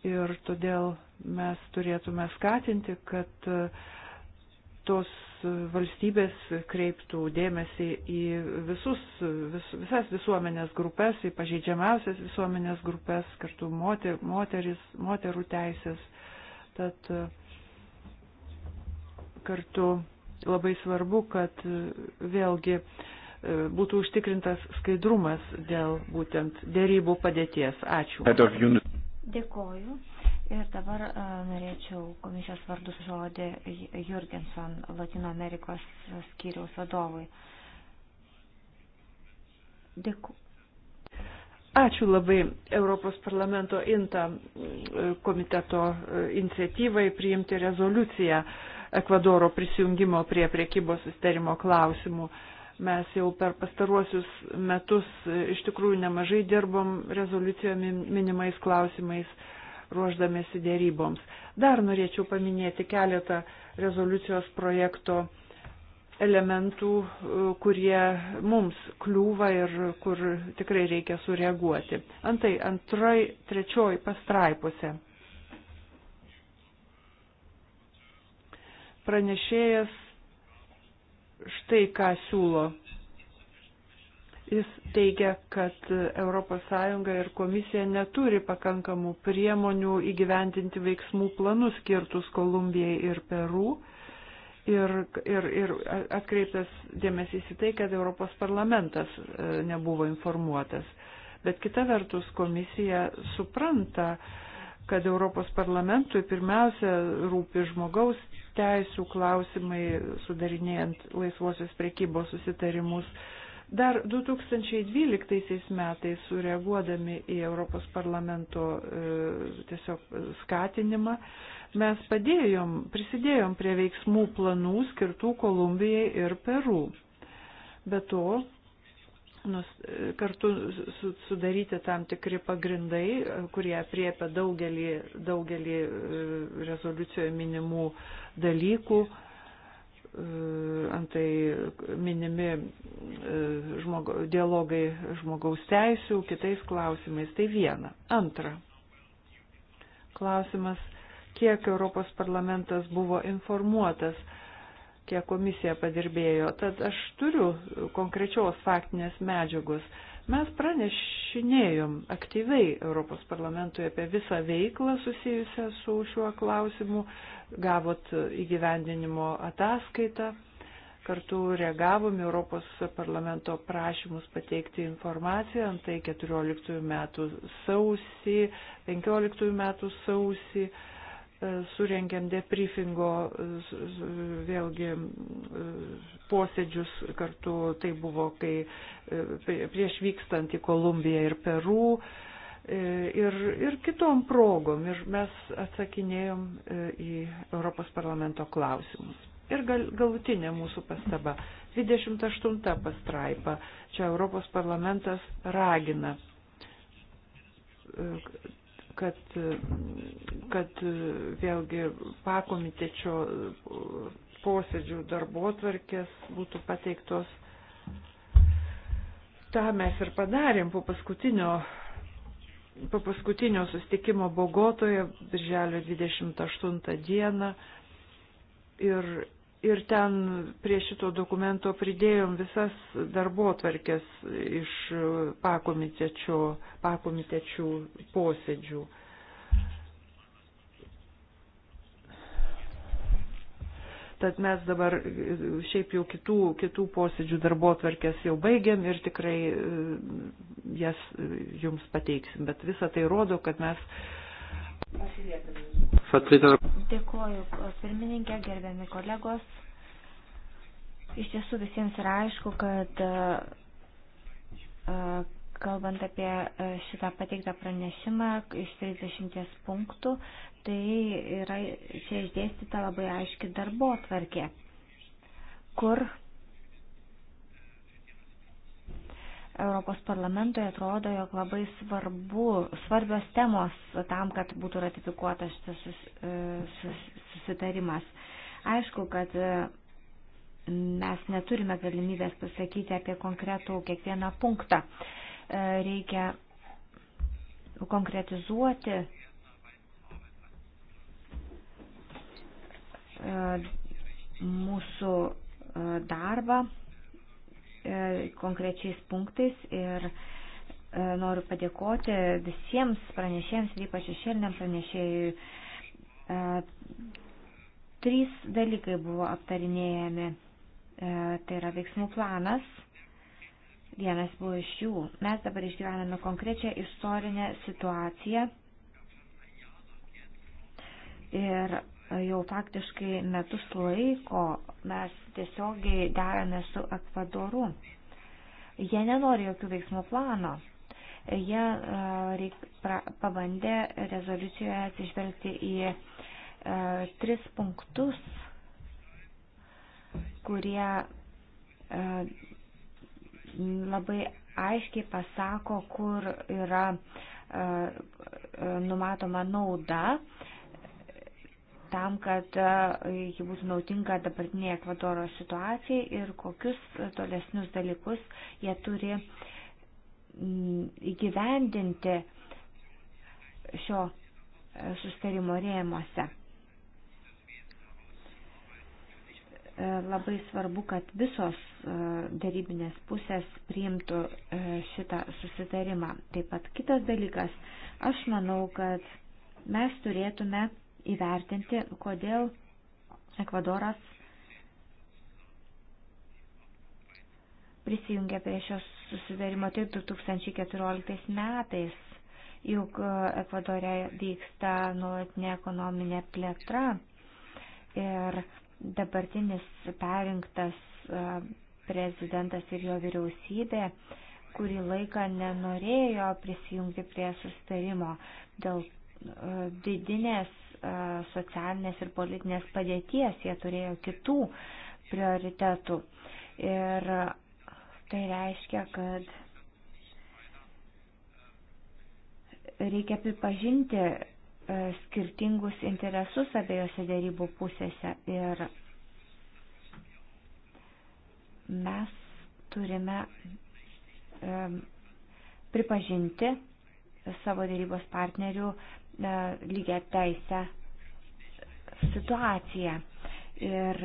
Ir todėl mes turėtume skatinti, kad e, tos valstybės kreiptų dėmesį į visus, vis, visas visuomenės grupės, į pažeidžiamiausias visuomenės grupės, kartu moter, moteris, moterų teisės. Tad e, kartu labai svarbu, kad e, vėlgi e, būtų užtikrintas skaidrumas dėl būtent dėrybų padėties. Ačiū. Dėkoju. Ir dabar uh, norėčiau komisijos vardu žodį Jurgenson, Latino Amerikos skyriaus vadovui. Dėku. Ačiū labai Europos parlamento INTA komiteto iniciatyvai priimti rezoliuciją uh, Ekvadoro prisijungimo prie priekybos susterimo klausimų. Mes jau per pastaruosius metus e, iš tikrųjų nemažai dirbom rezoliucijomis minimais klausimais ruoždamėsi dėryboms. Dar norėčiau paminėti keletą rezoliucijos projekto elementų, e, kurie mums kliūva ir kur tikrai reikia sureaguoti. Antai, antrai, trečioj pastraipose pranešėjas štai ką siūlo. Jis teigia, kad ES ir komisija neturi pakankamų priemonių įgyvendinti veiksmų planus skirtus Kolumbijai ir Peru. Ir, ir, ir atkreiptas dėmesys į tai, kad Europos parlamentas e, nebuvo informuotas. Bet kita vertus komisija supranta, kad Europos parlamentui pirmiausia rūpi žmogaus teisų klausimai, sudarinėjant laisvosios prekybos susitarimus. Dar 2012 metais sureaguodami į Europos parlamento e, tiesiog skatinimą, mes padėjom, prisidėjom prie veiksmų planų skirtų Kolumbijai ir Peru. Be to, nus, kartu sudaryti tam tikri pagrindai, kurie apriepia daugelį, daugelį e, rezoliucijoje minimų dalykų. E, antai minimi e, žmogu, dialogai žmogaus teisų, kitais klausimais. Tai viena. Antra. Klausimas, kiek Europos parlamentas buvo informuotas kiek komisija padirbėjo. Tad aš turiu konkrečios faktinės medžiagos. Mes pranešinėjom aktyviai Europos parlamentui apie visą veiklą susijusią su šiuo klausimu, gavot įgyvendinimo ataskaitą, kartu reagavom Europos parlamento prašymus pateikti informaciją, antai 14 metų sausį, 15 metų sausį E, surengėm debriefingo e, vėlgi e, posėdžius kartu, tai buvo kai prieš vykstant į Kolumbiją ir Peru ir, ir kitom progom ir mes atsakinėjom į Europos parlamento klausimus. Ir gal, galutinė mūsų pastaba, 28 pastraipa, čia Europos parlamentas ragina kad, kad vėlgi pakomitečio posėdžių darbo tvarkės būtų pateiktos. Ta mes ir padarėm po paskutinio, po paskutinio sustikimo Bogotoje, birželio 28 dieną. Ir ir ten prie šito dokumento pridėjom visas darbo tvarkės iš pakomitečių, pakomitečių posėdžių. Tad mes dabar šiaip jau kitų, kitų posėdžių darbo tvarkės jau baigiam ir tikrai e, jas e, jums pateiksim. Bet visa tai rodo, kad mes Dėkoju, pirmininkė, gerbiami kolegos. Iš tiesų visiems yra aišku, kad kalbant apie šitą pateiktą pranešimą iš 30 punktų, tai yra čia išdėstyta labai aiški darbo tvarkė, kur Europos parlamentoje atrodo, jog labai svarbu, svarbios temos tam, kad būtų ratifikuotas šis sus, e, sus, susitarimas. Aišku, kad e, mes neturime galimybės pasakyti apie konkretų kiekvieną punktą. E, reikia konkretizuoti mūsų darbą E, konkrečiais punktais ir e, noriu padėkoti visiems pranešėjams, ypač šešėliniam pranešėjui. E, trys dalykai buvo aptarinėjami. Tai yra veiksmų planas. Vienas buvo iš jų. Mes dabar išgyvename konkrečią istorinę situaciją. Ir jau faktiškai metus laiko mes tiesiogiai derame su Ekvadoru. Jie nenori jokių veiksmų plano. Jie e, reik, pra, pabandė rezoliucijoje atsižvelgti į e, tris punktus, kurie e, labai aiškiai pasako, kur yra e, e numatoma nauda. E, tam, kad e, ji būtų naudinga dabartinėje Ekvadoro situacijai ir kokius tolesnius dalykus jie turi įgyvendinti šio e, sustarimo rėmose. E, labai svarbu, kad visos darybinės pusės priimtų šitą susitarimą. Taip pat kitas dalykas, aš manau, kad mes turėtume įvertinti, kodėl Ekvadoras prisijungė prie šios susidarimo tik tai 2014 metais, juk Ekvadore vyksta nuolatinė ekonominė plėtra ir dabartinis perinktas e, prezidentas ir jo vyriausybė kurį laiką nenorėjo prisijungti prie sustarimo dėl e, vidinės E, socialinės ir politinės padėties, jie turėjo kitų prioritetų. Ir tai reiškia, kad reikia pripažinti e, skirtingus interesus abiejose dėrybų pusėse ir mes turime e, pripažinti savo dėrybos partnerių E, lygia teisę situaciją. Ir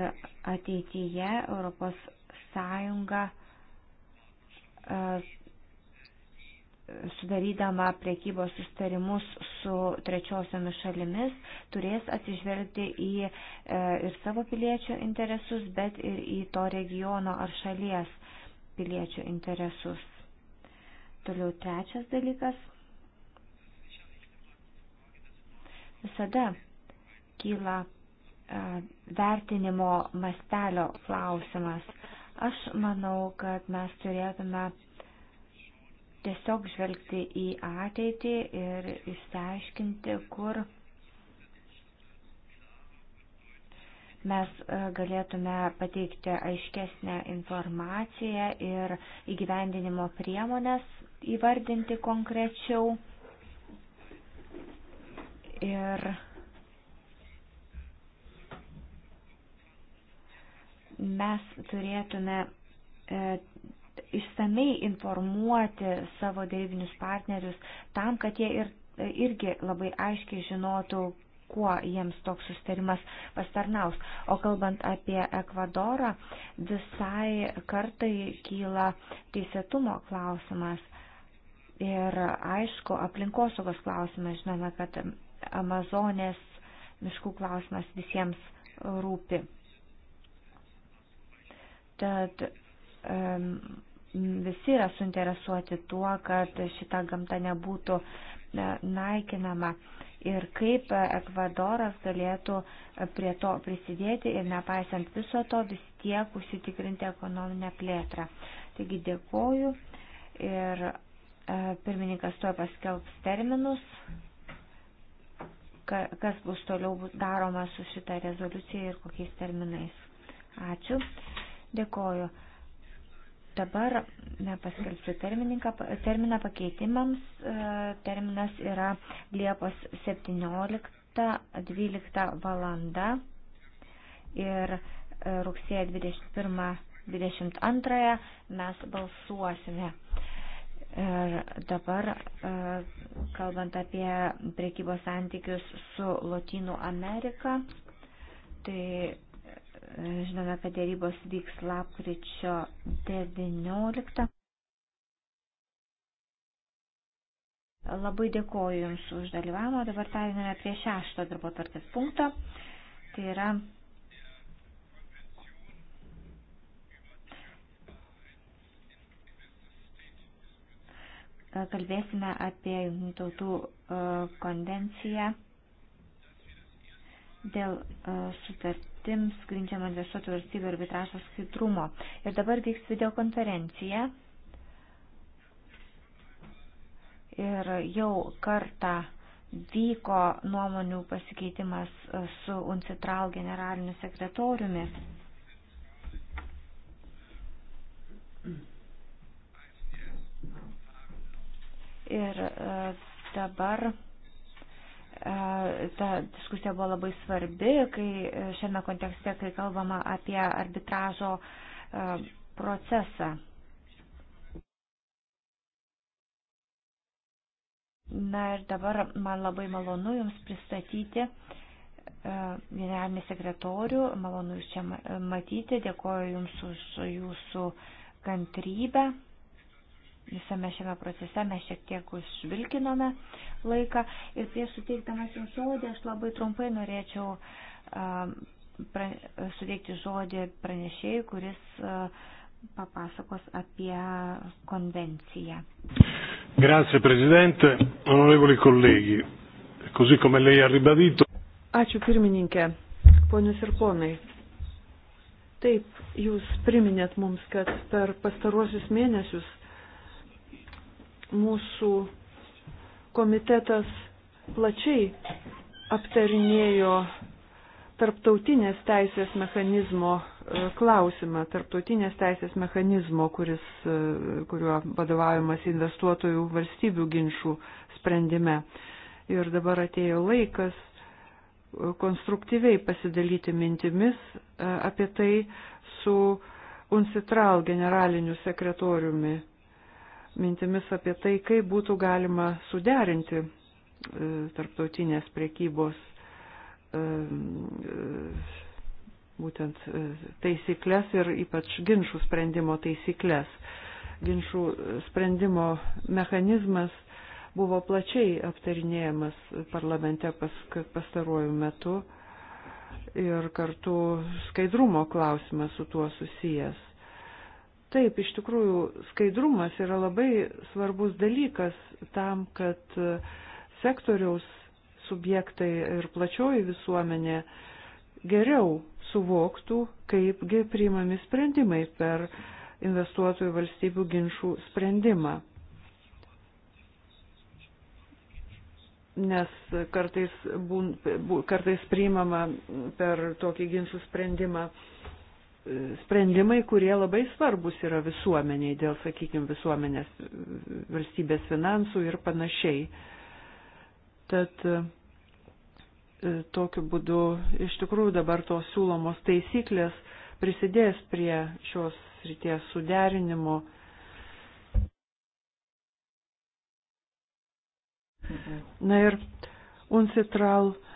ateityje Europos Sąjunga e, sudarydama priekybos sustarimus su trečiosiomis šalimis turės atsižvelgti į e, ir savo piliečių interesus, bet ir į to regiono ar šalies piliečių interesus. Toliau trečias dalykas visada kyla e, vertinimo mastelio klausimas. Aš manau, kad mes turėtume tiesiog žvelgti į ateitį ir išsiaiškinti, kur mes e, galėtume pateikti aiškesnę informaciją ir įgyvendinimo priemonės įvardinti konkrečiau. Ir mes turėtume e, išsamei informuoti savo dėrybinius partnerius tam, kad jie ir, e, irgi labai aiškiai žinotų, kuo jiems toks sustarimas pastarnaus. O kalbant apie Ekvadorą, visai kartai kyla teisėtumo klausimas. Ir aišku, aplinkosaugos klausimas, žinome, kad Amazonės miškų klausimas visiems rūpi. Tad um, visi yra suinteresuoti tuo, kad šita gamta nebūtų e, naikinama ir kaip Ekvadoras galėtų prie to prisidėti ir nepaisant viso to vis tiek užsitikrinti ekonominę plėtrą. Taigi dėkoju ir e, pirmininkas tuo paskelbs terminus kas bus toliau daroma su šita rezoliucija ir kokiais terminais. Ačiū. Dėkoju. Dabar nepaskelbsiu terminą pakeitimams. E, terminas yra Liepos 17.12 valanda ir e, rugsėje 21.22 mes balsuosime. Ir dabar, e, kalbant apie priekybos santykius su Latinų Amerika, tai e, žinome, kad dėrybos vyks lapkričio 19. Labai dėkoju Jums už dalyvavimą. Dabar perėmėme prie šešto darbo tartis punkto. Tai yra E, kalbėsime apie Junktinių tautų e, konvenciją dėl e, sutartims grindžiamo investuotojų valstybių arbitražo skaidrumo. Ir dabar vyks videokonferencija. Ir jau kartą vyko nuomonių pasikeitimas su UNCITRAL generaliniu sekretoriumi. Ir e, dabar e, ta diskusija buvo labai svarbi, kai e, šiame kontekste, kai kalbama apie arbitražo procesą. Na ir dabar man labai malonu Jums pristatyti generalinį sekretorių, malonu Jūs čia matyti, dėkoju Jums už Jūsų kantrybę visame šiame procese mes šiek tiek užvilkinome laiką ir prieš suteikdamas jums žodį aš labai trumpai norėčiau pra, suteikti žodį pranešėjui, kuris papasakos apie konvenciją. Grazie Presidente, onorevoli colleghi, così come lei ha ribadito. Ačiū pirmininkė, ponius ir ponai. Taip, jūs priminėt mums, kad per pastaruosius mėnesius mūsų komitetas plačiai aptarinėjo tarptautinės teisės mechanizmo e, klausimą, tarptautinės teisės mechanizmo, kuris, e, kuriuo vadovavimas investuotojų valstybių ginčių sprendime. Ir dabar atėjo laikas e, konstruktyviai pasidalyti mintimis apie tai su UNCITRAL generaliniu sekretoriumi mintimis apie tai, kaip būtų galima suderinti e, tarptautinės priekybos e, e, būtent taisyklės ir ypač ginčių sprendimo taisyklės. Ginčių sprendimo mechanizmas buvo plačiai aptarinėjamas parlamente pas, pastaruoju metu ir kartu skaidrumo klausimas su tuo susijęs. Taip, iš tikrųjų, skaidrumas yra labai svarbus dalykas tam, kad e, sektoriaus subjektai ir plačioji visuomenė geriau suvoktų, kaipgi priimami sprendimai per investuotojų valstybių ginčių sprendimą. Nes kartais, būn, kartais priimama per tokį ginčių sprendimą uh, sprendimai, kurie labai svarbus yra visuomeniai dėl, sakykime, visuomenės valstybės finansų ir panašiai. Tad e, tokiu būdu iš tikrųjų dabar tos siūlomos taisyklės prisidės prie šios ryties suderinimo. Na ir uncitral uh,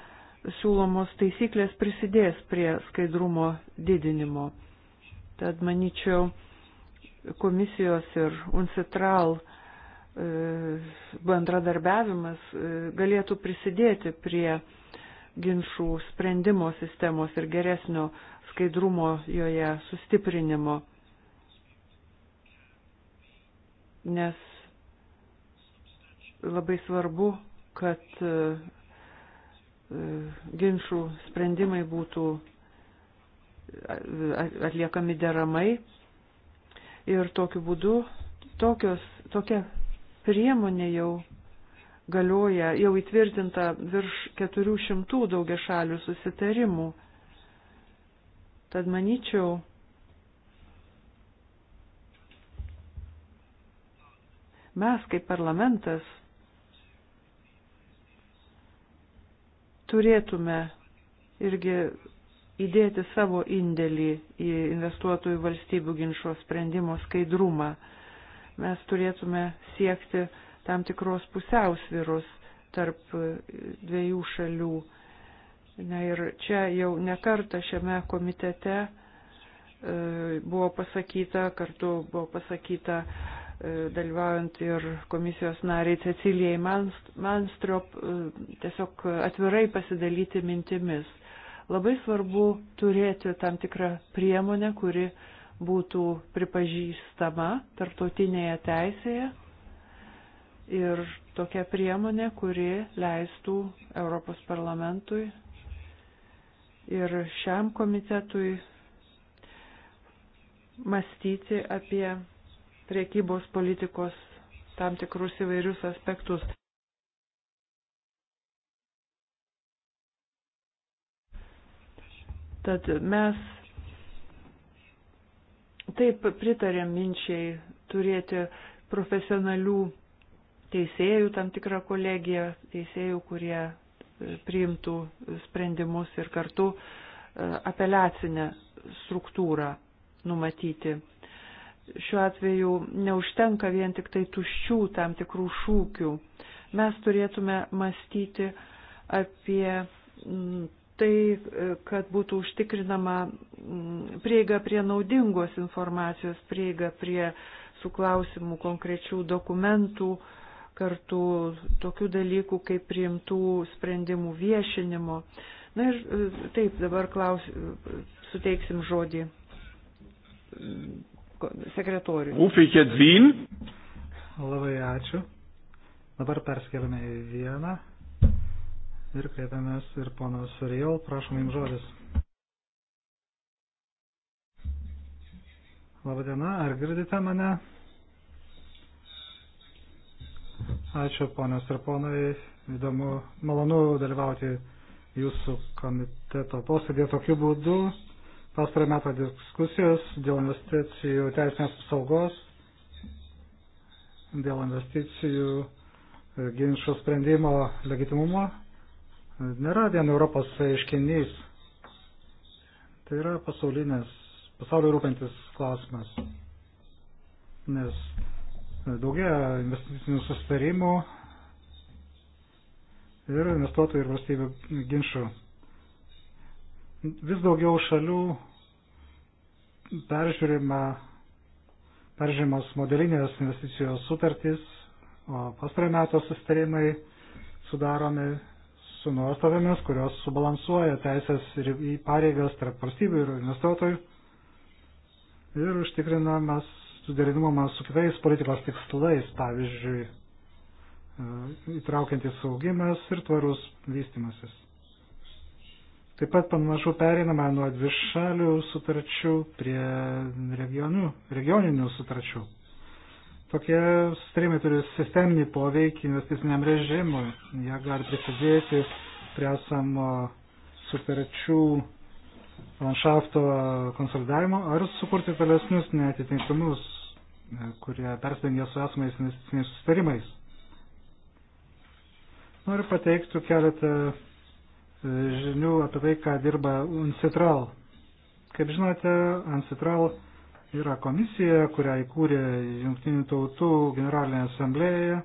siūlomos taisyklės prisidės prie skaidrumo didinimo. Tad manyčiau, komisijos ir UNCITRAL e, bendradarbiavimas e, galėtų prisidėti prie ginčių sprendimo sistemos ir geresnio skaidrumo joje sustiprinimo. Nes labai svarbu, kad e, E, ginčių sprendimai būtų atliekami deramai ir tokiu būdu tokios, tokia priemonė jau galioja, jau įtvirtinta virš 400 daugia šalių susitarimų. Tad manyčiau, mes kaip parlamentas turėtume irgi įdėti savo indėlį į investuotojų valstybių ginčio sprendimo skaidrumą. Mes turėtume siekti tam tikros pusiausvirus tarp dviejų šalių. Na ir čia jau nekarta šiame komitete e, buvo pasakyta, kartu buvo pasakyta E, dalyvaujant ir komisijos nariai Cecilijai Manstrop, e, tiesiog atvirai pasidalyti mintimis. Labai svarbu turėti tam tikrą priemonę, kuri būtų pripažįstama tarptautinėje teisėje ir tokia priemonė, kuri leistų Europos parlamentui ir šiam komitetui mąstyti apie priekybos politikos tam tikrus įvairius aspektus. Tad mes taip pritarėm minčiai turėti profesionalių teisėjų, tam tikrą kolegiją, teisėjų, kurie e, priimtų sprendimus ir kartu e, apeliacinę struktūrą numatyti šiuo atveju neužtenka vien tik tai tuščių tam tikrų šūkių. Mes turėtume mąstyti apie mm, tai, e, kad būtų užtikrinama mm, prieiga prie naudingos informacijos, prieiga prie suklausimų konkrečių dokumentų, kartu tokių dalykų kaip priimtų sprendimų viešinimo. Na ir e, taip, dabar klaus, e, suteiksim žodį sekretoriui. Ufik Jedzin. Labai ačiū. Dabar perskeliame į vieną ir kreipiamės ir ponas Rijal, prašom jums žodis. Labadiena, ar girdite mane? Ačiū ponios ir ponai, įdomu, malonu dalyvauti jūsų komiteto posėdėje tokiu būdu pastarą metą diskusijos dėl investicijų teisinės apsaugos, dėl investicijų e, ginčio sprendimo legitimumo e, nėra vien Europos reiškinys. Tai yra pasaulinės, pasaulio rūpintis klausimas. Nes e, daugia investicinių susitarimų ir investuotojų ir valstybių ginčių Vis daugiau šalių peržiūrima, peržiūrimas modelinės investicijos sutartys, o pastarai meto sustarimai sudaromi su nuostatėmis, kurios subalansuoja teisės ir pareigas tarp valstybių ir investuotojų ir užtikrinamas suderinimumas su kitais politikos tikslais, pavyzdžiui, e, įtraukiantis saugimas ir tvarus vystimasis. Taip pat panašu perinama nuo dvišalių sutarčių prie regionių, regioninių sutarčių. Tokie sustarimai turi sisteminį poveikį investiciniam režimui. Jie gali prisidėti prie esamo sutarčių landšafto konsolidavimo ar sukurti tolesnius netitinkamus, e, kurie persidengia su esamais investiciniais sustarimais. Noriu pateikti keletą žinių apie tai, ką dirba UNCITRAL. Kaip žinote, UNCITRAL yra komisija, kurią įkūrė Junktinių tautų generalinė asamblėja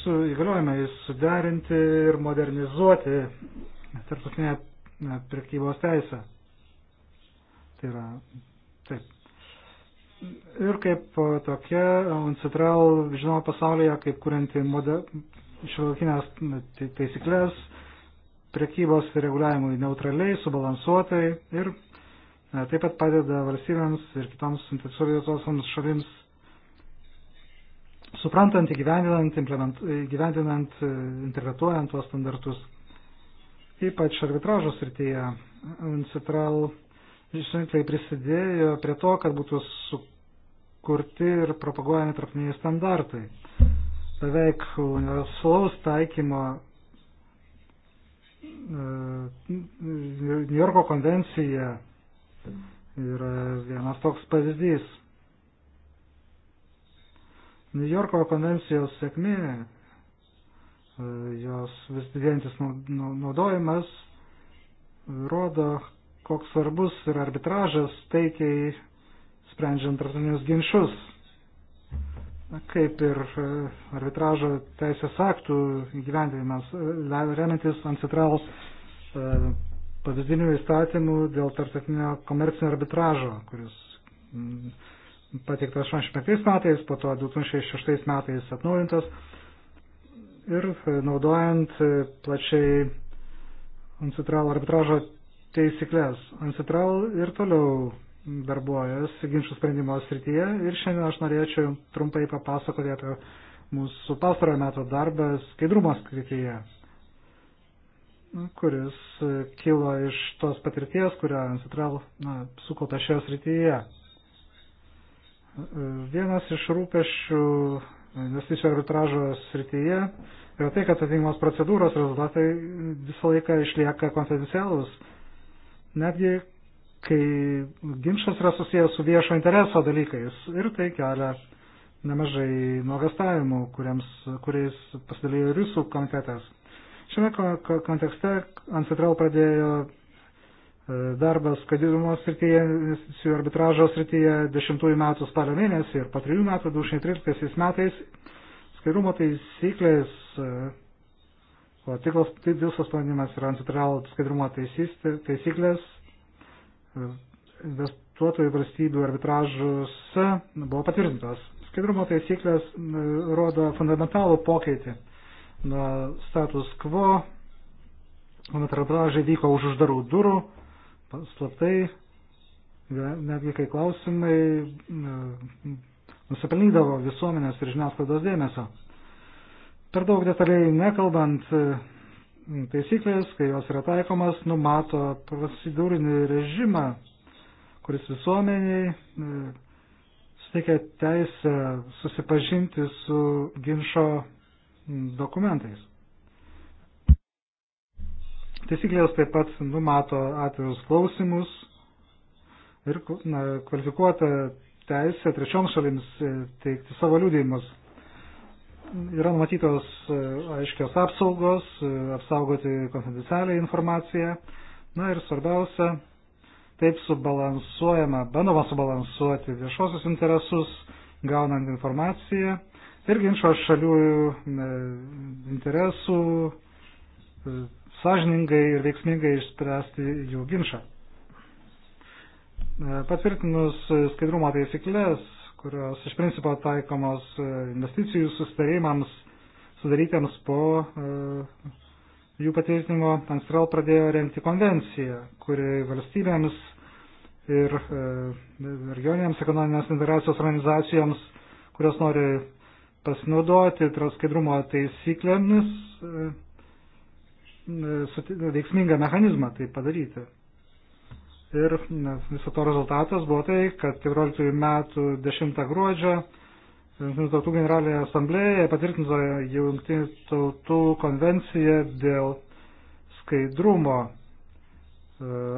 su įgaliojimais suderinti ir modernizuoti tarptautinę prekybos teisę. Tai yra, taip. Ir kaip tokia, UNCITRAL žinoma pasaulyje kaip kurianti moder... šiuolaikinės tai taisyklės, prekybos reguliavimui neutraliai, subalansuotai ir e, taip pat padeda valstybėms ir kitoms suinteresuotoms šalims suprantant, įgyvendinant, įgyvendinant, e, interpretuojant tuos standartus. Ypač arbitražo srityje Uncitral ženkliai tai prisidėjo prie to, kad būtų sukurti ir propaguojami tarpiniai standartai. Beveik universalaus taikymo New Yorko konvencija yra vienas toks pavyzdys. New Yorko konvencijos sėkmė, e, jos vis didėjantis naudojimas, rodo, koks svarbus yra arbitražas taikiai sprendžiant tarptautinius ginčius kaip ir e, arbitražo teisės aktų įgyvendinimas, e, remiantis ancitraus e, pavyzdinių įstatymų dėl tarptautinio komercinio arbitražo, kuris pateiktas 85 metais, po to 2006 metais atnaujintas ir naudojant plačiai ancitral arbitražo teisiklės. Ancitral ir toliau darbuojasi ginčių sprendimo srityje ir šiandien aš norėčiau trumpai papasakoti apie mūsų pastarojo meto darbą skaidrumo srityje, kuris kilo iš tos patirties, kurią Ancitral sukaupė šioje srityje. Vienas iš rūpešių investicijų arbitražo srityje yra tai, kad atitinkamos procedūros rezultatai visą laiką išlieka konfidencialus, netgi kai ginčas yra susijęs su viešo intereso dalykais ir tai kelia nemažai nuogastavimų, kuriais pasidalijo ir jūsų komitetas. Šiame kontekste Ancitral pradėjo e, darbas skaidrumo srityje, investicijų arbitražo srityje 10 metų spalio mėnesį ir po 3 metų 2013 metais skaidrumo taisyklės, e, o tiklas tai visas sprendimas yra Ancitral skaidrumo taisyklės investuotojų valstybių arbitražuose buvo patvirtintos. Skaidrumo taisyklės rodo fundamentalų pokytį nuo status quo, kuomet arbitražai vyko už uždarų durų, slaptai, netgi kai klausimai nusipelnydavo visuomenės ir žiniasklaidos dėmesio. Per daug detaliai nekalbant, taisyklės, kai jos yra taikomas, numato procedūrinį režimą, kuris visuomeniai e, suteikia teisę susipažinti su ginčio dokumentais. Taisyklės taip pat numato atvirus klausimus ir na, kvalifikuotą teisę trečioms šalims e, teikti savo liūdėjimus yra numatytos e, aiškios apsaugos, e, apsaugoti konfidencialią informaciją. Na ir svarbiausia, taip subalansuojama, bandoma subalansuoti viešosius interesus, gaunant informaciją ir ginčio šalių e, interesų sąžiningai ir veiksmingai išspręsti jų ginčą. Patvirtinus skaidrumo taisyklės, kurios iš principo taikomos e, investicijų sustarimams sudarytiems po e, jų patvirtinimo. Anstrel pradėjo renkti konvenciją, kuri valstybėms ir e, regioninėms ekonominės integracijos organizacijoms, kurios nori pasinaudoti skaidrumo taisyklėmis, veiksmingą mechanizmą tai padaryti. Ir viso to rezultatas buvo tai, kad 14 metų 10 gruodžio Junktinių tautų generalinėje asamblėje patvirtinto Junktinių tautų konvenciją dėl skaidrumo e,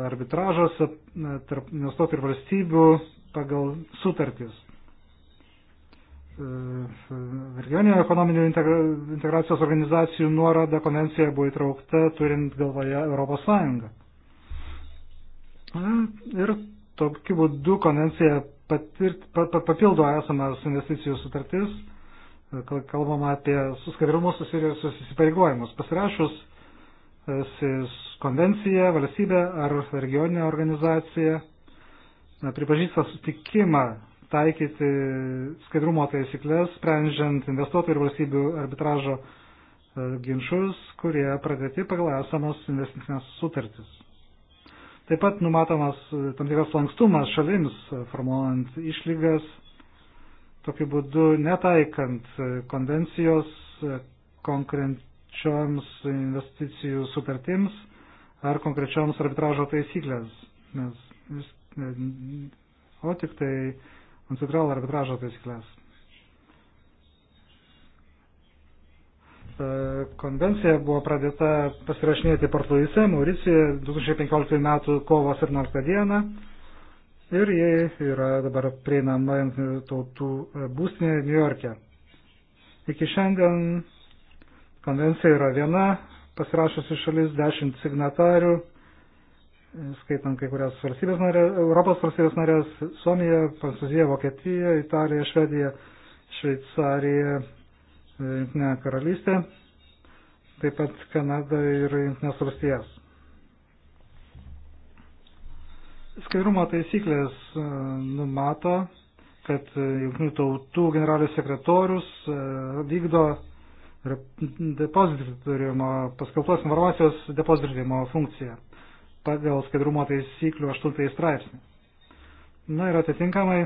arbitražuose e, tarp investuotojų ir valstybių pagal sutartis. E, regioninio ekonominio integracijos organizacijų nuorada konvencija buvo įtraukta turint galvoje Europos Sąjungą. Ir tokiu būdu konvencija patirt, papildo esamas investicijų sutartis, kalbama apie suskavirumus susijusius įsipareigojimus. Pasirašus e, konvencija, valstybė ar regioninė organizacija pripažįsta sutikimą taikyti skaidrumo taisyklės, sprendžiant investuotojų ir valstybių arbitražo e, ginčius, kurie pradėti pagal esamas investicinės sutartis. Taip pat numatomas e, tam tikras lankstumas šalims, e, formuojant išlygas, tokiu būdu netaikant e, konvencijos konkrečioms investicijų sutartims ar konkrečioms arbitražo taisyklės, nes, o tik tai ant central arbitražo taisyklės. konvencija buvo pradėta pasirašinėti Portuise, Mauricijoje 2015 m. kovo 17 d. ir jie yra dabar prieinama tautų būstinėje New York'e. Iki šiandien konvencija yra viena, pasirašusi šalis 10 signatarių, skaitant kai kurias valstybės narės, Europos valstybės narės, Suomija, Prancūzija, Vokietija, Italija, Švedija, Šveicarija, E, Junktinę karalystę, taip pat Kanadą ir Junktinės valstijas. Skaidrumo taisyklės e, numato, kad Junktinių tautų generalinis sekretorius e, vykdo depozitoriumo, paskelbtos informacijos depozitoriumo funkciją pagal skaidrumo taisyklių 8 straipsnį. Na ir atitinkamai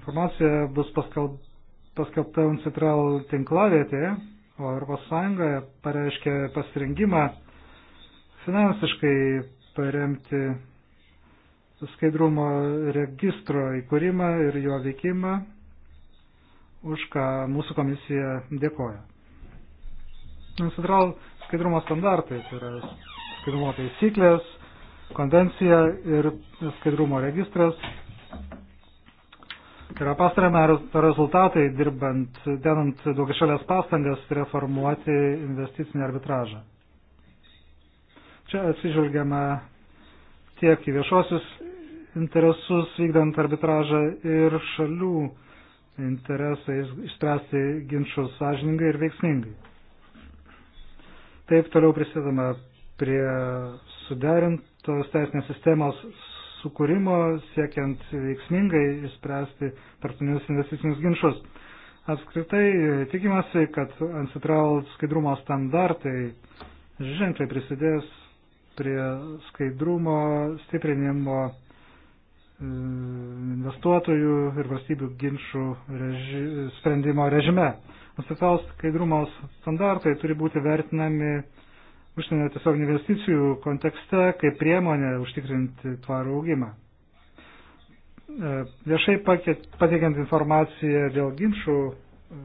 informacija bus paskelbta paskelbta UNCITRAL tinklavietėje, o ES pareiškė pasirengimą finansiškai paremti skaidrumo registro įkūrimą ir jo veikimą, už ką mūsų komisija dėkoja. UNCITRAL skaidrumo standartai, tai yra skaidrumo taisyklės, konvencija ir skaidrumo registras Tai yra pastarėme rezultatai dirbant, denant daugiašalės pastangas reformuoti investicinį arbitražą. Čia atsižvelgiame tiek į viešosius interesus vykdant arbitražą ir šalių interesai išspręsti ginčius sąžiningai ir veiksmingai. Taip toliau prisidame prie suderintos teisinės sistemos sukūrimo, siekiant veiksmingai išspręsti tarptautinius investicinius ginčius. Apskritai e, tikimasi, kad Ancitral skaidrumo standartai ženkliai prisidės prie skaidrumo stiprinimo e, investuotojų ir valstybių ginčių reži, sprendimo režime. Ancitral skaidrumo standartai turi būti vertinami užsienio tiesiog investicijų kontekste kaip priemonė užtikrinti tvarų augimą. E, viešai pateikiant informaciją dėl ginčių,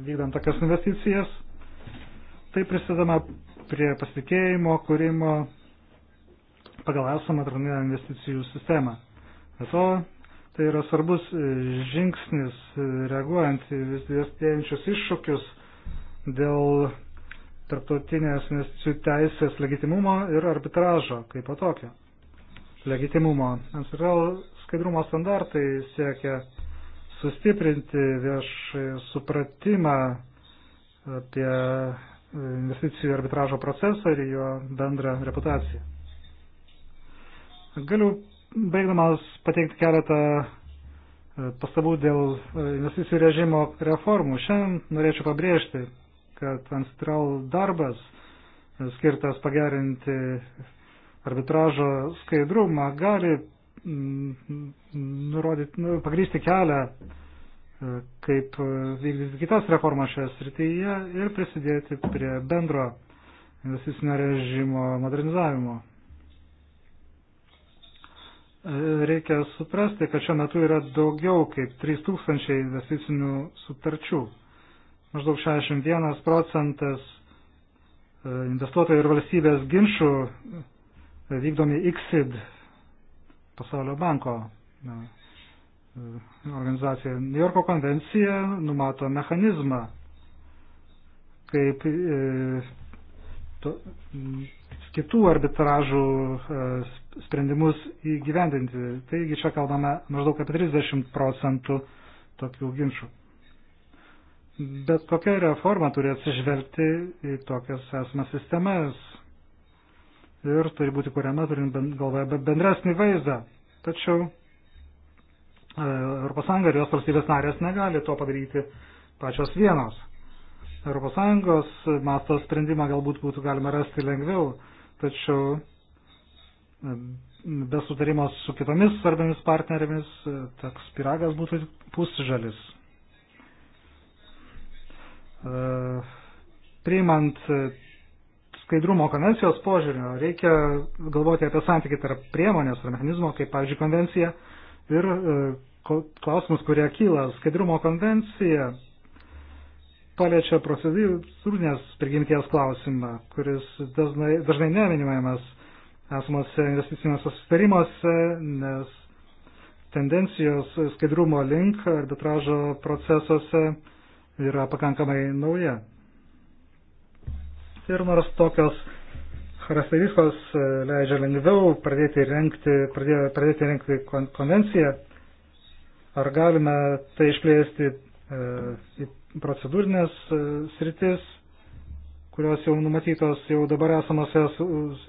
vykdant tokias investicijas, tai prisidama prie pasitikėjimo, kūrimo pagal esamą atraminę investicijų sistemą. Be to, tai yra svarbus žingsnis reaguojant į vis didėjančius iššūkius dėl tarptautinės investicijų teisės legitimumo ir arbitražo kaip patokio legitimumo. Antral skaidrumo standartai siekia sustiprinti viešai supratimą apie investicijų arbitražo procesą ir jo bendrą reputaciją. Galiu baigdamas pateikti keletą e, pastabų dėl e, investicijų režimo reformų. Šiandien norėčiau pabrėžti, kad Anstral darbas skirtas pagerinti arbitražo skaidrumą gali mm, nurodyti, nu, pagrysti kelią, e, kaip vykdyti kitas reformas šioje srityje ir prisidėti prie bendro investicinio režimo modernizavimo. E, reikia suprasti, kad šiuo metu yra daugiau kaip 3000 investicinių sutarčių maždaug 61 procentas e, investuotojų ir valstybės ginčių e, vykdomi ICSID pasaulio banko e, organizacija. New Yorko konvencija numato mechanizmą, kaip to, kitų arbitražų sprendimus įgyvendinti. Taigi čia kalbame maždaug apie 30 procentų tokių ginčių. Bet kokia reforma turi atsižvelgti į tokias esamas sistemas ir turi būti kuriama, turint galvoje bendresnį vaizdą. Tačiau ES ir jos valstybės narės negali to padaryti pačios vienos. ES masto sprendimą galbūt būtų galima rasti lengviau, tačiau e, be sutarimo su kitomis svarbiamis partnerėmis e, toks piragas būtų pusžalis priimant skaidrumo konvencijos požiūrio, reikia galvoti apie santykį tarp priemonės ar mechanizmo, kaip, pavyzdžiui, konvencija ir e, klausimus, kurie kyla. Skaidrumo konvencija paliečia procedūrinės prigimties klausimą, kuris dažnai, dažnai neminimamas esamose investicinėse susitarimuose, nes tendencijos skaidrumo link arbitražo procesuose yra pakankamai nauja. Ir nors tokios charakteristikos e, leidžia lengviau pradėti renkti, pradėti, pradėti renkti konvenciją, ar galime tai išplėsti e, į procedūrinės e, sritis, kurios jau numatytos jau dabar esamose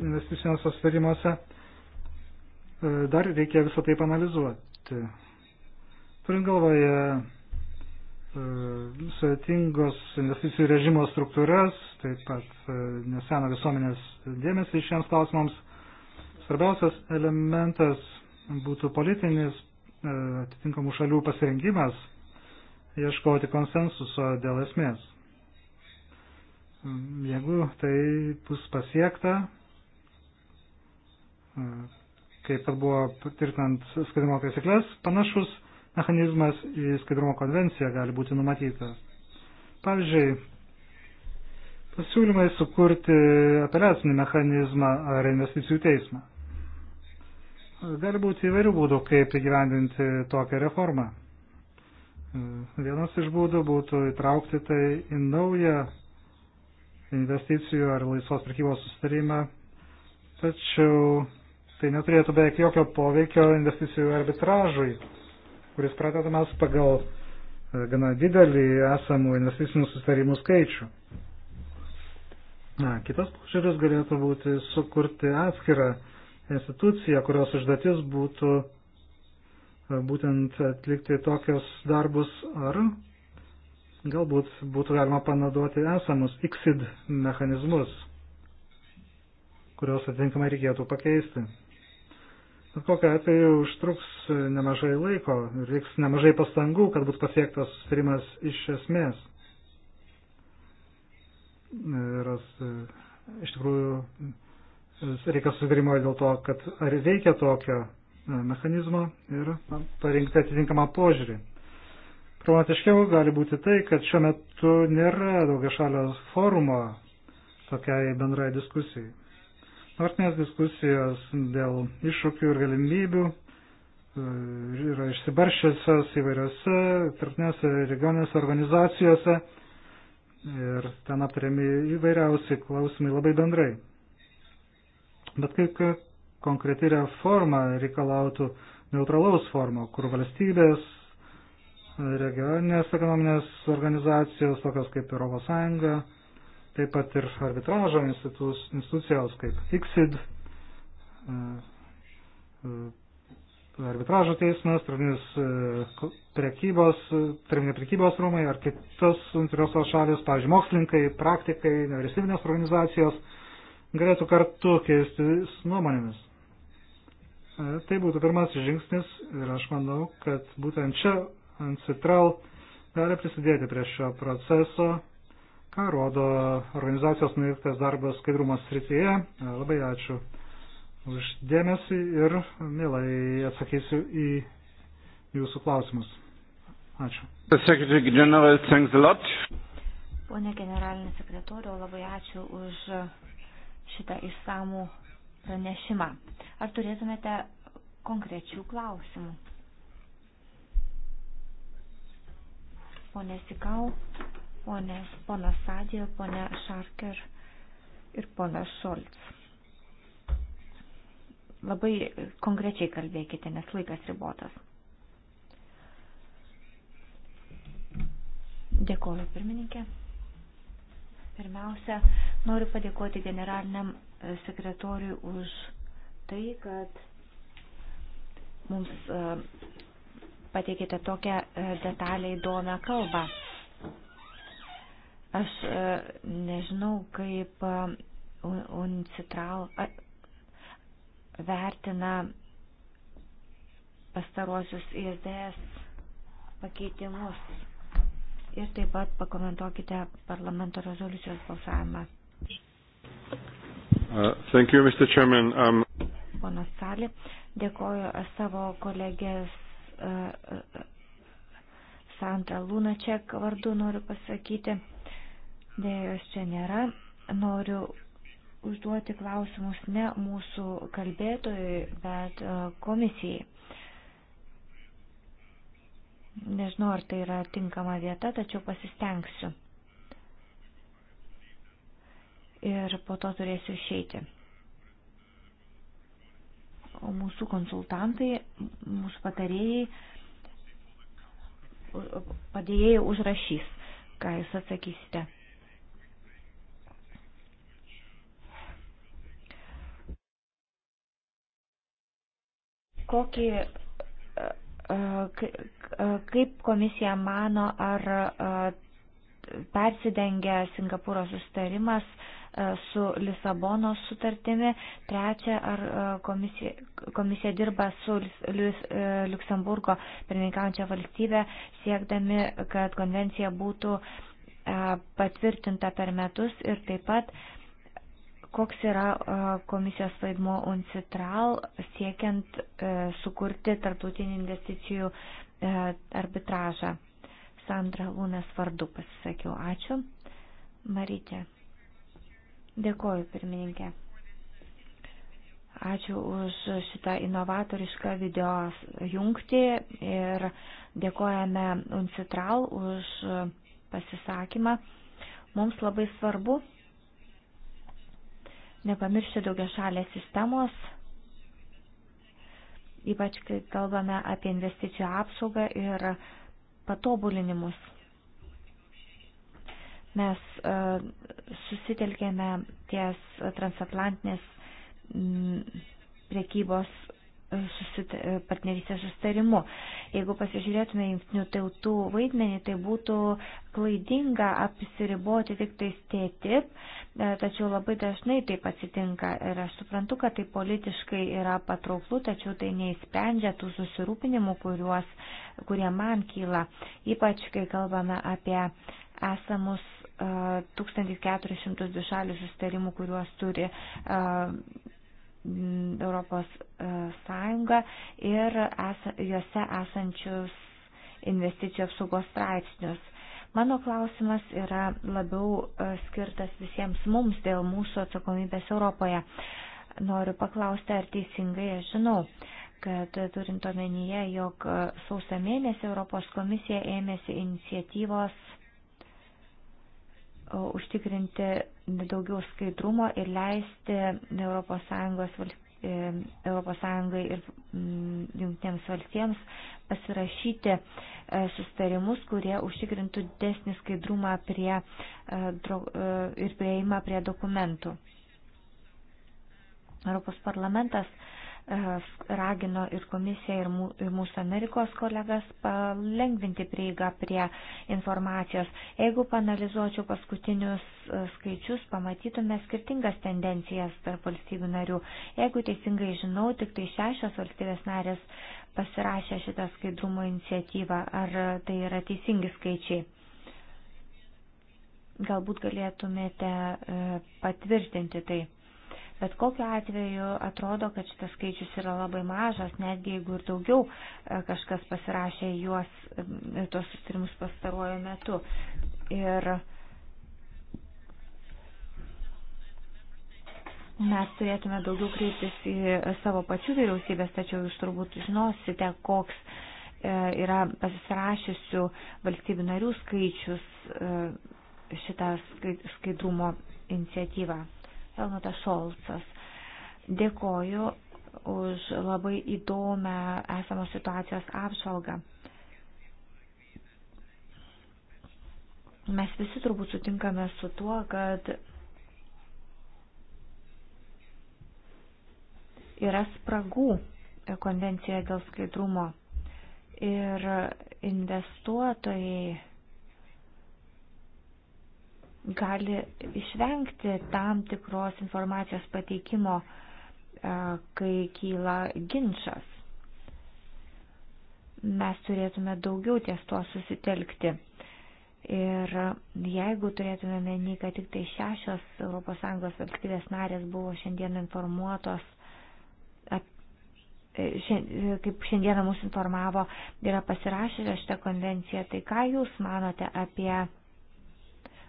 investicinėse sutarimuose, dar reikia visą tai panalizuoti. Turint galvoje E, svetingos investicijų režimo struktūras, taip pat e, neseno visuomenės dėmesį šiems klausimams. Svarbiausias elementas būtų politinis e, atitinkamų šalių pasirengimas ieškoti konsensuso dėl esmės. Jeigu tai bus pasiekta, kaip kad buvo tvirtinant skaitimo taisyklės, panašus mechanizmas į skaidrumo konvenciją gali būti numatytas. Pavyzdžiui, pasiūlymai sukurti apeliacinį mechanizmą ar investicijų teismą. Gali būti įvairių būdų, kaip įgyvendinti tokią reformą. Vienas iš būdų būtų įtraukti tai į naują investicijų ar laisvos prekybos sustarimą, tačiau tai neturėtų beveik jokio poveikio investicijų arbitražui kuris pradedamas pagal e, gana didelį esamų investicinių sustarimų skaičių. Na, kitas požiūris galėtų būti sukurti atskirą instituciją, kurios užduotis būtų e, būtent atlikti tokius darbus ar galbūt būtų galima panaudoti esamus XID mechanizmus, kurios atitinkamai reikėtų pakeisti. Bet kokiu atveju užtruks nemažai laiko, reiks nemažai pastangų, kad būtų pasiektas sustarimas iš esmės. Ir e, iš tikrųjų e, reikia sustarimo dėl to, kad ar reikia tokio e, mechanizmo ir parinkti atitinkamą požiūrį. Problematiškiau gali būti tai, kad šiuo metu nėra daugia šalio forumo tokiai bendrai diskusijai. Nartinės diskusijos dėl iššūkių ir galimybių e, yra išsibarščiusios įvairiose tarptinėse regioninėse organizacijose ir ten aptariami įvairiausi klausimai labai bendrai. Bet kaip konkreti reforma reikalautų neutralaus formo, kur valstybės, regioninės ekonominės organizacijos, tokios kaip Europos Sąjunga, taip pat ir arbitražo institucijos kaip ICSID, e, e, arbitražo teismas, e, prekybos, tarminė prekybos rūmai ar kitos interesuotos šalis, pavyzdžiui, mokslininkai, praktikai, nevyriausybinės organizacijos galėtų kartu keistis nuomonėmis. Tai būtų pirmasis žingsnis ir aš manau, kad būtent čia Ancitral gali prisidėti prie šio proceso ką rodo organizacijos nuveiktas darbas skaidrumo srityje. E, labai ačiū už dėmesį ir mielai atsakysiu į jūsų klausimus. Ačiū. General, Pone generalinė sekretoriau, labai ačiū už šitą išsamų pranešimą. Ar turėtumėte konkrečių klausimų? Pone Sikau, ponė, pona Sadė, ponė Šarker ir pona Šolc. Labai konkrečiai kalbėkite, nes laikas ribotas. Dėkoju, pirmininkė. Pirmiausia, noriu padėkoti generaliniam sekretoriui už tai, kad mums e, pateikėte tokią e, detalę įdomią kalbą. Aš e, nežinau, kaip e, Uncitral vertina pastaruosius ISDS pakeitimus. Ir taip pat pakomentuokite parlamento rezoliucijos balsavimą. Uh, thank you, Mr. Chairman. Um... Ponas Sali, dėkoju savo kolegės uh, uh, Sandra Lunaček vardu noriu pasakyti. Dėja, jos čia nėra. Noriu užduoti klausimus ne mūsų kalbėtojui, bet e, komisijai. Nežinau, ar tai yra tinkama vieta, tačiau pasistengsiu. Ir po to turėsiu išeiti. O mūsų konsultantai, mūsų patarėjai, padėjėjai užrašys, ką jūs atsakysite. Kokį, e, e, e, kaip komisija mano, ar persidengia Singapūro sustarimas su Lisabonos sutartimi. Trečia, ar komisija, komisija dirba su Luksemburgo pirmininkaujančia valstybė, siekdami, kad konvencija būtų patvirtinta per metus ir taip pat koks yra komisijos vaidmo UNCITRAL siekiant e, sukurti tarptautinį investicijų e, arbitražą. Sandra Lūnas vardu pasisakiau. Ačiū. Marytė. Dėkoju, pirmininkė. Ačiū už šitą inovatorišką video jungtį ir dėkojame UNCITRAL už pasisakymą. Mums labai svarbu nepamiršti daugia šalės sistemos, ypač kai kalbame apie investicijų apsaugą ir patobulinimus. Mes e, susitelkėme ties transatlantinės priekybos susita, partnerystės sustarimu. Jeigu pasižiūrėtume jungtinių tautų vaidmenį, tai būtų klaidinga apsiriboti tik tais tėtip, e, tačiau labai dažnai taip atsitinka ir aš suprantu, kad tai politiškai yra patrauklu, tačiau tai neįsprendžia tų susirūpinimų, kuriuos, kurie man kyla, ypač kai kalbame apie esamus 1400 e, dvišalių sustarimų, kuriuos turi e, Mm, Europos e, Sąjungą ir esa, juose esančius investicijų apsaugos straipsnius. Mano klausimas yra labiau e, skirtas visiems mums dėl mūsų atsakomybės Europoje. Noriu paklausti, ar teisingai aš žinau, kad turint omenyje, jog e, sausio mėnesį Europos komisija ėmėsi iniciatyvos užtikrinti daugiau skaidrumo ir leisti ES, ES e, ir mm, jungtinėms valstiems pasirašyti e, sustarimus, kurie užtikrintų desnį skaidrumą prie, e, ir prieimą prie dokumentų. Europos parlamentas E, ragino ir komisiją, ir mūsų Amerikos kolegas palengvinti prieigą prie informacijos. Jeigu panalizuočiau paskutinius e, skaičius, pamatytume skirtingas tendencijas tarp valstybių narių. Jeigu teisingai žinau, tik tai šešios valstybės narės pasirašė šitą skaidrumo iniciatyvą. Ar tai yra teisingi skaičiai? Galbūt galėtumėte e, patvirtinti tai. Bet kokiu atveju atrodo, kad šitas skaičius yra labai mažas, netgi jeigu ir daugiau e, kažkas pasirašė juos, e, tuos sustarimus pastaruoju metu. Ir mes turėtume daugiau kreiptis į savo pačių vyriausybės, tačiau jūs turbūt žinosite, koks e, yra pasirašysių valstybių narių skaičius šitą skaidrumo iniciatyvą. Helmutas Šolcas. Dėkoju už labai įdomią esamos situacijos apžvalgą. Mes visi turbūt sutinkame su tuo, kad yra spragų konvencijoje dėl skaidrumo ir investuotojai gali išvengti tam tikros informacijos pateikimo, e, kai kyla ginčas. Mes turėtume daugiau ties tuo susitelkti. Ir jeigu turėtume menį, kad tik tai šešios ES valstybės narės buvo šiandien informuotos, ap, e, šiandien, kaip šiandieną mūsų informavo, yra pasirašę šitą konvenciją, tai ką Jūs manote apie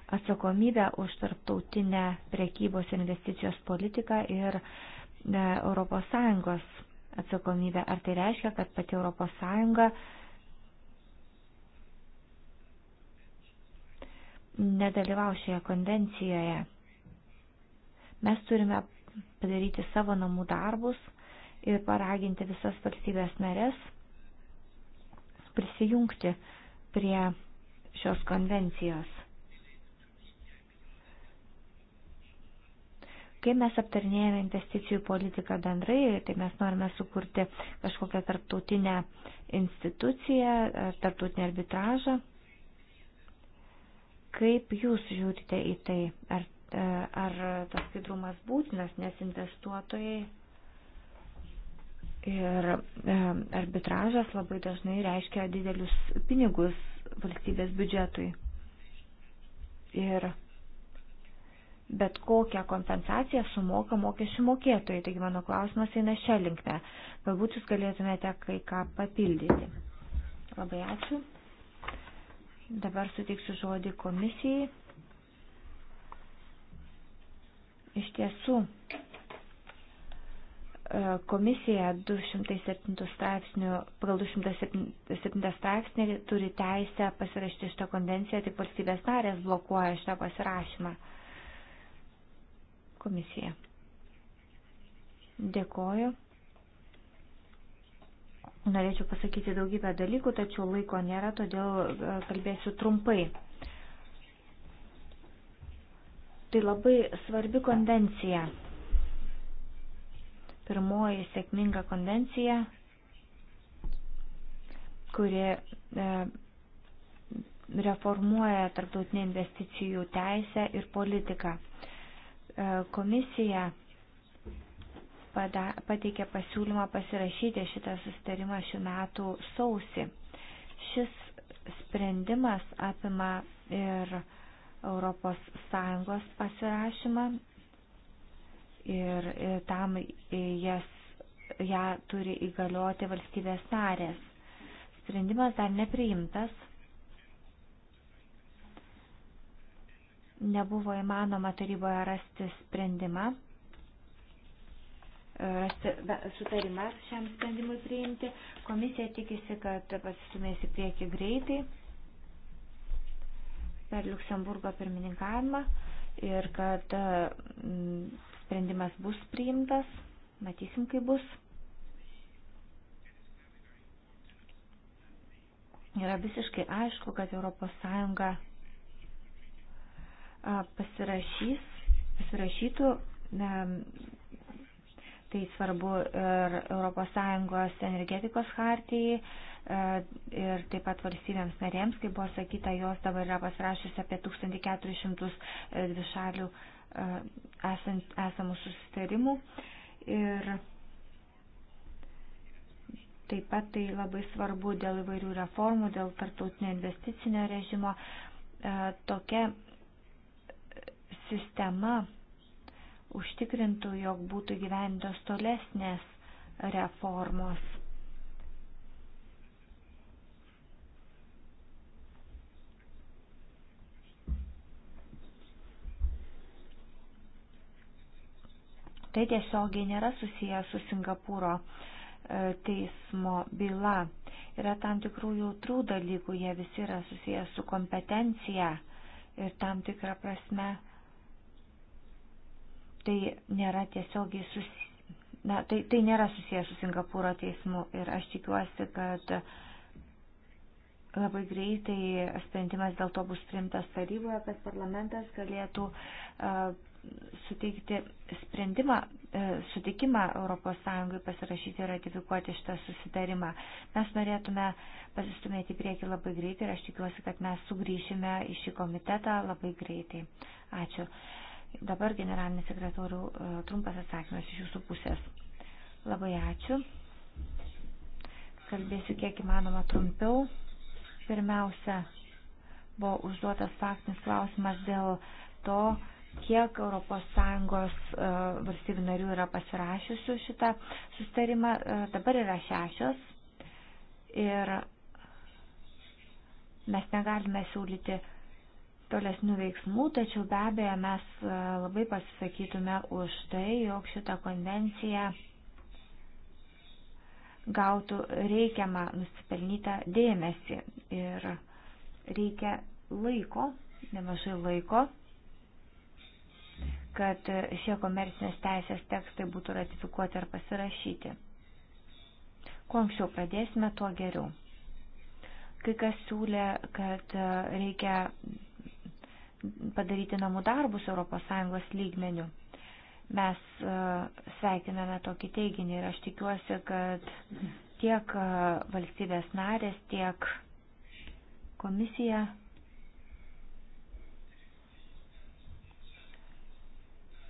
atsakomybę už tarptautinę prekybos investicijos politiką ir ES atsakomybę. Ar tai reiškia, kad pati ES nedalyvau šioje konvencijoje? Mes turime padaryti savo namų darbus ir paraginti visas valstybės narės prisijungti prie šios konvencijos. Kai mes aptarnėjame investicijų politiką bendrai, tai mes norime sukurti kažkokią tarptautinę instituciją, tarptautinį arbitražą. Kaip jūs žiūrite į tai? Ar, e, ar tas skaidrumas būtinas, nes investuotojai ir e, arbitražas labai dažnai reiškia didelius pinigus valstybės biudžetui. Ir bet kokią kompensaciją sumoka mokesčių mokėtojai. Taigi mano klausimas eina šią linkmę. Galbūt jūs galėtumėte kai ką papildyti. Labai ačiū. Dabar suteiksiu žodį komisijai. Iš tiesų, e, komisija 207 straipsnių, pagal 207 straipsnį turi teisę pasirašyti šitą konvenciją, tik valstybės narės blokuoja šitą pasirašymą komisija. Dėkoju. Norėčiau pasakyti daugybę dalykų, tačiau laiko nėra, todėl e, kalbėsiu trumpai. Tai labai svarbi konvencija. Pirmoji sėkminga konvencija, kuri e, reformuoja tarptautinę investicijų teisę ir politiką. E, komisija pateikė pasiūlymą pasirašyti šitą sustarimą šių metų sausį. Šis sprendimas apima ir ES pasirašymą ir tam jas, ją turi įgalioti valstybės narės. Sprendimas dar nepriimtas, nebuvo įmanoma taryboje rasti sprendimą, e, rasti sutarimą šiam sprendimui priimti. Komisija tikisi, kad pasistumės į priekį greitai per Luksemburgo pirmininkavimą ir kad e, sprendimas bus priimtas, matysim, kaip bus. Yra visiškai aišku, kad ES pasirašys, pasirašytų. Tai svarbu ir ES energetikos hartijai ir taip pat valstybėms narėms, kaip buvo sakyta, jos dabar yra pasirašęs apie 1400 dvišalių esamų susitarimų. Ir taip pat tai labai svarbu dėl įvairių reformų, dėl tartautinio investicinio režimo. Tokia sistema užtikrintų, jog būtų gyventos tolesnės reformos. Tai tiesiogiai nėra susiję su Singapūro e, teismo byla. Yra tam tikrų jautrų dalykų, jie visi yra susiję su kompetencija ir tam tikrą prasme tai nėra tiesiogiai susijęs. Na, tai, tai nėra susijęs su Singapūro teismu ir aš tikiuosi, kad labai greitai sprendimas dėl to bus priimtas taryboje, kad parlamentas galėtų uh, suteikti sprendimą, e, sutikimą ES pasirašyti ir ratifikuoti šitą susitarimą. Mes norėtume pasistumėti į priekį labai greitai ir aš tikiuosi, kad mes sugrįšime į šį komitetą labai greitai. Ačiū. Dabar generalinis sekretorių e, trumpas atsakymas iš jūsų pusės. Labai ačiū. Kalbėsiu kiek įmanoma trumpiau. Pirmiausia, buvo užduotas faktinis klausimas dėl to, kiek ES e, valstybių narių yra pasirašiusių šitą sustarimą. E, dabar yra šešios ir mes negalime siūlyti tolesnių veiksmų, tačiau be abejo mes e, labai pasisakytume už tai, jog šita konvencija gautų reikiamą nusipelnytą dėmesį ir reikia laiko, nemažai laiko, kad šie komercinės teisės tekstai būtų ratifikuoti ar pasirašyti. Kuo anksčiau pradėsime, tuo geriau. Kai kas siūlė, kad reikia padaryti namų darbus ES lygmenių. Mes e, sveikiname tokį teiginį ir aš tikiuosi, kad tiek e, valstybės narės, tiek komisija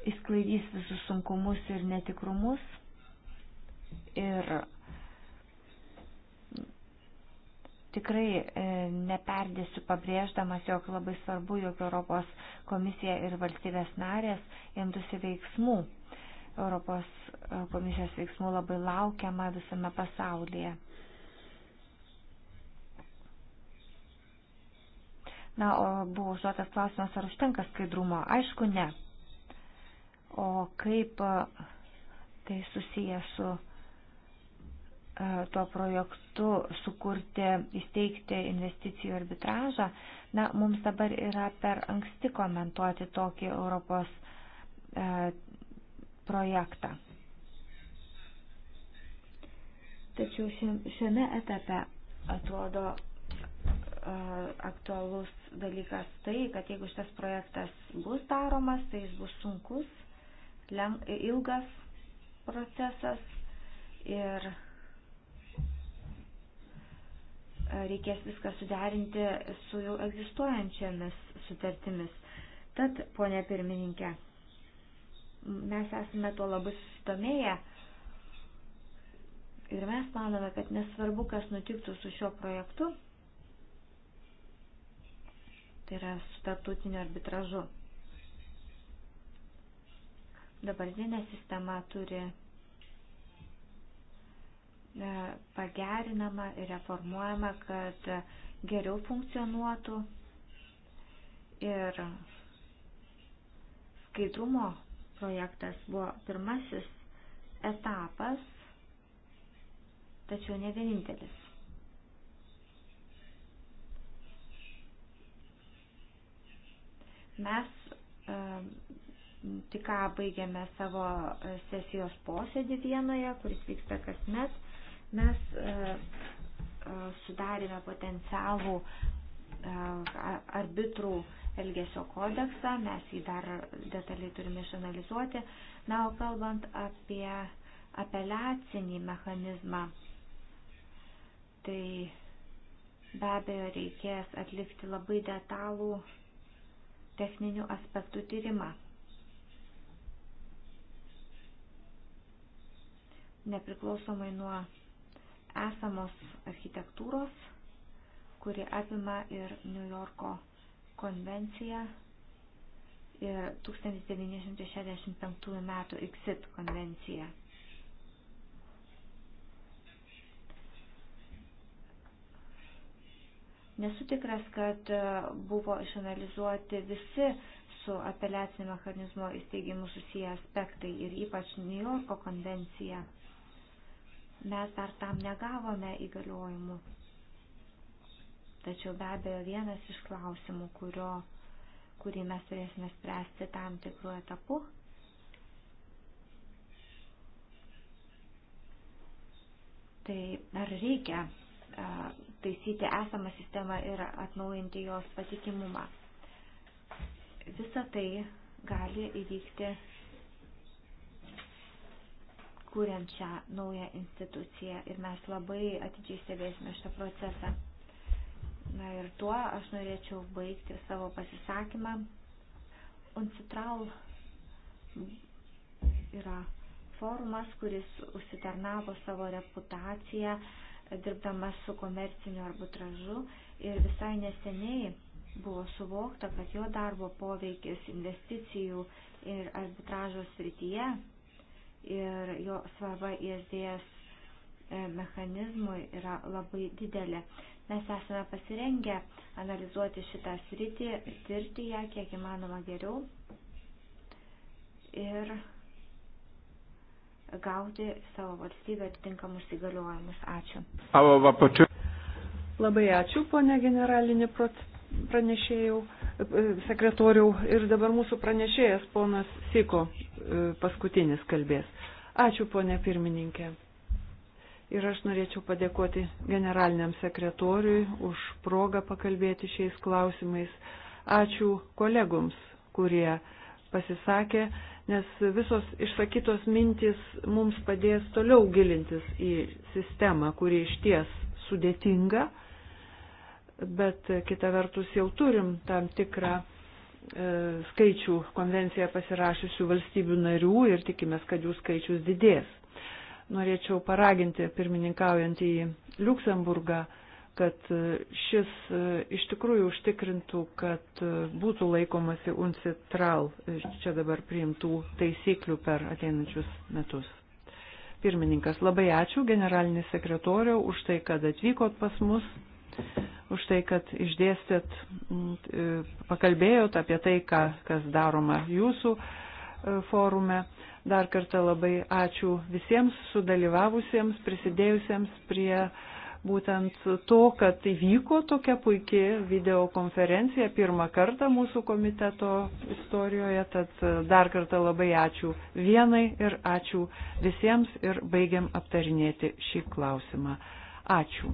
įsklaidys visus sunkumus ir netikrumus ir Tikrai e, neperdėsiu pabrėždamas, jog labai svarbu, jog Europos komisija ir valstybės narės imtųsi veiksmų. Europos e, komisijos veiksmų labai laukiama visame pasaulyje. Na, o buvo užduotas klausimas, ar užtenka skaidrumo. Aišku, ne. O kaip e, tai susiję su E, tuo projektu sukurti, įsteigti investicijų arbitražą, na, mums dabar yra per anksti komentuoti tokį Europos e, projektą. Tačiau šiame etape atrodo e, aktualus dalykas tai, kad jeigu šitas projektas bus daromas, tai jis bus sunkus, ilgas procesas ir E, reikės viską suderinti su jau egzistuojančiamis sutartimis. Tad, ponė pirmininkė, mes esame tuo labai susidomėję ir mes manome, kad nesvarbu, kas nutiktų su šiuo projektu, tai yra su tarptautiniu arbitražu. Dabartinė sistema turi E, pagerinama ir reformuojama, kad geriau funkcionuotų ir skaidrumo projektas buvo pirmasis etapas, tačiau ne vienintelis. Mes e, tik ką baigėme savo sesijos posėdį vienoje, kuris vyksta kasmet Mes e, e, sudarėme potencialų e, arbitrų elgesio kodeksą, mes jį dar detaliai turime išanalizuoti. Na, o kalbant apie apeliacinį mechanizmą, tai be abejo reikės atlikti labai detalų techninių aspektų tyrimą. Nepriklausomai nuo esamos architektūros, kuri apima ir New Yorko konvenciją ir 1965 metų ICSID konvenciją. Nesu tikras, kad e, buvo išanalizuoti visi su apeliacinio mechanizmo įsteigimu susiję aspektai ir ypač New Yorko konvencija. Mes dar tam negavome įgaliojimų. Tačiau be abejo vienas iš klausimų, kurio, kurį mes turėsime spręsti tam tikrų etapų, tai ar reikia a, taisyti esamą sistemą ir atnaujinti jos patikimumą. Visa tai gali įvykti kuriant šią naują instituciją ir mes labai atidžiai stebėsime šitą procesą. Na ir tuo aš norėčiau baigti savo pasisakymą. UNCITRAL yra forumas, kuris užsitarnavo savo reputaciją, dirbdamas su komerciniu arbitražu ir visai neseniai buvo suvokta, kad jo darbo poveikis investicijų ir arbitražo srityje ir jo svarba ISDS e, mechanizmui yra labai didelė. Mes esame pasirengę analizuoti šitą sritį, tirti ją kiek įmanoma geriau ir gauti savo valstybę atitinkamus įgaliojimus. Ačiū. Labai ačiū, ponė generalinė pranešėjau, e, sekretoriau. Ir dabar mūsų pranešėjas, ponas Siko. E, paskutinis kalbės. Ačiū, ponė pirmininkė. Ir aš norėčiau padėkoti generaliniam sekretoriui už progą pakalbėti šiais klausimais. Ačiū kolegoms, kurie pasisakė, nes visos išsakytos mintis mums padės toliau gilintis į sistemą, kuri išties sudėtinga, bet kita vertus jau turim tam tikrą E, skaičių konvenciją pasirašysių valstybių narių ir tikimės, kad jų skaičius didės. Norėčiau paraginti pirmininkaujant į Luksemburgą, kad e, šis e, iš tikrųjų užtikrintų, kad būtų laikomasi uncitral čia dabar priimtų taisyklių per ateinančius metus. Pirmininkas, labai ačiū generalinį sekretoriau už tai, kad atvykot pas mus už tai, kad išdėstėt, e, pakalbėjot apie tai, ką, kas daroma jūsų e, forume. Dar kartą labai ačiū visiems sudalyvavusiems, prisidėjusiems prie būtent to, kad įvyko tokia puikia videokonferencija pirmą kartą mūsų komiteto istorijoje. Tad e, dar kartą labai ačiū vienai ir ačiū visiems ir baigiam aptarinėti šį klausimą. Ačiū.